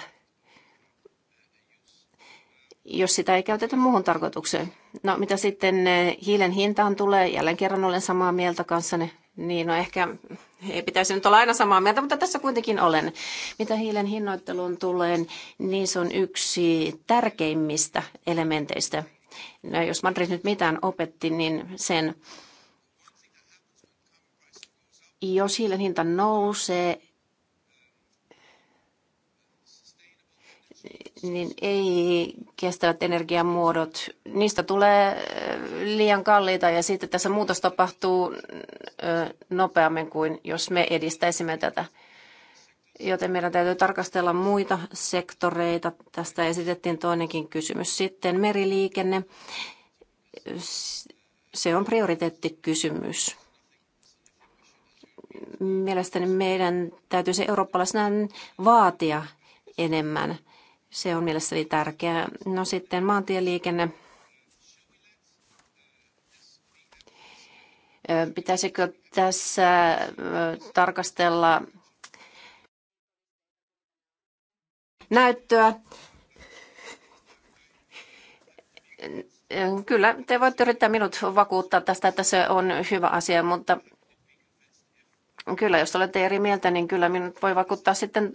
jos sitä ei käytetä muuhun tarkoitukseen. No mitä sitten hiilen hintaan tulee, jälleen kerran olen samaa mieltä kanssanne. Niin, no ehkä ei pitäisi nyt olla aina samaa mieltä, mutta tässä kuitenkin olen. Mitä hiilen hinnoitteluun tulee, niin se on yksi tärkeimmistä elementeistä – No, jos Madrid nyt mitään opetti, niin sen, jos hiilen hinta nousee, niin ei kestävät energiamuodot, niistä tulee äh, liian kalliita ja sitten tässä muutos tapahtuu äh, nopeammin kuin jos me edistäisimme tätä joten meidän täytyy tarkastella muita sektoreita. Tästä esitettiin toinenkin kysymys. Sitten meriliikenne, se on prioriteettikysymys. Mielestäni meidän täytyy se eurooppalaisena vaatia enemmän. Se on mielestäni tärkeää. No sitten maantieliikenne. Pitäisikö tässä tarkastella näyttöä. Kyllä, te voitte yrittää minut vakuuttaa tästä, että se on hyvä asia, mutta kyllä, jos olette eri mieltä, niin kyllä minut voi vakuuttaa sitten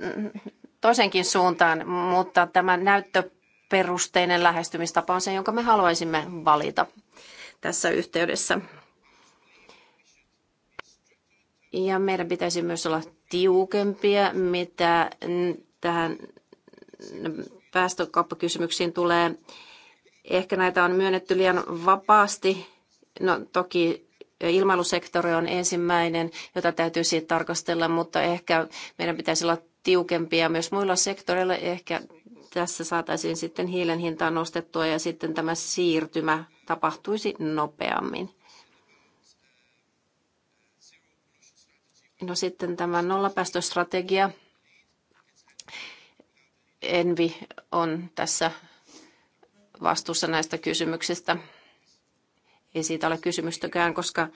toisenkin suuntaan, mutta tämä näyttöperusteinen lähestymistapa on se, jonka me haluaisimme valita tässä yhteydessä. Ja meidän pitäisi myös olla tiukempia, mitä tähän päästökauppakysymyksiin tulee, ehkä näitä on myönnetty liian vapaasti. No toki ilmailusektori on ensimmäinen, jota täytyy siitä tarkastella, mutta ehkä meidän pitäisi olla tiukempia myös muilla sektoreilla. Ehkä tässä saataisiin sitten hiilen hintaa nostettua ja sitten tämä siirtymä tapahtuisi nopeammin. No sitten tämä nollapäästöstrategia – Envi on tässä vastuussa näistä kysymyksistä. Ei siitä ole kysymystäkään, koska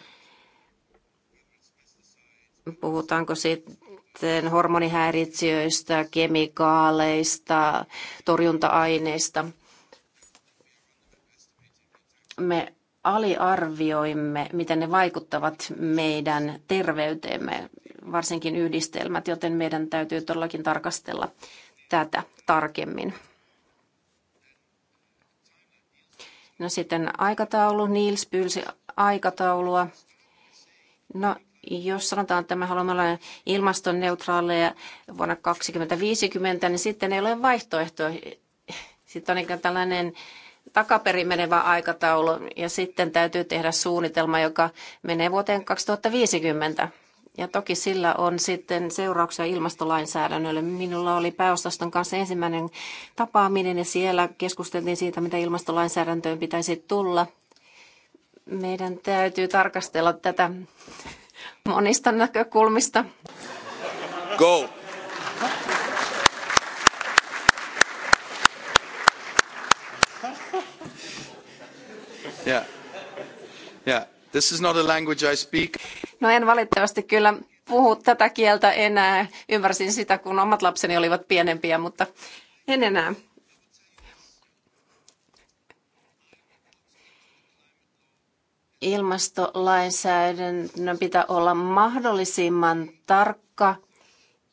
puhutaanko sitten hormonihäiritsijöistä, kemikaaleista, torjunta-aineista. Me aliarvioimme, miten ne vaikuttavat meidän terveyteemme, varsinkin yhdistelmät, joten meidän täytyy todellakin tarkastella tätä tarkemmin. No sitten aikataulu. Niils pyysi aikataulua. No jos sanotaan, että me haluamme olla ilmastoneutraaleja vuonna 2050, niin sitten ei ole vaihtoehto. Sitten on ikään tällainen takaperin menevä aikataulu ja sitten täytyy tehdä suunnitelma, joka menee vuoteen 2050. Ja toki sillä on sitten seurauksia ilmastolainsäädännölle. Minulla oli pääosaston kanssa ensimmäinen tapaaminen ja siellä keskusteltiin siitä, mitä ilmastolainsäädäntöön pitäisi tulla. Meidän täytyy tarkastella tätä monista näkökulmista. Go! Yeah. Yeah. This is not a language I speak. No en valitettavasti kyllä puhu tätä kieltä enää. Ymmärsin sitä, kun omat lapseni olivat pienempiä, mutta en enää. Ilmastolainsäädännön pitää olla mahdollisimman tarkka,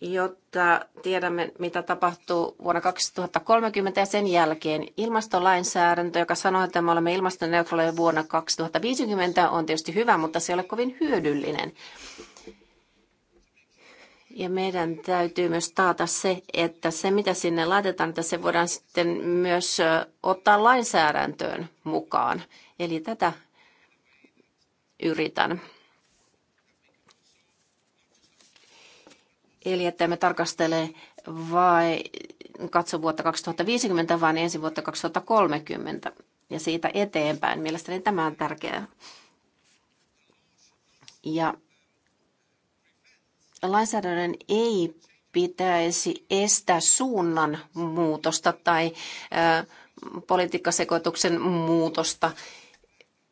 jotta mutta tiedämme, mitä tapahtuu vuonna 2030 ja sen jälkeen. Ilmastolainsäädäntö, joka sanoo, että me olemme ilmastoneutraaleja vuonna 2050, on tietysti hyvä, mutta se ei ole kovin hyödyllinen. Ja meidän täytyy myös taata se, että se mitä sinne laitetaan, että se voidaan sitten myös ottaa lainsäädäntöön mukaan. Eli tätä yritän. Eli että me tarkastele vai katso vuotta 2050, vaan ensi vuotta 2030 ja siitä eteenpäin. Mielestäni tämä on tärkeää. Ja lainsäädännön ei pitäisi estää suunnan muutosta tai politiikkasekoituksen muutosta.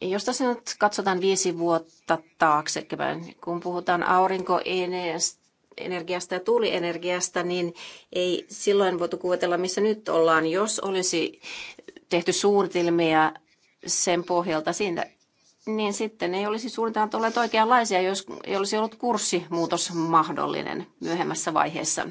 Jos tässä nyt katsotaan viisi vuotta taaksepäin, kun puhutaan aurinkoenergiasta, energiasta ja tuulienergiasta, niin ei silloin voitu kuvitella, missä nyt ollaan. Jos olisi tehty suunnitelmia sen pohjalta siinä, niin sitten ei olisi suunnitelmat olleet oikeanlaisia, jos ei olisi ollut kurssimuutos mahdollinen myöhemmässä vaiheessa.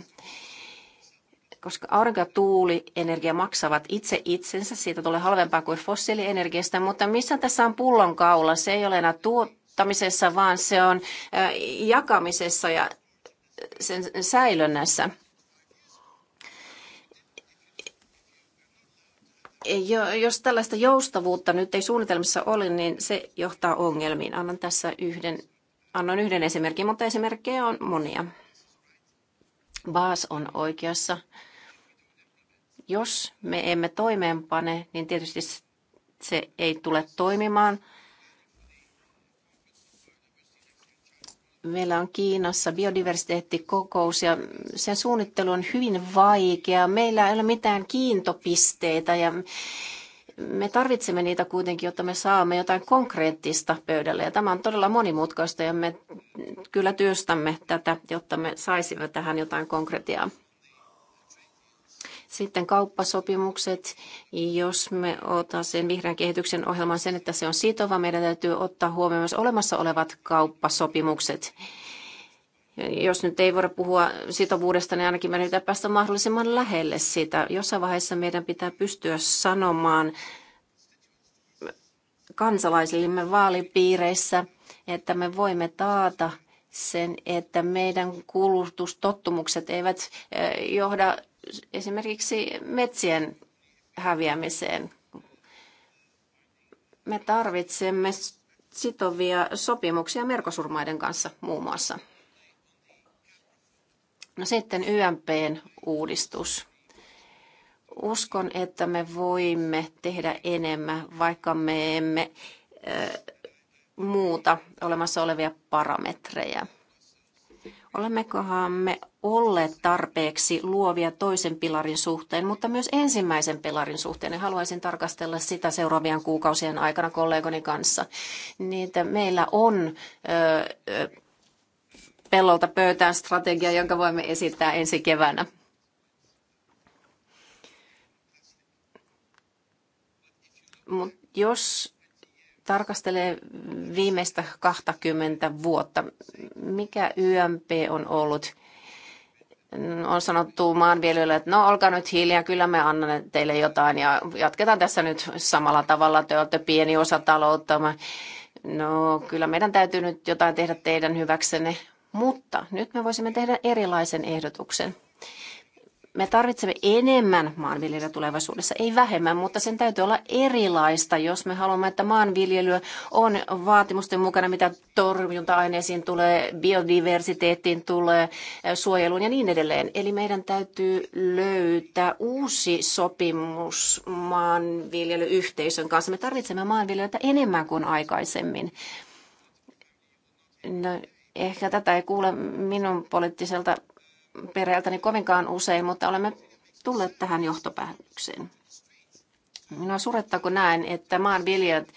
Koska aurinko- ja tuulienergia maksavat itse itsensä, siitä tulee halvempaa kuin fossiilienergiasta, mutta missä tässä on pullonkaula? Se ei ole enää tuottamisessa, vaan se on jakamisessa ja sen säilönnässä. Jos tällaista joustavuutta nyt ei suunnitelmissa ole, niin se johtaa ongelmiin. Annan tässä yhden, annan yhden esimerkin, mutta esimerkkejä on monia. Vaas on oikeassa. Jos me emme toimeenpane, niin tietysti se ei tule toimimaan – Meillä on Kiinassa biodiversiteettikokous ja sen suunnittelu on hyvin vaikea. Meillä ei ole mitään kiintopisteitä ja me tarvitsemme niitä kuitenkin, jotta me saamme jotain konkreettista pöydälle. Ja tämä on todella monimutkaista ja me kyllä työstämme tätä, jotta me saisimme tähän jotain konkretiaa. Sitten kauppasopimukset, jos me otamme sen vihreän kehityksen ohjelman sen, että se on sitova, meidän täytyy ottaa huomioon myös olemassa olevat kauppasopimukset. Jos nyt ei voida puhua sitovuudesta, niin ainakin me pitää päästä mahdollisimman lähelle sitä. Jossain vaiheessa meidän pitää pystyä sanomaan kansalaisillemme vaalipiireissä, että me voimme taata sen, että meidän kulutustottumukset eivät eh, johda esimerkiksi metsien häviämiseen. Me tarvitsemme sitovia sopimuksia merkosurmaiden kanssa muun muassa. No sitten YMPn uudistus. Uskon, että me voimme tehdä enemmän, vaikka me emme muuta olemassa olevia parametreja. Olemmekohan me olleet tarpeeksi luovia toisen pilarin suhteen, mutta myös ensimmäisen pilarin suhteen. Ja haluaisin tarkastella sitä seuraavien kuukausien aikana kollegoni kanssa. Niin, että meillä on ö, pellolta pöytään strategia, jonka voimme esittää ensi keväänä. Mut jos tarkastelee viimeistä 20 vuotta, mikä YMP on ollut, on sanottu maanviljelijöille, että no olkaa nyt hiljaa, kyllä me annamme teille jotain ja jatketaan tässä nyt samalla tavalla, te olette pieni osa taloutta. No kyllä meidän täytyy nyt jotain tehdä teidän hyväksenne, mutta nyt me voisimme tehdä erilaisen ehdotuksen me tarvitsemme enemmän maanviljelyä tulevaisuudessa, ei vähemmän, mutta sen täytyy olla erilaista, jos me haluamme, että maanviljelyä on vaatimusten mukana, mitä torjunta-aineisiin tulee, biodiversiteettiin tulee, suojeluun ja niin edelleen. Eli meidän täytyy löytää uusi sopimus maanviljelyyhteisön kanssa. Me tarvitsemme maanviljelijöitä enemmän kuin aikaisemmin. No, ehkä tätä ei kuule minun poliittiselta perheeltäni niin kovinkaan usein, mutta olemme tulleet tähän johtopäätökseen. Minua suretta, kun näen, että maanviljelijät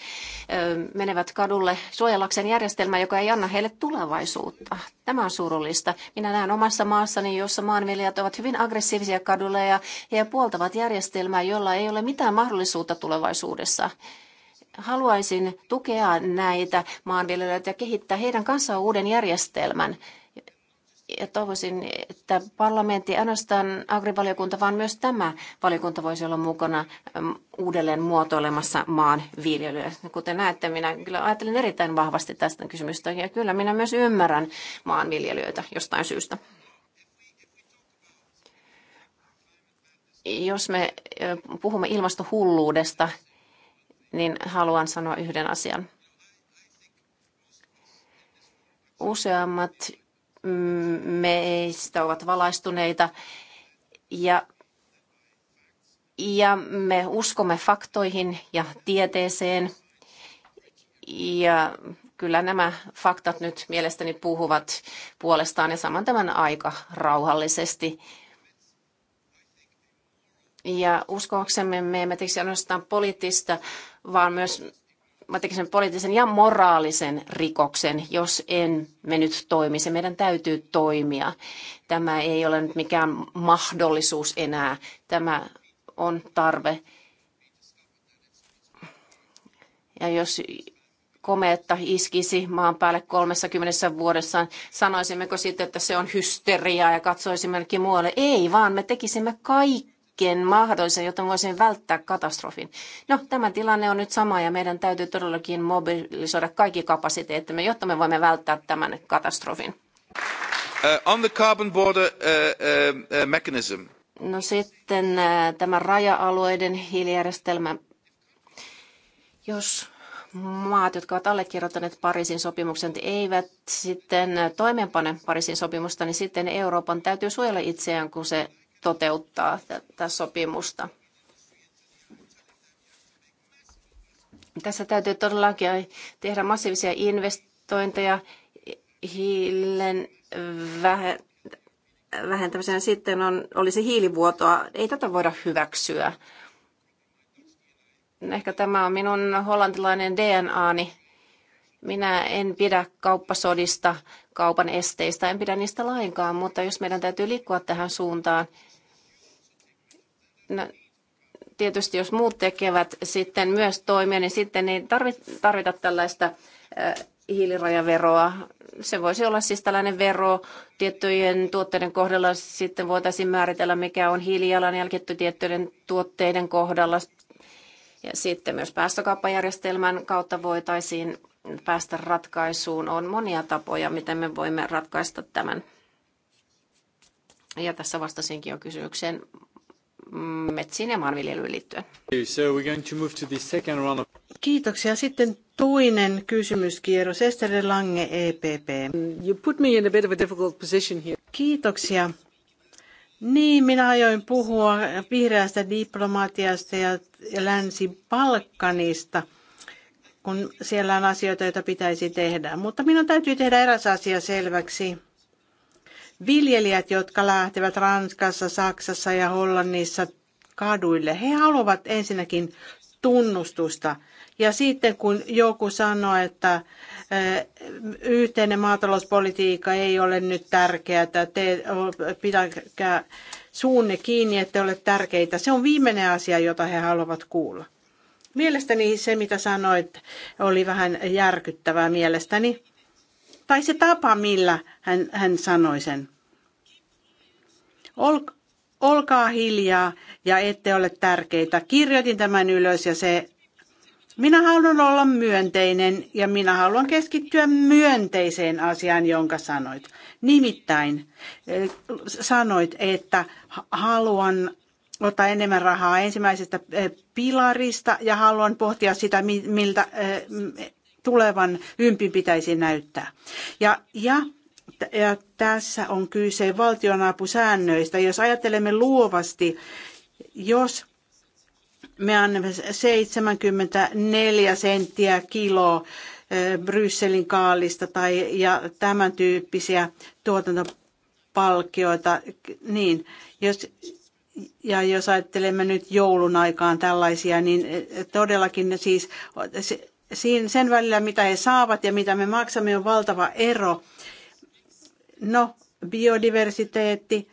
menevät kadulle suojellakseen järjestelmää, joka ei anna heille tulevaisuutta. Tämä on surullista. Minä näen omassa maassani, jossa maanviljelijät ovat hyvin aggressiivisia kadulle ja he puoltavat järjestelmää, jolla ei ole mitään mahdollisuutta tulevaisuudessa. Haluaisin tukea näitä maanviljelijöitä ja kehittää heidän kanssaan uuden järjestelmän, ja toivoisin, että parlamentti, ainoastaan agrivaliokunta, vaan myös tämä valiokunta voisi olla mukana uudelleen muotoilemassa maan viljelyä. Kuten näette, minä kyllä ajattelen erittäin vahvasti tästä kysymystä ja kyllä minä myös ymmärrän maanviljelijöitä jostain syystä. Jos me puhumme ilmastohulluudesta, niin haluan sanoa yhden asian. Useammat Mm, meistä ovat valaistuneita ja, ja me uskomme faktoihin ja tieteeseen. Ja kyllä nämä faktat nyt mielestäni puhuvat puolestaan ja saman tämän aika rauhallisesti. Ja uskoaksemme me emme tekisi ainoastaan poliittista, vaan myös mä tekisin poliittisen ja moraalisen rikoksen, jos en me nyt toimisi. Meidän täytyy toimia. Tämä ei ole nyt mikään mahdollisuus enää. Tämä on tarve. Ja jos komeetta iskisi maan päälle 30 vuodessa, sanoisimmeko sitten, että se on hysteriaa ja katsoisimmekin muualle. Ei, vaan me tekisimme kaikki kaikkien mahdollisen, jotta voisin välttää katastrofin. No, tämä tilanne on nyt sama ja meidän täytyy todellakin mobilisoida kaikki kapasiteettimme, jotta me voimme välttää tämän katastrofin. Uh, on the carbon border uh, uh, uh, mechanism. No sitten uh, tämä raja-alueiden hiilijärjestelmä. Jos maat, jotka ovat allekirjoittaneet Pariisin sopimuksen, eivät sitten toimeenpane Pariisin sopimusta, niin sitten Euroopan täytyy suojella itseään, kun se toteuttaa tätä sopimusta. Tässä täytyy todellakin tehdä massiivisia investointeja hiilen vähentämiseen. Sitten on, olisi hiilivuotoa. Ei tätä voida hyväksyä. Ehkä tämä on minun hollantilainen DNAni. Minä en pidä kauppasodista, kaupan esteistä, en pidä niistä lainkaan, mutta jos meidän täytyy liikkua tähän suuntaan, No, tietysti jos muut tekevät sitten myös toimia, niin sitten ei tarvita tällaista hiilirajaveroa. Se voisi olla siis tällainen vero tiettyjen tuotteiden kohdalla. Sitten voitaisiin määritellä, mikä on hiilijalanjälki tiettyjen tuotteiden kohdalla. Ja sitten myös päästökauppajärjestelmän kautta voitaisiin päästä ratkaisuun. On monia tapoja, miten me voimme ratkaista tämän. Ja tässä vastasinkin jo kysymykseen metsiin ja maanviljelyyn liittyen. Kiitoksia. Sitten toinen kysymyskierros. Esther Lange, EPP. You put me in a bit of a difficult position here. Kiitoksia. Niin, minä ajoin puhua vihreästä diplomatiasta ja Länsi-Balkanista, kun siellä on asioita, joita pitäisi tehdä. Mutta minun täytyy tehdä eräs asia selväksi viljelijät, jotka lähtevät Ranskassa, Saksassa ja Hollannissa kaduille, he haluavat ensinnäkin tunnustusta. Ja sitten kun joku sanoo, että eh, yhteinen maatalouspolitiikka ei ole nyt tärkeää, te eh, pitäkää suunne kiinni, että ole tärkeitä. Se on viimeinen asia, jota he haluavat kuulla. Mielestäni se, mitä sanoit, oli vähän järkyttävää mielestäni tai se tapa, millä hän, hän sanoi sen. Ol, olkaa hiljaa ja ette ole tärkeitä. Kirjoitin tämän ylös ja se, minä haluan olla myönteinen ja minä haluan keskittyä myönteiseen asiaan, jonka sanoit. Nimittäin eh, sanoit, että haluan ottaa enemmän rahaa ensimmäisestä eh, pilarista ja haluan pohtia sitä, miltä eh, tulevan ympin pitäisi näyttää. Ja, ja ja tässä on kyse valtionapusäännöistä. Jos ajattelemme luovasti, jos me annamme 74 senttiä kiloa Brysselin kaalista tai ja tämän tyyppisiä tuotantopalkkioita, niin jos, ja jos ajattelemme nyt joulun aikaan tällaisia, niin todellakin siis siinä, sen välillä, mitä he saavat ja mitä me maksamme, on valtava ero. No, biodiversiteetti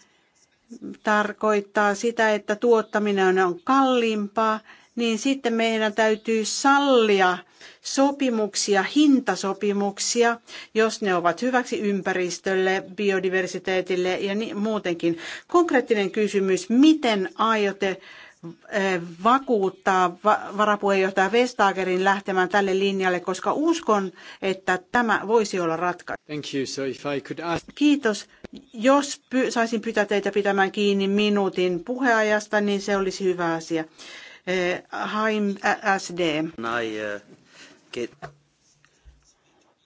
tarkoittaa sitä, että tuottaminen on kalliimpaa, niin sitten meidän täytyy sallia sopimuksia, hintasopimuksia, jos ne ovat hyväksi ympäristölle, biodiversiteetille ja niin, muutenkin. Konkreettinen kysymys, miten aiotte Eh, vakuuttaa varapuheenjohtaja Vestagerin lähtemään tälle linjalle, koska uskon, että tämä voisi olla ratkaisu. So ask... Kiitos. Jos py- saisin pyytää teitä pitämään kiinni minuutin puheajasta, niin se olisi hyvä asia. Eh, Haim SD. Eh,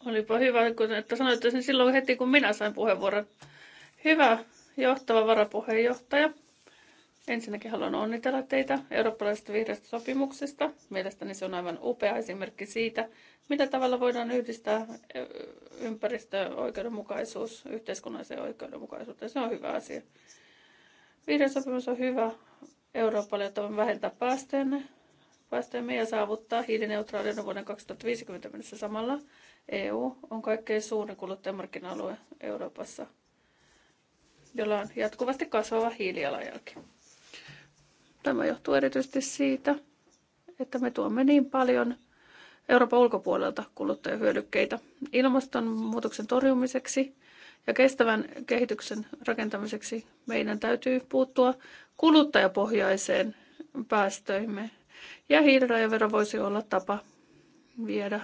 Olipa hyvä, kun, että sanoitte sen silloin heti, kun minä sain puheenvuoron. Hyvä johtava varapuheenjohtaja. Ensinnäkin haluan onnitella teitä eurooppalaisesta vihreästä sopimuksesta. Mielestäni se on aivan upea esimerkki siitä, mitä tavalla voidaan yhdistää ympäristöoikeudenmukaisuus yhteiskunnalliseen oikeudenmukaisuuteen. Se on hyvä asia. Vihreä sopimus on hyvä Euroopalle, jotta voimme vähentää päästöjemme, päästöjemme ja saavuttaa hiilineutraalinen vuoden 2050 mennessä samalla. EU on kaikkein suurin kuluttajamarkkina-alue Euroopassa, jolla on jatkuvasti kasvava hiilijalanjälki. Tämä johtuu erityisesti siitä, että me tuomme niin paljon Euroopan ulkopuolelta kuluttajahyödykkeitä ilmastonmuutoksen torjumiseksi ja kestävän kehityksen rakentamiseksi meidän täytyy puuttua kuluttajapohjaiseen päästöihimme. Ja hiilirajavero voisi olla tapa viedä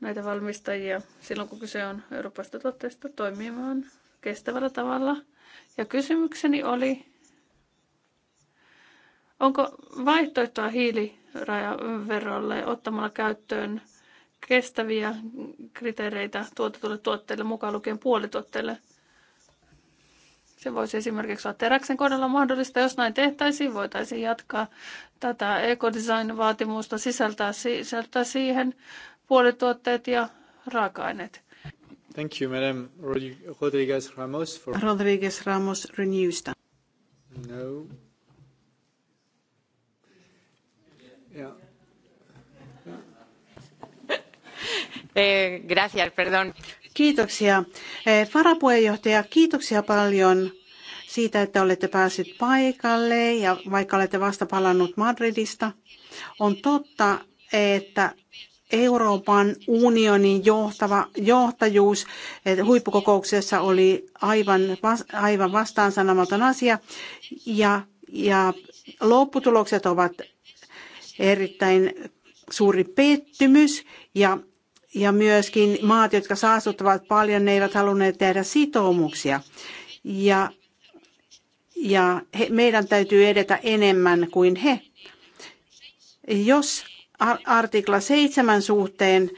näitä valmistajia silloin, kun kyse on Euroopasta tuotteista toimimaan kestävällä tavalla. Ja kysymykseni oli, Onko vaihtoehtoa hiilirajaverolle ottamalla käyttöön kestäviä kriteereitä tuotetulle tuotteelle mukaan lukien puolituotteelle? Se voisi esimerkiksi olla teräksen kohdalla mahdollista. Jos näin tehtäisiin, voitaisiin jatkaa tätä ekodesign-vaatimusta, sisältää, sisältää siihen puolituotteet ja raaka-aineet. Thank you, Madam Rodriguez Ramos. For... Rodriguez Ramos Renewsta. No. Eh, gracias, perdón. Kiitoksia. Eh, varapuheenjohtaja, kiitoksia paljon siitä, että olette päässyt paikalle ja vaikka olette vasta palannut Madridista. On totta, että Euroopan unionin johtava, johtajuus huippukokouksessa oli aivan, aivan vastaan asia ja, ja lopputulokset ovat erittäin suuri pettymys ja, ja myöskin maat, jotka saastuttavat paljon, ne eivät halunneet tehdä sitoumuksia. Ja, ja he, meidän täytyy edetä enemmän kuin he. Jos artikla 7 suhteen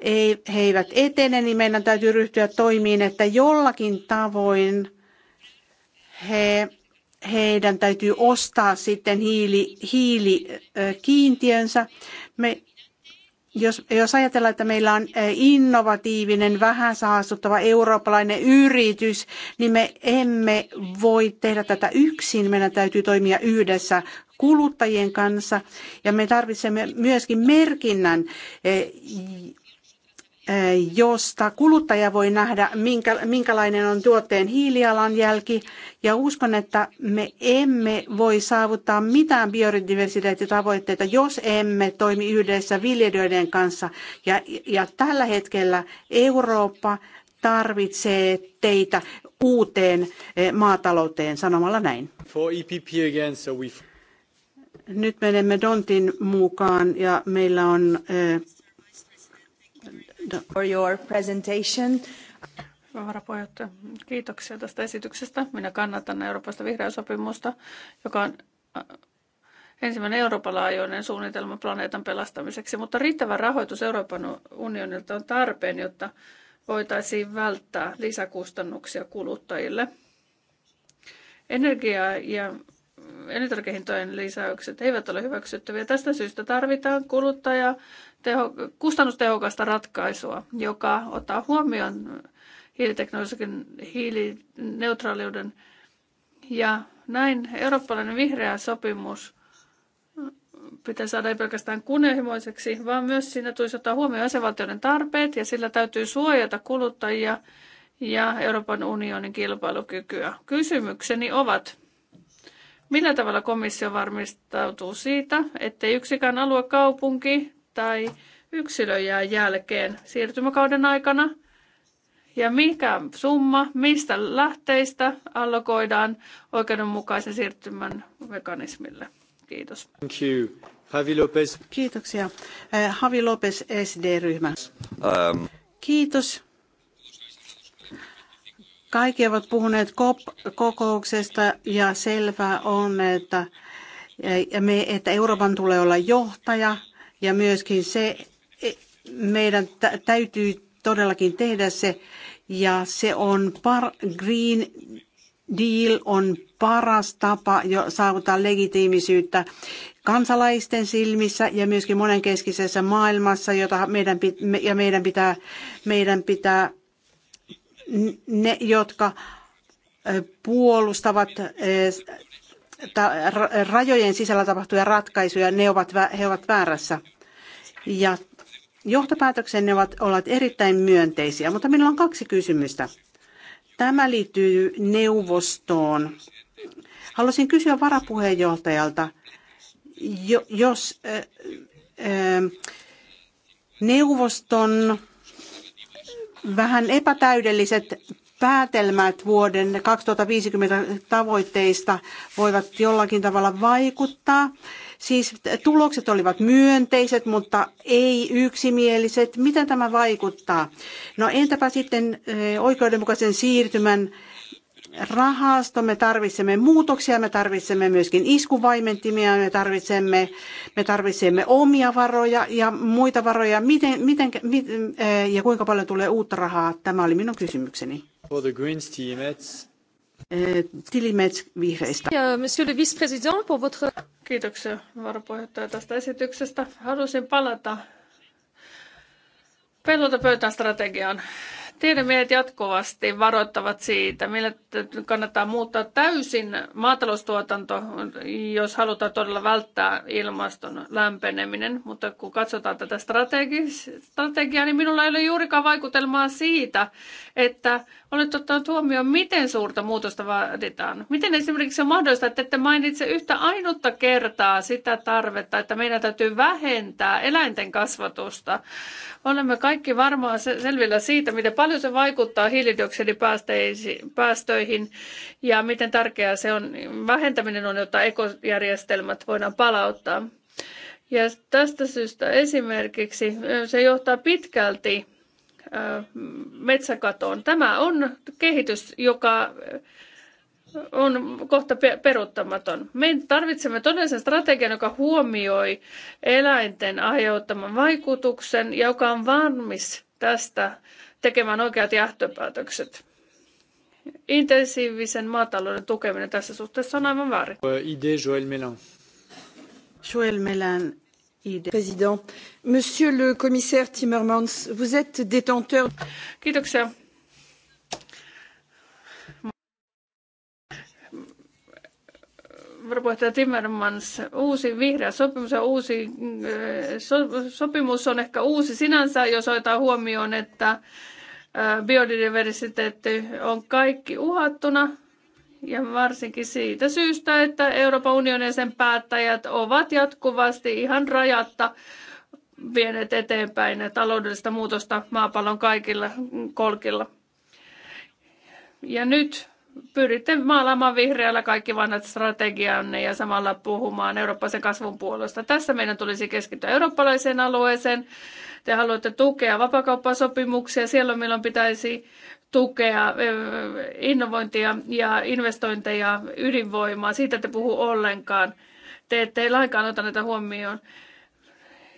ei, he eivät etene, niin meidän täytyy ryhtyä toimiin, että jollakin tavoin he heidän täytyy ostaa sitten hiili, hiilikiintiönsä. Me, jos, jos ajatellaan, että meillä on innovatiivinen, vähän saastuttava eurooppalainen yritys, niin me emme voi tehdä tätä yksin. Meidän täytyy toimia yhdessä kuluttajien kanssa ja me tarvitsemme myöskin merkinnän Eh, josta kuluttaja voi nähdä, minkä, minkälainen on tuotteen hiilijalanjälki. Ja uskon, että me emme voi saavuttaa mitään biodiversiteettitavoitteita, jos emme toimi yhdessä viljelijöiden kanssa. Ja, ja tällä hetkellä Eurooppa tarvitsee teitä uuteen eh, maatalouteen sanomalla näin. E again, so Nyt menemme Dontin mukaan ja meillä on eh, for your presentation. Varapuheenjohtaja, kiitoksia tästä esityksestä. Minä kannatan Euroopasta vihreää sopimusta, joka on äh, ensimmäinen Euroopan laajuinen suunnitelma planeetan pelastamiseksi, mutta riittävä rahoitus Euroopan unionilta on tarpeen, jotta voitaisiin välttää lisäkustannuksia kuluttajille. Energia- ja elintarvikehintojen lisäykset eivät ole hyväksyttäviä. Tästä syystä tarvitaan kuluttaja teho, kustannustehokasta ratkaisua, joka ottaa huomioon hiiliteknologisen hiilineutraaliuden. Ja näin eurooppalainen vihreä sopimus pitää saada ei pelkästään kunnianhimoiseksi, vaan myös siinä tulisi ottaa huomioon jäsenvaltioiden tarpeet ja sillä täytyy suojata kuluttajia ja Euroopan unionin kilpailukykyä. Kysymykseni ovat, Millä tavalla komissio varmistautuu siitä, ettei yksikään aluekaupunki tai yksilö jää jälkeen siirtymäkauden aikana? Ja mikä summa, mistä lähteistä allokoidaan oikeudenmukaisen siirtymän mekanismille? Kiitos. Thank you. Javi Lopez. Kiitoksia. Eh, Javi Lopez, SD-ryhmä. Um. Kiitos. Kaikki ovat puhuneet kokouksesta ja selvää on, että, me, että Euroopan tulee olla johtaja ja myöskin se, meidän täytyy todellakin tehdä se ja se on par, Green Deal on paras tapa jo saavuttaa legitiimisyyttä kansalaisten silmissä ja myöskin monenkeskisessä maailmassa, jota meidän, ja meidän pitää, meidän pitää ne, jotka puolustavat rajojen sisällä tapahtuvia ratkaisuja, ne ovat, he ovat väärässä. Ja ne ovat olleet erittäin myönteisiä, mutta minulla on kaksi kysymystä. Tämä liittyy neuvostoon. Haluaisin kysyä varapuheenjohtajalta, jos neuvoston vähän epätäydelliset päätelmät vuoden 2050 tavoitteista voivat jollakin tavalla vaikuttaa. Siis tulokset olivat myönteiset, mutta ei yksimieliset. Miten tämä vaikuttaa? No entäpä sitten oikeudenmukaisen siirtymän rahasto, me tarvitsemme muutoksia, me tarvitsemme myöskin iskuvaimentimia, me tarvitsemme, me tarvitsemme omia varoja ja muita varoja. Miten, miten, miten eh, ja kuinka paljon tulee uutta rahaa? Tämä oli minun kysymykseni. For the Greens team, eh, Tilimets vihreistä. Monsieur le vice-président, pour votre... Kiitoksia varapuheenjohtaja tästä esityksestä. Halusin palata pellolta pöytään strategiaan. Tiedemiehet jatkuvasti varoittavat siitä, millä kannattaa muuttaa täysin maataloustuotanto, jos halutaan todella välttää ilmaston lämpeneminen. Mutta kun katsotaan tätä strategi- strategiaa, niin minulla ei ole juurikaan vaikutelmaa siitä, että olet ottanut huomioon, miten suurta muutosta vaaditaan? Miten esimerkiksi on mahdollista, että ette mainitse yhtä ainutta kertaa sitä tarvetta, että meidän täytyy vähentää eläinten kasvatusta? Olemme kaikki varmaan selvillä siitä, miten paljon se vaikuttaa hiilidioksidipäästöihin ja miten tärkeää se on. Vähentäminen on, jotta ekojärjestelmät voidaan palauttaa. Ja tästä syystä esimerkiksi se johtaa pitkälti metsäkatoon. Tämä on kehitys, joka on kohta peruuttamaton. Me tarvitsemme todellisen strategian, joka huomioi eläinten aiheuttaman vaikutuksen ja joka on valmis tästä tekemään oikeat jähtöpäätökset. Intensiivisen maatalouden tukeminen tässä suhteessa on aivan väärin. Joel Melan. Joel Melan President. Monsieur le commissaire Timmermans, vous êtes détenteur... uusi vihreä sopimus ja uusi äh, sopimus on ehkä uusi sinänsä, jos otetaan huomioon, että äh, biodiversiteetti on kaikki uhattuna. Ja varsinkin siitä syystä, että Euroopan unionin sen päättäjät ovat jatkuvasti ihan rajatta vieneet eteenpäin taloudellista muutosta maapallon kaikilla kolkilla. Ja nyt pyritte maalaamaan vihreällä kaikki vanhat strategianne ja samalla puhumaan eurooppalaisen kasvun puolesta. Tässä meidän tulisi keskittyä eurooppalaiseen alueeseen. Te haluatte tukea vapakauppasopimuksia siellä, milloin pitäisi tukea, innovointia ja investointeja ydinvoimaa. Siitä te puhu ollenkaan. Te ette lainkaan ota näitä huomioon.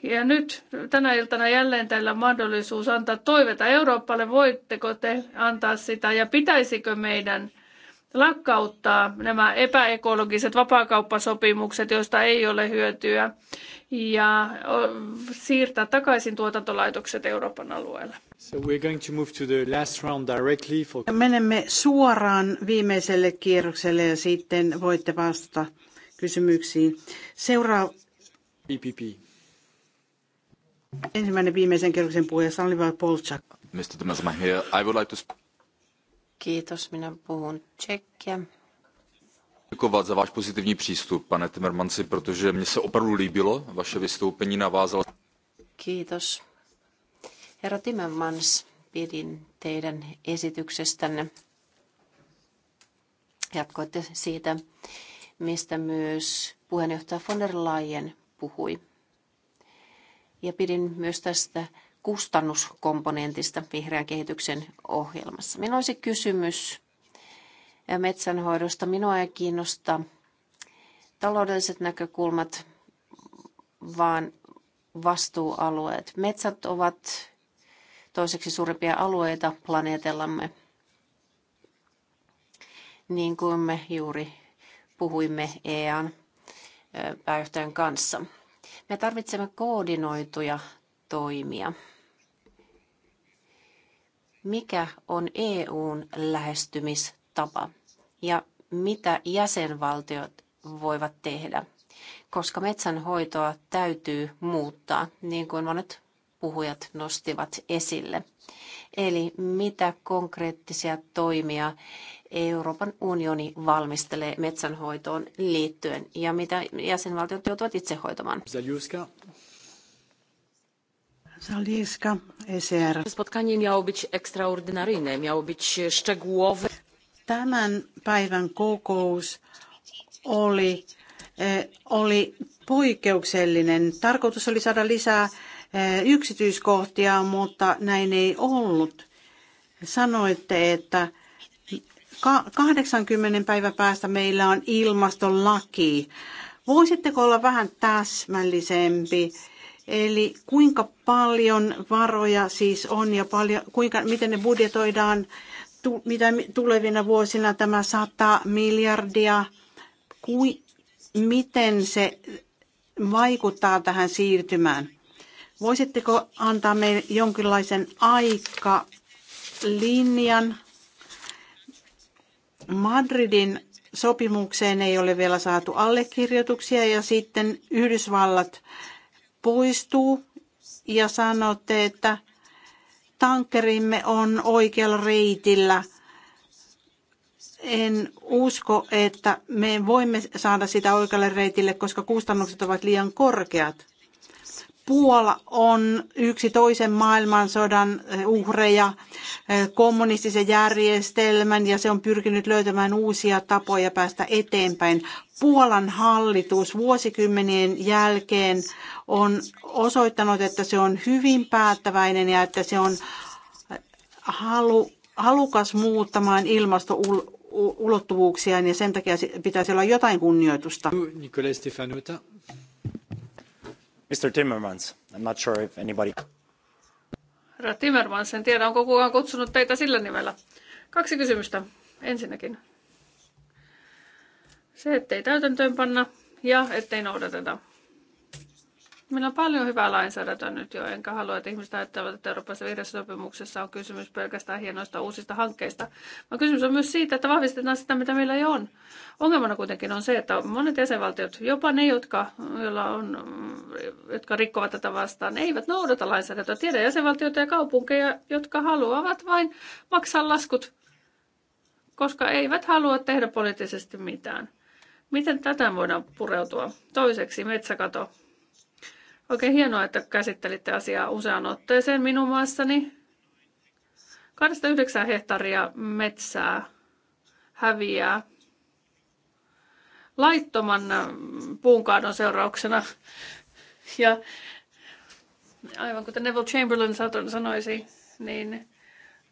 Ja nyt tänä iltana jälleen teillä on mahdollisuus antaa toiveta Euroopalle. Voitteko te antaa sitä ja pitäisikö meidän lakkauttaa nämä epäekologiset vapaakauppasopimukset, joista ei ole hyötyä ja siirtää takaisin tuotantolaitokset Euroopan alueelle. Menemme suoraan viimeiselle kierrokselle ja sitten voitte vastata kysymyksiin. Seuraava... PPP. E Ensimmäinen viimeisen kierroksen puhuja Sanlival Polchak. Mr. here. I would like to... Kiitos, minä puhun tsekkiä poděkovat za váš pozitivní přístup, pane Timmermansi, protože mně se opravdu líbilo. Vaše vystoupení navázalo. Kiitos. Herra Timmermans, pidin teidän esityksestänne. Jatkoitte siitä, mistä myös puheenjohtaja von der Leyen puhui. Ja pidin myös tästä kustannuskomponentista vihreän kehityksen ohjelmassa. Minulla olisi kysymys ja metsänhoidosta. Minua ei kiinnosta taloudelliset näkökulmat, vaan vastuualueet. Metsät ovat toiseksi suurimpia alueita planeetallamme, niin kuin me juuri puhuimme EAN pääjohtajan kanssa. Me tarvitsemme koordinoituja toimia. Mikä on EUn lähestymistapa? ja mitä jäsenvaltiot voivat tehdä, koska metsänhoitoa täytyy muuttaa, niin kuin monet puhujat nostivat esille. Eli mitä konkreettisia toimia Euroopan unioni valmistelee metsänhoitoon liittyen ja mitä jäsenvaltiot joutuvat itse hoitamaan? Zaljuska. Zaljuska, ECR. Spotkanie miało być ekstraordynaryjne, miało być szczegółowe. Tämän päivän kokous oli, eh, oli poikkeuksellinen. Tarkoitus oli saada lisää eh, yksityiskohtia, mutta näin ei ollut. Sanoitte, että 80 päivän päästä meillä on ilmastolaki. Voisitteko olla vähän täsmällisempi? Eli kuinka paljon varoja siis on ja paljon, kuinka, miten ne budjetoidaan mitä tulevina vuosina tämä 100 miljardia, kui, miten se vaikuttaa tähän siirtymään? Voisitteko antaa meille jonkinlaisen aikalinjan? Madridin sopimukseen ei ole vielä saatu allekirjoituksia ja sitten Yhdysvallat poistuu ja sanotte, että tankkerimme on oikealla reitillä. En usko, että me voimme saada sitä oikealle reitille, koska kustannukset ovat liian korkeat. Puola on yksi toisen maailmansodan eh, uhreja, eh, kommunistisen järjestelmän ja se on pyrkinyt löytämään uusia tapoja päästä eteenpäin. Puolan hallitus vuosikymmenien jälkeen on osoittanut, että se on hyvin päättäväinen ja että se on eh, halu, halukas muuttamaan ilmasto ulottuvuuksia ja sen takia pitäisi olla jotain kunnioitusta. Nicolas Stefanota. Mr. Timmermans, I'm not sure if anybody... Herra Timmermans, en tiedä, onko kukaan kutsunut teitä sillä nimellä. Kaksi kysymystä. Ensinnäkin. Se, ettei täytäntöön panna ja ettei noudateta. Meillä on paljon hyvää lainsäädäntöä nyt jo, enkä halua, että ihmiset ajattelevat, että Euroopassa vihreässä sopimuksessa on kysymys pelkästään hienoista uusista hankkeista, vaan kysymys on myös siitä, että vahvistetaan sitä, mitä meillä jo on. Ongelmana kuitenkin on se, että monet jäsenvaltiot, jopa ne, jotka, joilla on, jotka rikkovat tätä vastaan, eivät noudata lainsäädäntöä. Tiedän jäsenvaltioita ja kaupunkeja, jotka haluavat vain maksaa laskut, koska eivät halua tehdä poliittisesti mitään. Miten tätä voidaan pureutua? Toiseksi metsäkato Oikein hienoa, että käsittelitte asiaa useaan otteeseen minun maassani. 29 hehtaaria metsää häviää laittoman ähm, puunkaadon seurauksena. Ja aivan kuten Neville Chamberlain sanoisi, niin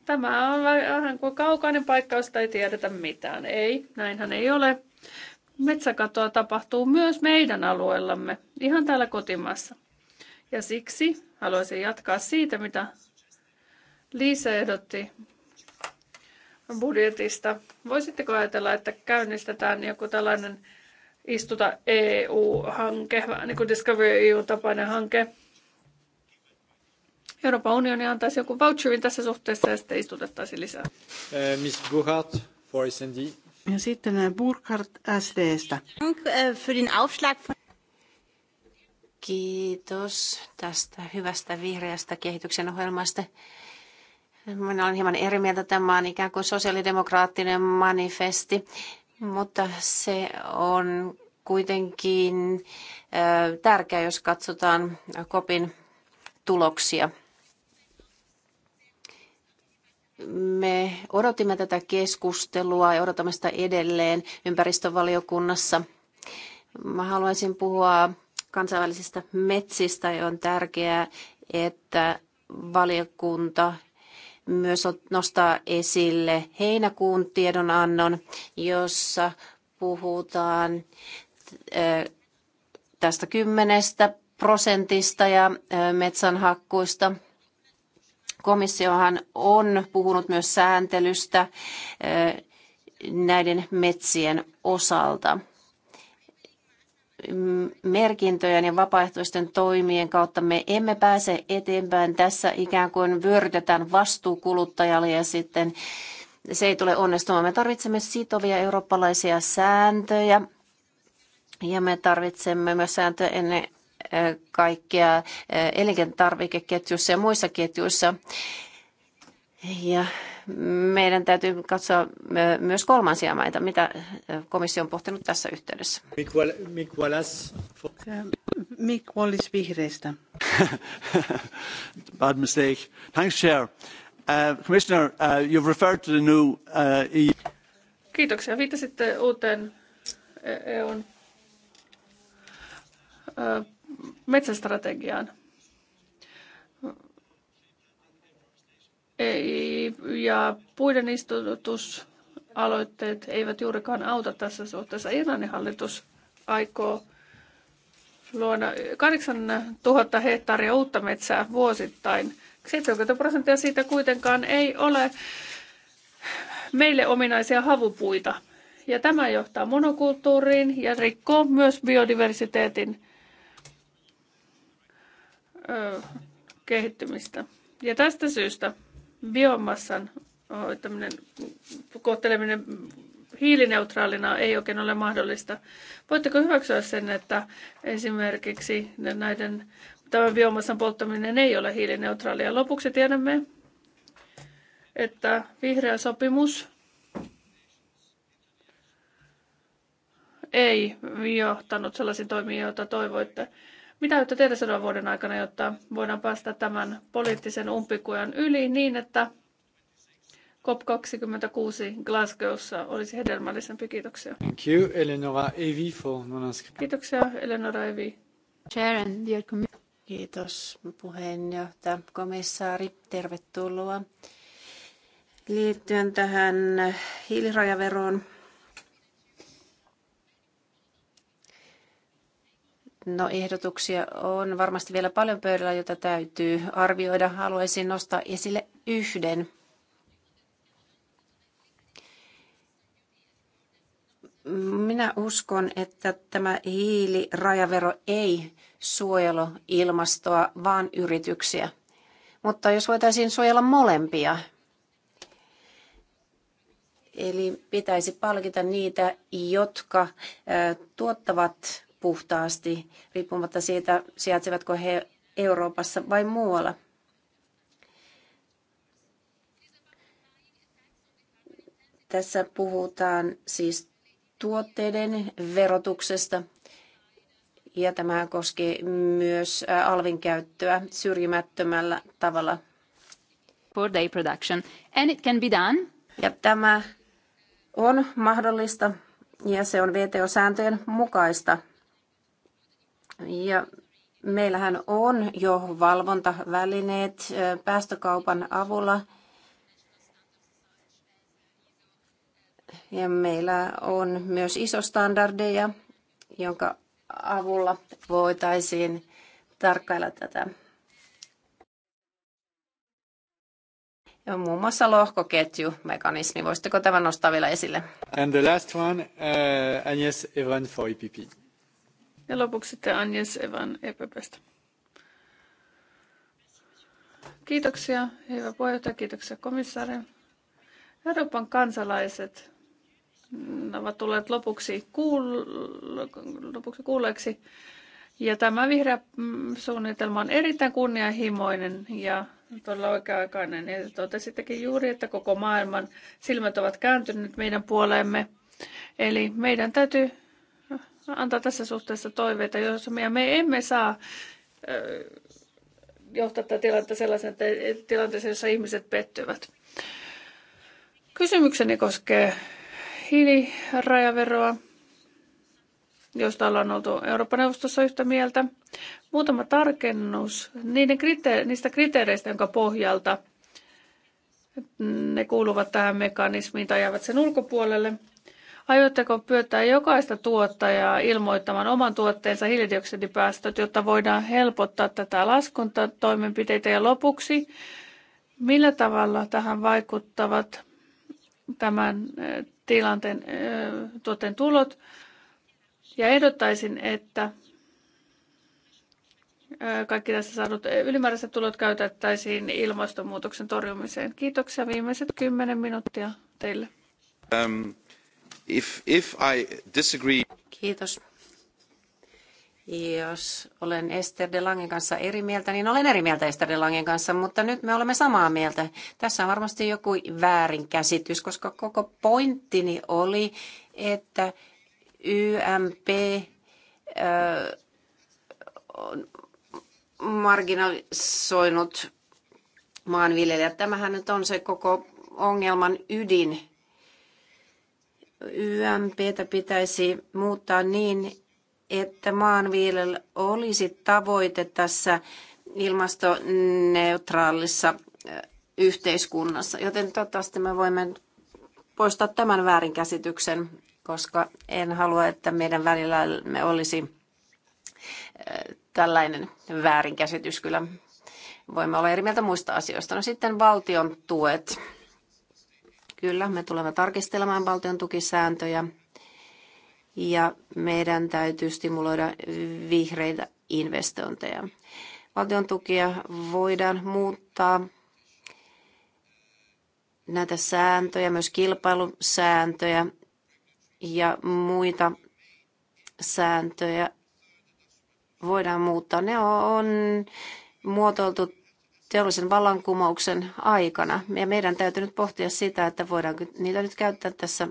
tämä on vähän kuin kaukainen paikka, josta ei tiedetä mitään. Ei, näinhän ei ole. Metsäkatoa tapahtuu myös meidän alueellamme, ihan täällä kotimaassa. Ja siksi haluaisin jatkaa siitä, mitä Liisa ehdotti budjetista. Voisitteko ajatella, että käynnistetään joku tällainen istuta EU-hanke, niin kuin discovery EU-tapainen hanke? Euroopan unioni antaisi joku voucherin tässä suhteessa ja sitten istutettaisiin lisää. Eh, Miss Burkhardt for SD Ja sitten eh, Burkhardt SDstä. Kiitos tästä hyvästä vihreästä kehityksen ohjelmasta. Minä olen hieman eri mieltä. Tämä on ikään kuin sosiaalidemokraattinen manifesti, mutta se on kuitenkin tärkeä, jos katsotaan kopin tuloksia. Me odotimme tätä keskustelua ja odotamme sitä edelleen ympäristövaliokunnassa. Mä haluaisin puhua kansainvälisistä metsistä ja on tärkeää, että valiokunta myös nostaa esille heinäkuun tiedonannon, jossa puhutaan tästä kymmenestä prosentista ja metsänhakkuista. Komissiohan on puhunut myös sääntelystä näiden metsien osalta merkintöjen ja vapaaehtoisten toimien kautta me emme pääse eteenpäin. Tässä ikään kuin vyörytetään vastuu kuluttajalle ja sitten se ei tule onnistumaan. Me tarvitsemme sitovia eurooppalaisia sääntöjä ja me tarvitsemme myös sääntöjä ennen kaikkea elintarvikeketjussa ja muissa ketjuissa. Ja meidän täytyy katsoa myös kolmansia maita, mitä komissio on pohtinut tässä yhteydessä. Mick Wallace, Mick vihreistä. Bad mistake. Thanks, Chair. Uh, Commissioner, uh, you've referred to the new uh, EU... Kiitoksia. Viittasitte uuteen EUn e metsästrategiaan. ja puiden istutusaloitteet eivät juurikaan auta tässä suhteessa. Irlannin hallitus aikoo luoda 8000 hehtaaria uutta metsää vuosittain. 70 prosenttia siitä kuitenkaan ei ole meille ominaisia havupuita. Ja tämä johtaa monokulttuuriin ja rikkoo myös biodiversiteetin ö, kehittymistä. Ja tästä syystä biomassan oh, kohteleminen hiilineutraalina ei oikein ole mahdollista. Voitteko hyväksyä sen, että esimerkiksi näiden, tämän biomassan polttaminen ei ole hiilineutraalia? Lopuksi tiedämme, että vihreä sopimus ei johtanut sellaisiin toimiin, joita toivoitte. Mitä aiotte tehdä seuraavan vuoden aikana, jotta voidaan päästä tämän poliittisen umpikujan yli niin, että COP26 Glasgowssa olisi hedelmällisempi? Kiitoksia. Thank you, Eleonora Evi, for non Kiitoksia, Eleonora Evi. Sharon, dear Kiitos puheenjohtaja, komissaari. Tervetuloa. Liittyen tähän hiilirajaveroon, No ehdotuksia on varmasti vielä paljon pöydällä, jota täytyy arvioida. Haluaisin nostaa esille yhden. Minä uskon, että tämä hiilirajavero ei suojelu ilmastoa, vaan yrityksiä. Mutta jos voitaisiin suojella molempia, eli pitäisi palkita niitä, jotka tuottavat puhtaasti, riippumatta siitä, sijaitsevatko he Euroopassa vai muualla. Tässä puhutaan siis tuotteiden verotuksesta ja tämä koskee myös äh, alvin käyttöä syrjimättömällä tavalla. For day production. And it can be done. Ja tämä on mahdollista ja se on VTO-sääntöjen mukaista. Ja meillähän on jo valvontavälineet päästökaupan avulla. Ja meillä on myös iso ISO-standardeja, jonka avulla voitaisiin tarkkailla tätä. Ja muun muassa lohkoketjumekanismi. Voisitteko tämän nostaa vielä esille? And the last one, uh, Agnes Evran for EPP. Ja lopuksi sitten Agnes Evan EPPstä. Kiitoksia, hyvä puheenjohtaja, kiitoksia komissaari. Euroopan kansalaiset mm, ovat tulleet lopuksi, kuul- lopuksi kuulleeksi. Ja tämä vihreä mm, suunnitelma on erittäin kunnianhimoinen ja todella oikea-aikainen. Ja totesittekin juuri, että koko maailman silmät ovat kääntyneet meidän puoleemme. Eli meidän täytyy antaa tässä suhteessa toiveita, jos me emme saa johtaa tätä tilannetta sellaisen tilanteeseen, jossa ihmiset pettyvät. Kysymykseni koskee hiilirajaveroa, josta ollaan oltu Euroopan neuvostossa yhtä mieltä. Muutama tarkennus niiden kriteer- niistä kriteereistä, jonka pohjalta ne kuuluvat tähän mekanismiin tai jäävät sen ulkopuolelle – Aiotteko pyytää jokaista tuottajaa ilmoittamaan oman tuotteensa hiilidioksidipäästöt, jotta voidaan helpottaa tätä laskuntatoimenpiteitä? Ja lopuksi, millä tavalla tähän vaikuttavat tämän eh, tilanteen eh, tuotteen tulot? Ja ehdottaisin, että eh, kaikki tässä saadut ylimääräiset tulot käytettäisiin ilmastonmuutoksen torjumiseen. Kiitoksia viimeiset kymmenen minuuttia teille. Um. Kiitos. Jos olen Ester de Langen kanssa eri mieltä, niin olen eri mieltä Ester de Langen kanssa, mutta nyt me olemme samaa mieltä. Tässä on varmasti joku väärinkäsitys, koska koko pointtini oli, että YMP ö, on marginalisoinut maanviljelijät. Tämähän nyt on se koko ongelman ydin YMPtä pitäisi muuttaa niin, että maanviljelyllä olisi tavoite tässä ilmastoneutraalissa yhteiskunnassa. Joten toivottavasti me voimme poistaa tämän väärinkäsityksen, koska en halua, että meidän välillämme olisi tällainen väärinkäsitys. Kyllä voimme olla eri mieltä muista asioista. No sitten valtion tuet. Kyllä, me tulemme tarkistelemaan valtion tukisääntöjä ja meidän täytyy stimuloida vihreitä investointeja. Valtion tukia voidaan muuttaa näitä sääntöjä, myös kilpailusääntöjä ja muita sääntöjä voidaan muuttaa. Ne on muotoiltu teollisen vallankumouksen aikana. Ja meidän täytyy nyt pohtia sitä, että voidaanko niitä nyt käyttää tässä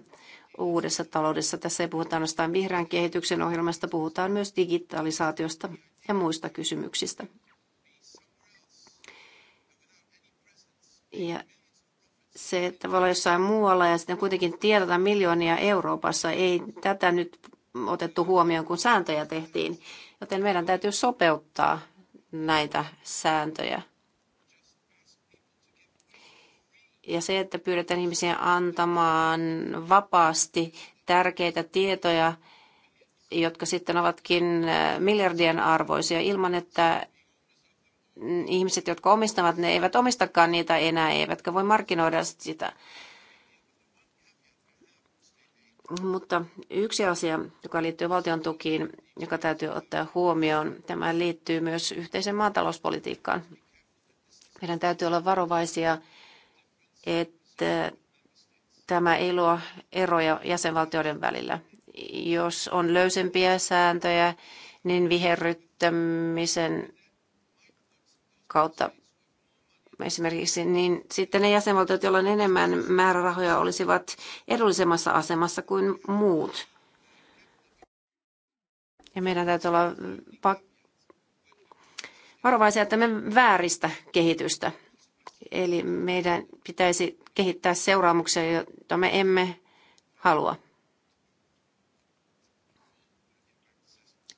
uudessa taloudessa. Tässä ei puhuta ainoastaan vihreän kehityksen ohjelmasta, puhutaan myös digitalisaatiosta ja muista kysymyksistä. Ja se, että voi olla jossain muualla ja sitten kuitenkin tiedetään miljoonia Euroopassa, ei tätä nyt otettu huomioon, kun sääntöjä tehtiin. Joten meidän täytyy sopeuttaa näitä sääntöjä. Ja se, että pyydetään ihmisiä antamaan vapaasti tärkeitä tietoja, jotka sitten ovatkin äh, miljardien arvoisia ilman, että mm, ihmiset, jotka omistavat, ne eivät omistakaan niitä enää, eivätkä voi markkinoida sitä. Mutta yksi asia, joka liittyy valtion tukiin, joka täytyy ottaa huomioon, tämä liittyy myös yhteiseen maatalouspolitiikkaan. Meidän täytyy olla varovaisia että tämä ei luo eroja jäsenvaltioiden välillä. Jos on löysempiä sääntöjä, niin viherryttämisen kautta esimerkiksi, niin sitten ne jäsenvaltiot, joilla on enemmän määrärahoja, olisivat edullisemmassa asemassa kuin muut. Ja meidän täytyy olla varovaisia, että me vääristä kehitystä. Eli meidän pitäisi kehittää seuraamuksia, joita me emme halua.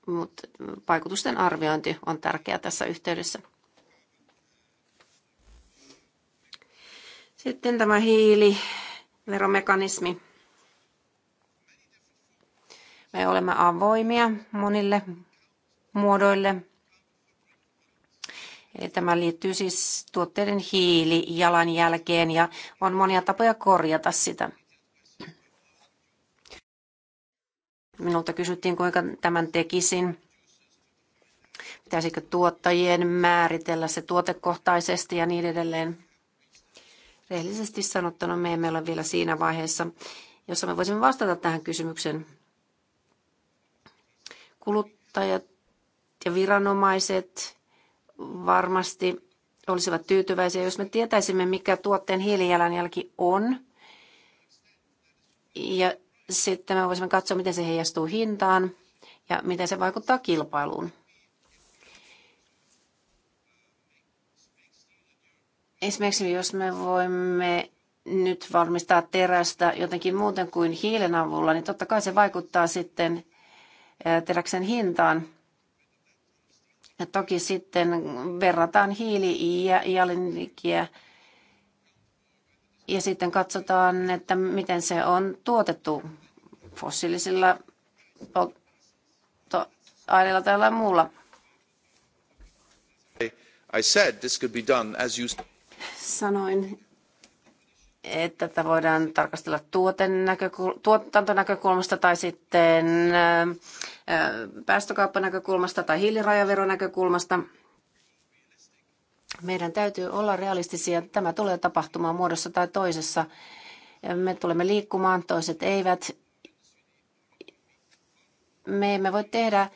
Mutta vaikutusten arviointi on tärkeää tässä yhteydessä. Sitten tämä hiiliveromekanismi. Me olemme avoimia monille muodoille tämä liittyy siis tuotteiden hiilijalanjälkeen ja on monia tapoja korjata sitä. Minulta kysyttiin, kuinka tämän tekisin. Pitäisikö tuottajien määritellä se tuotekohtaisesti ja niin edelleen. Rehellisesti sanottuna me emme ole vielä siinä vaiheessa, jossa me voisimme vastata tähän kysymykseen. Kuluttajat ja viranomaiset varmasti olisivat tyytyväisiä, jos me tietäisimme, mikä tuotteen hiilijalanjälki on. Ja sitten me voisimme katsoa, miten se heijastuu hintaan ja miten se vaikuttaa kilpailuun. Esimerkiksi jos me voimme nyt valmistaa terästä jotenkin muuten kuin hiilen avulla, niin totta kai se vaikuttaa sitten teräksen hintaan. Ja toki sitten verrataan hiili- ja jalinkiä ja sitten katsotaan, että miten se on tuotettu fossiilisilla polttoaineilla tai jollain muulla. I said this could be done as you... Sanoin, että tätä voidaan tarkastella tuotennäkökul- tuotantonäkökulmasta tai sitten päästökauppanäkökulmasta tai hiilirajaveronäkökulmasta. Meidän täytyy olla realistisia. Tämä tulee tapahtumaan muodossa tai toisessa. Me tulemme liikkumaan, toiset eivät. Me emme voi tehdä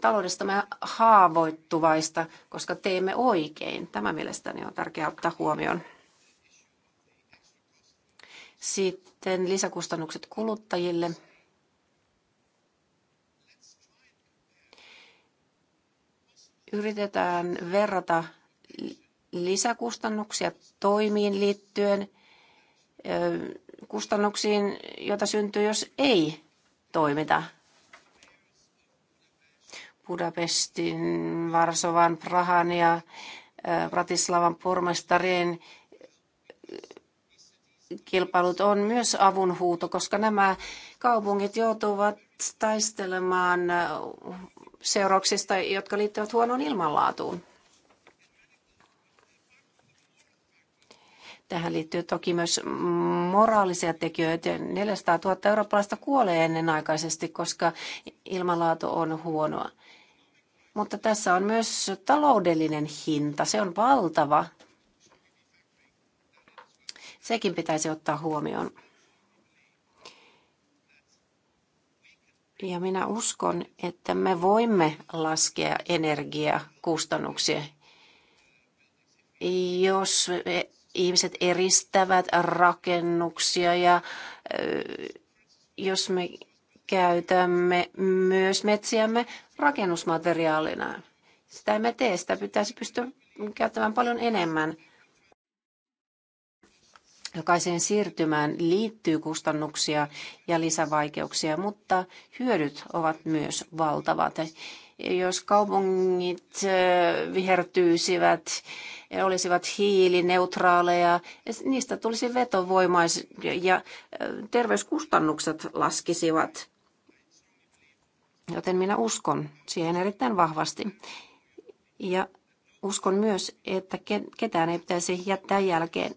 taloudestamme haavoittuvaista, koska teemme oikein. Tämä mielestäni on tärkeää ottaa huomioon. Sitten lisäkustannukset kuluttajille. Yritetään verrata lisäkustannuksia toimiin liittyen kustannuksiin, joita syntyy, jos ei toimita. Budapestin, Varsovan, Prahan ja Bratislavan pormestarien kilpailut on myös avunhuuto, koska nämä kaupungit joutuvat taistelemaan äh, seurauksista, jotka liittyvät huonoon ilmanlaatuun. Tähän liittyy toki myös moraalisia tekijöitä. 400 000 eurooppalaista kuolee ennenaikaisesti, koska ilmanlaatu on huonoa. Mutta tässä on myös taloudellinen hinta. Se on valtava. Sekin pitäisi ottaa huomioon. Ja minä uskon, että me voimme laskea energiakustannuksia, jos e, ihmiset eristävät rakennuksia ja jos me käytämme myös metsiämme rakennusmateriaalina. Sitä emme tee, sitä pitäisi pystyä käyttämään paljon enemmän – Jokaiseen siirtymään liittyy kustannuksia ja lisävaikeuksia, mutta hyödyt ovat myös valtavat. Jos kaupungit vihertyisivät, olisivat hiilineutraaleja, niistä tulisi vetovoimais ja terveyskustannukset laskisivat. Joten minä uskon siihen erittäin vahvasti. Ja uskon myös, että ketään ei pitäisi jättää jälkeen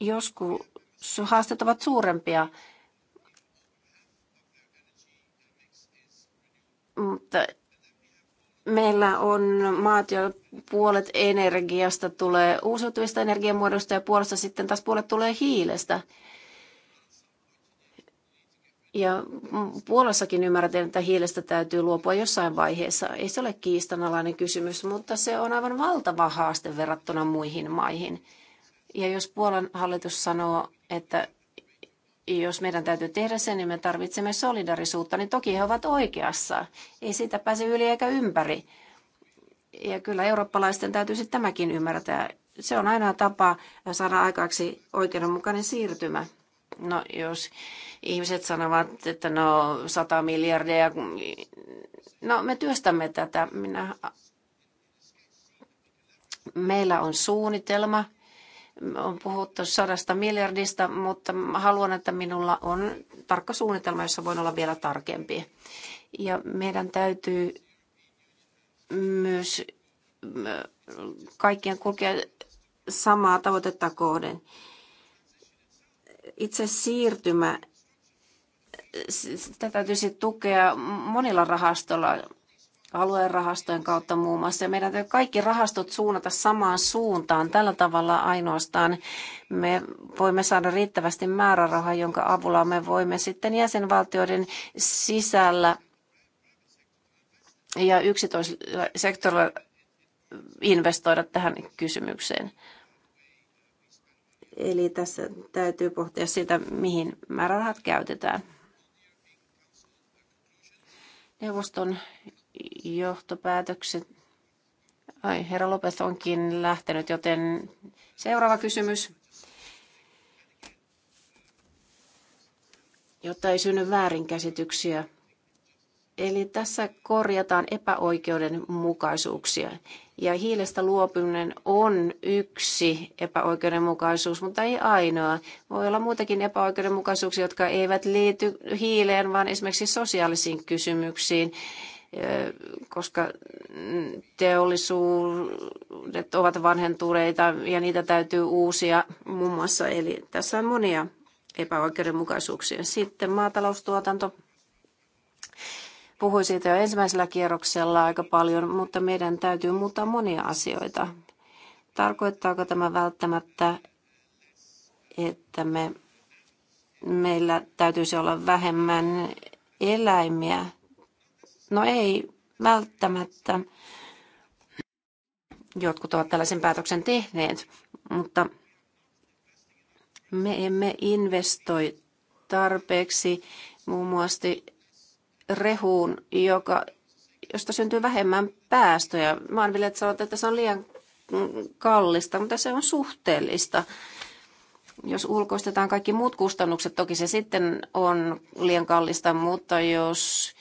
Joskus haasteet ovat suurempia, mutta meillä on maat, jo puolet energiasta tulee uusiutuvista energiamuodoista ja puolesta sitten taas puolet tulee hiilestä. Ja Puolassakin ymmärretään, että hiilestä täytyy luopua jossain vaiheessa. Ei se ole kiistanalainen kysymys, mutta se on aivan valtava haaste verrattuna muihin maihin. Ja jos Puolan hallitus sanoo, että jos meidän täytyy tehdä sen, niin me tarvitsemme solidarisuutta, niin toki he ovat oikeassa. Ei siitä pääse yli eikä ympäri. Ja kyllä eurooppalaisten sitten tämäkin ymmärtää. Se on aina tapa saada aikaaksi oikeudenmukainen siirtymä. No jos ihmiset sanovat, että no 100 miljardia, no me työstämme tätä. Minä, meillä on suunnitelma, on puhuttu sadasta miljardista, mutta haluan, että minulla on tarkka suunnitelma, jossa voin olla vielä tarkempi. Ja meidän täytyy myös äh, kaikkien kulkea samaa tavoitetta kohden. Itse siirtymä, sitä täytyisi tukea monilla rahastolla alueen rahastojen kautta muun muassa. Ja meidän täytyy kaikki rahastot suunnata samaan suuntaan. Tällä tavalla ainoastaan me voimme saada riittävästi määrärahaa, jonka avulla me voimme sitten jäsenvaltioiden sisällä ja sektorilla investoida tähän kysymykseen. Eli tässä täytyy pohtia sitä, mihin määrärahat käytetään. Neuvoston johtopäätökset. Ai, herra Lopez onkin lähtenyt, joten seuraava kysymys. Jotta ei synny väärinkäsityksiä. Eli tässä korjataan epäoikeudenmukaisuuksia. Ja hiilestä luopuminen on yksi epäoikeudenmukaisuus, mutta ei ainoa. Voi olla muitakin epäoikeudenmukaisuuksia, jotka eivät liity hiileen, vaan esimerkiksi sosiaalisiin kysymyksiin koska mm, teollisuudet ovat vanhentuneita ja niitä täytyy uusia muun muassa. Eli tässä on monia epäoikeudenmukaisuuksia. Sitten maataloustuotanto. Puhuin siitä jo ensimmäisellä kierroksella aika paljon, mutta meidän täytyy muuttaa monia asioita. Tarkoittaako tämä välttämättä, että me, meillä täytyisi olla vähemmän eläimiä? No ei välttämättä. Jotkut ovat tällaisen päätöksen tehneet, mutta me emme investoi tarpeeksi muun muassa rehuun, joka, josta syntyy vähemmän päästöjä. Maanviljelijät sanovat, että se on liian kallista, mutta se on suhteellista. Jos ulkoistetaan kaikki muut kustannukset, toki se sitten on liian kallista, mutta jos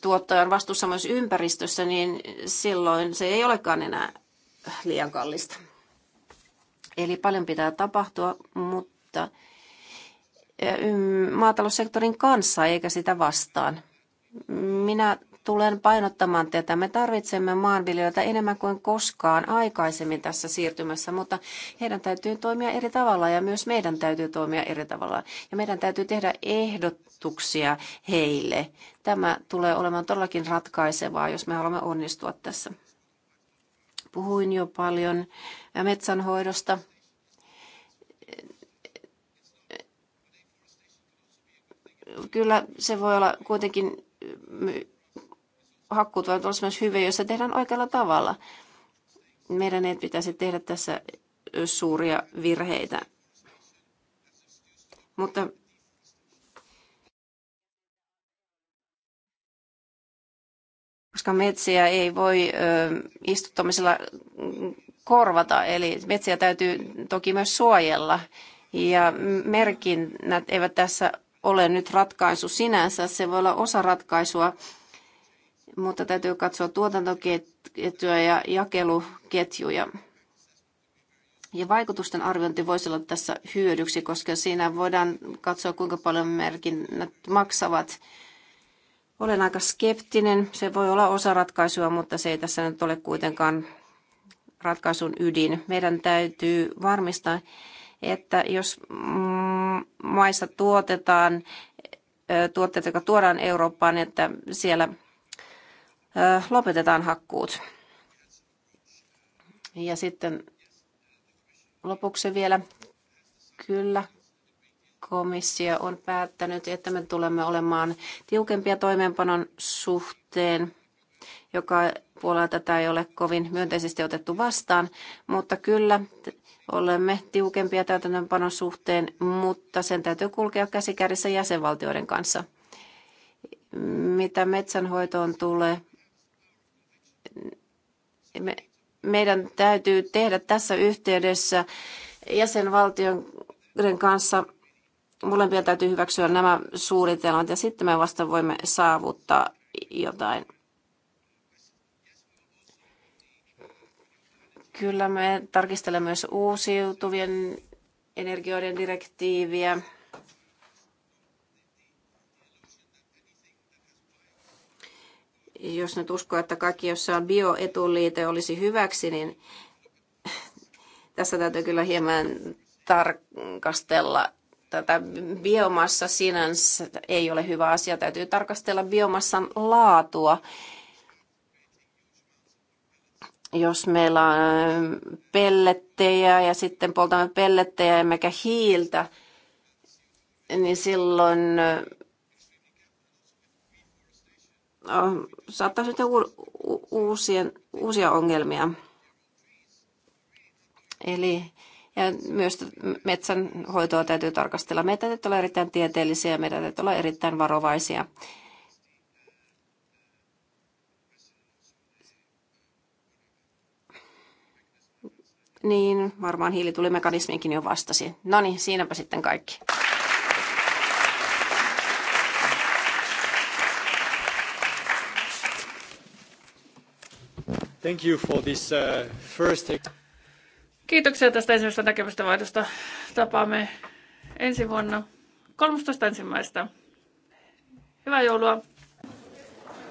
tuottaja on vastuussa myös ympäristössä, niin silloin se ei olekaan enää liian kallista. Eli paljon pitää tapahtua, mutta maataloussektorin kanssa eikä sitä vastaan. Minä tulen painottamaan tätä. Me tarvitsemme maanviljelijöitä enemmän kuin koskaan aikaisemmin tässä siirtymässä, mutta heidän täytyy toimia eri tavalla ja myös meidän täytyy toimia eri tavalla. Ja meidän täytyy tehdä ehdot, panostuksia heille. Tämä tulee olemaan todellakin ratkaisevaa, jos me haluamme onnistua tässä. Puhuin jo paljon metsänhoidosta. Kyllä se voi olla kuitenkin hakkuut voivat olla myös hyviä, jos se tehdään oikealla tavalla. Meidän ei pitäisi tehdä tässä suuria virheitä. Mutta koska metsiä ei voi istuttamisella korvata, eli metsiä täytyy toki myös suojella. Ja merkinnät eivät tässä ole nyt ratkaisu sinänsä, se voi olla osa ratkaisua, mutta täytyy katsoa tuotantoketjuja ja jakeluketjuja. Ja vaikutusten arviointi voisi olla tässä hyödyksi, koska siinä voidaan katsoa, kuinka paljon merkinnät maksavat olen aika skeptinen. Se voi olla osa ratkaisua, mutta se ei tässä nyt ole kuitenkaan ratkaisun ydin. Meidän täytyy varmistaa, että jos mm, maissa tuotetaan tuotteita, jotka tuodaan Eurooppaan, että siellä lopetetaan hakkuut. Ja sitten lopuksi vielä, kyllä komissio on päättänyt, että me tulemme olemaan tiukempia toimeenpanon suhteen, joka puolella tätä ei ole kovin myönteisesti otettu vastaan, mutta kyllä olemme tiukempia täytäntöönpanon suhteen, mutta sen täytyy kulkea käsikädessä jäsenvaltioiden kanssa. Mitä metsänhoitoon tulee, me, meidän täytyy tehdä tässä yhteydessä jäsenvaltioiden kanssa molempien täytyy hyväksyä nämä suunnitelmat ja sitten me vasta voimme saavuttaa jotain. Kyllä me tarkistelemme myös uusiutuvien energioiden direktiiviä. Jos nyt uskoo, että kaikki, jossa on bioetuliite, olisi hyväksi, niin tässä täytyy kyllä hieman tarkastella tätä biomassa sinänsä ei ole hyvä asia. Täytyy tarkastella biomassan laatua. Jos meillä on äh, pellettejä ja sitten poltamme pellettejä emmekä hiiltä, niin silloin no, saattaa syntyä uusien, uusia ongelmia. Eli ja myös metsän hoitoa täytyy tarkastella. Meidän täytyy olla erittäin tieteellisiä, meidän täytyy olla erittäin varovaisia. Niin, varmaan hiilitulimekanismiinkin jo vastasi. No niin, siinäpä sitten kaikki. Thank you for this uh, first... Kiitoksia tästä ensimmäisestä näkemystä vaihdosta. Tapaamme ensi vuonna 13.1. Hyvää joulua!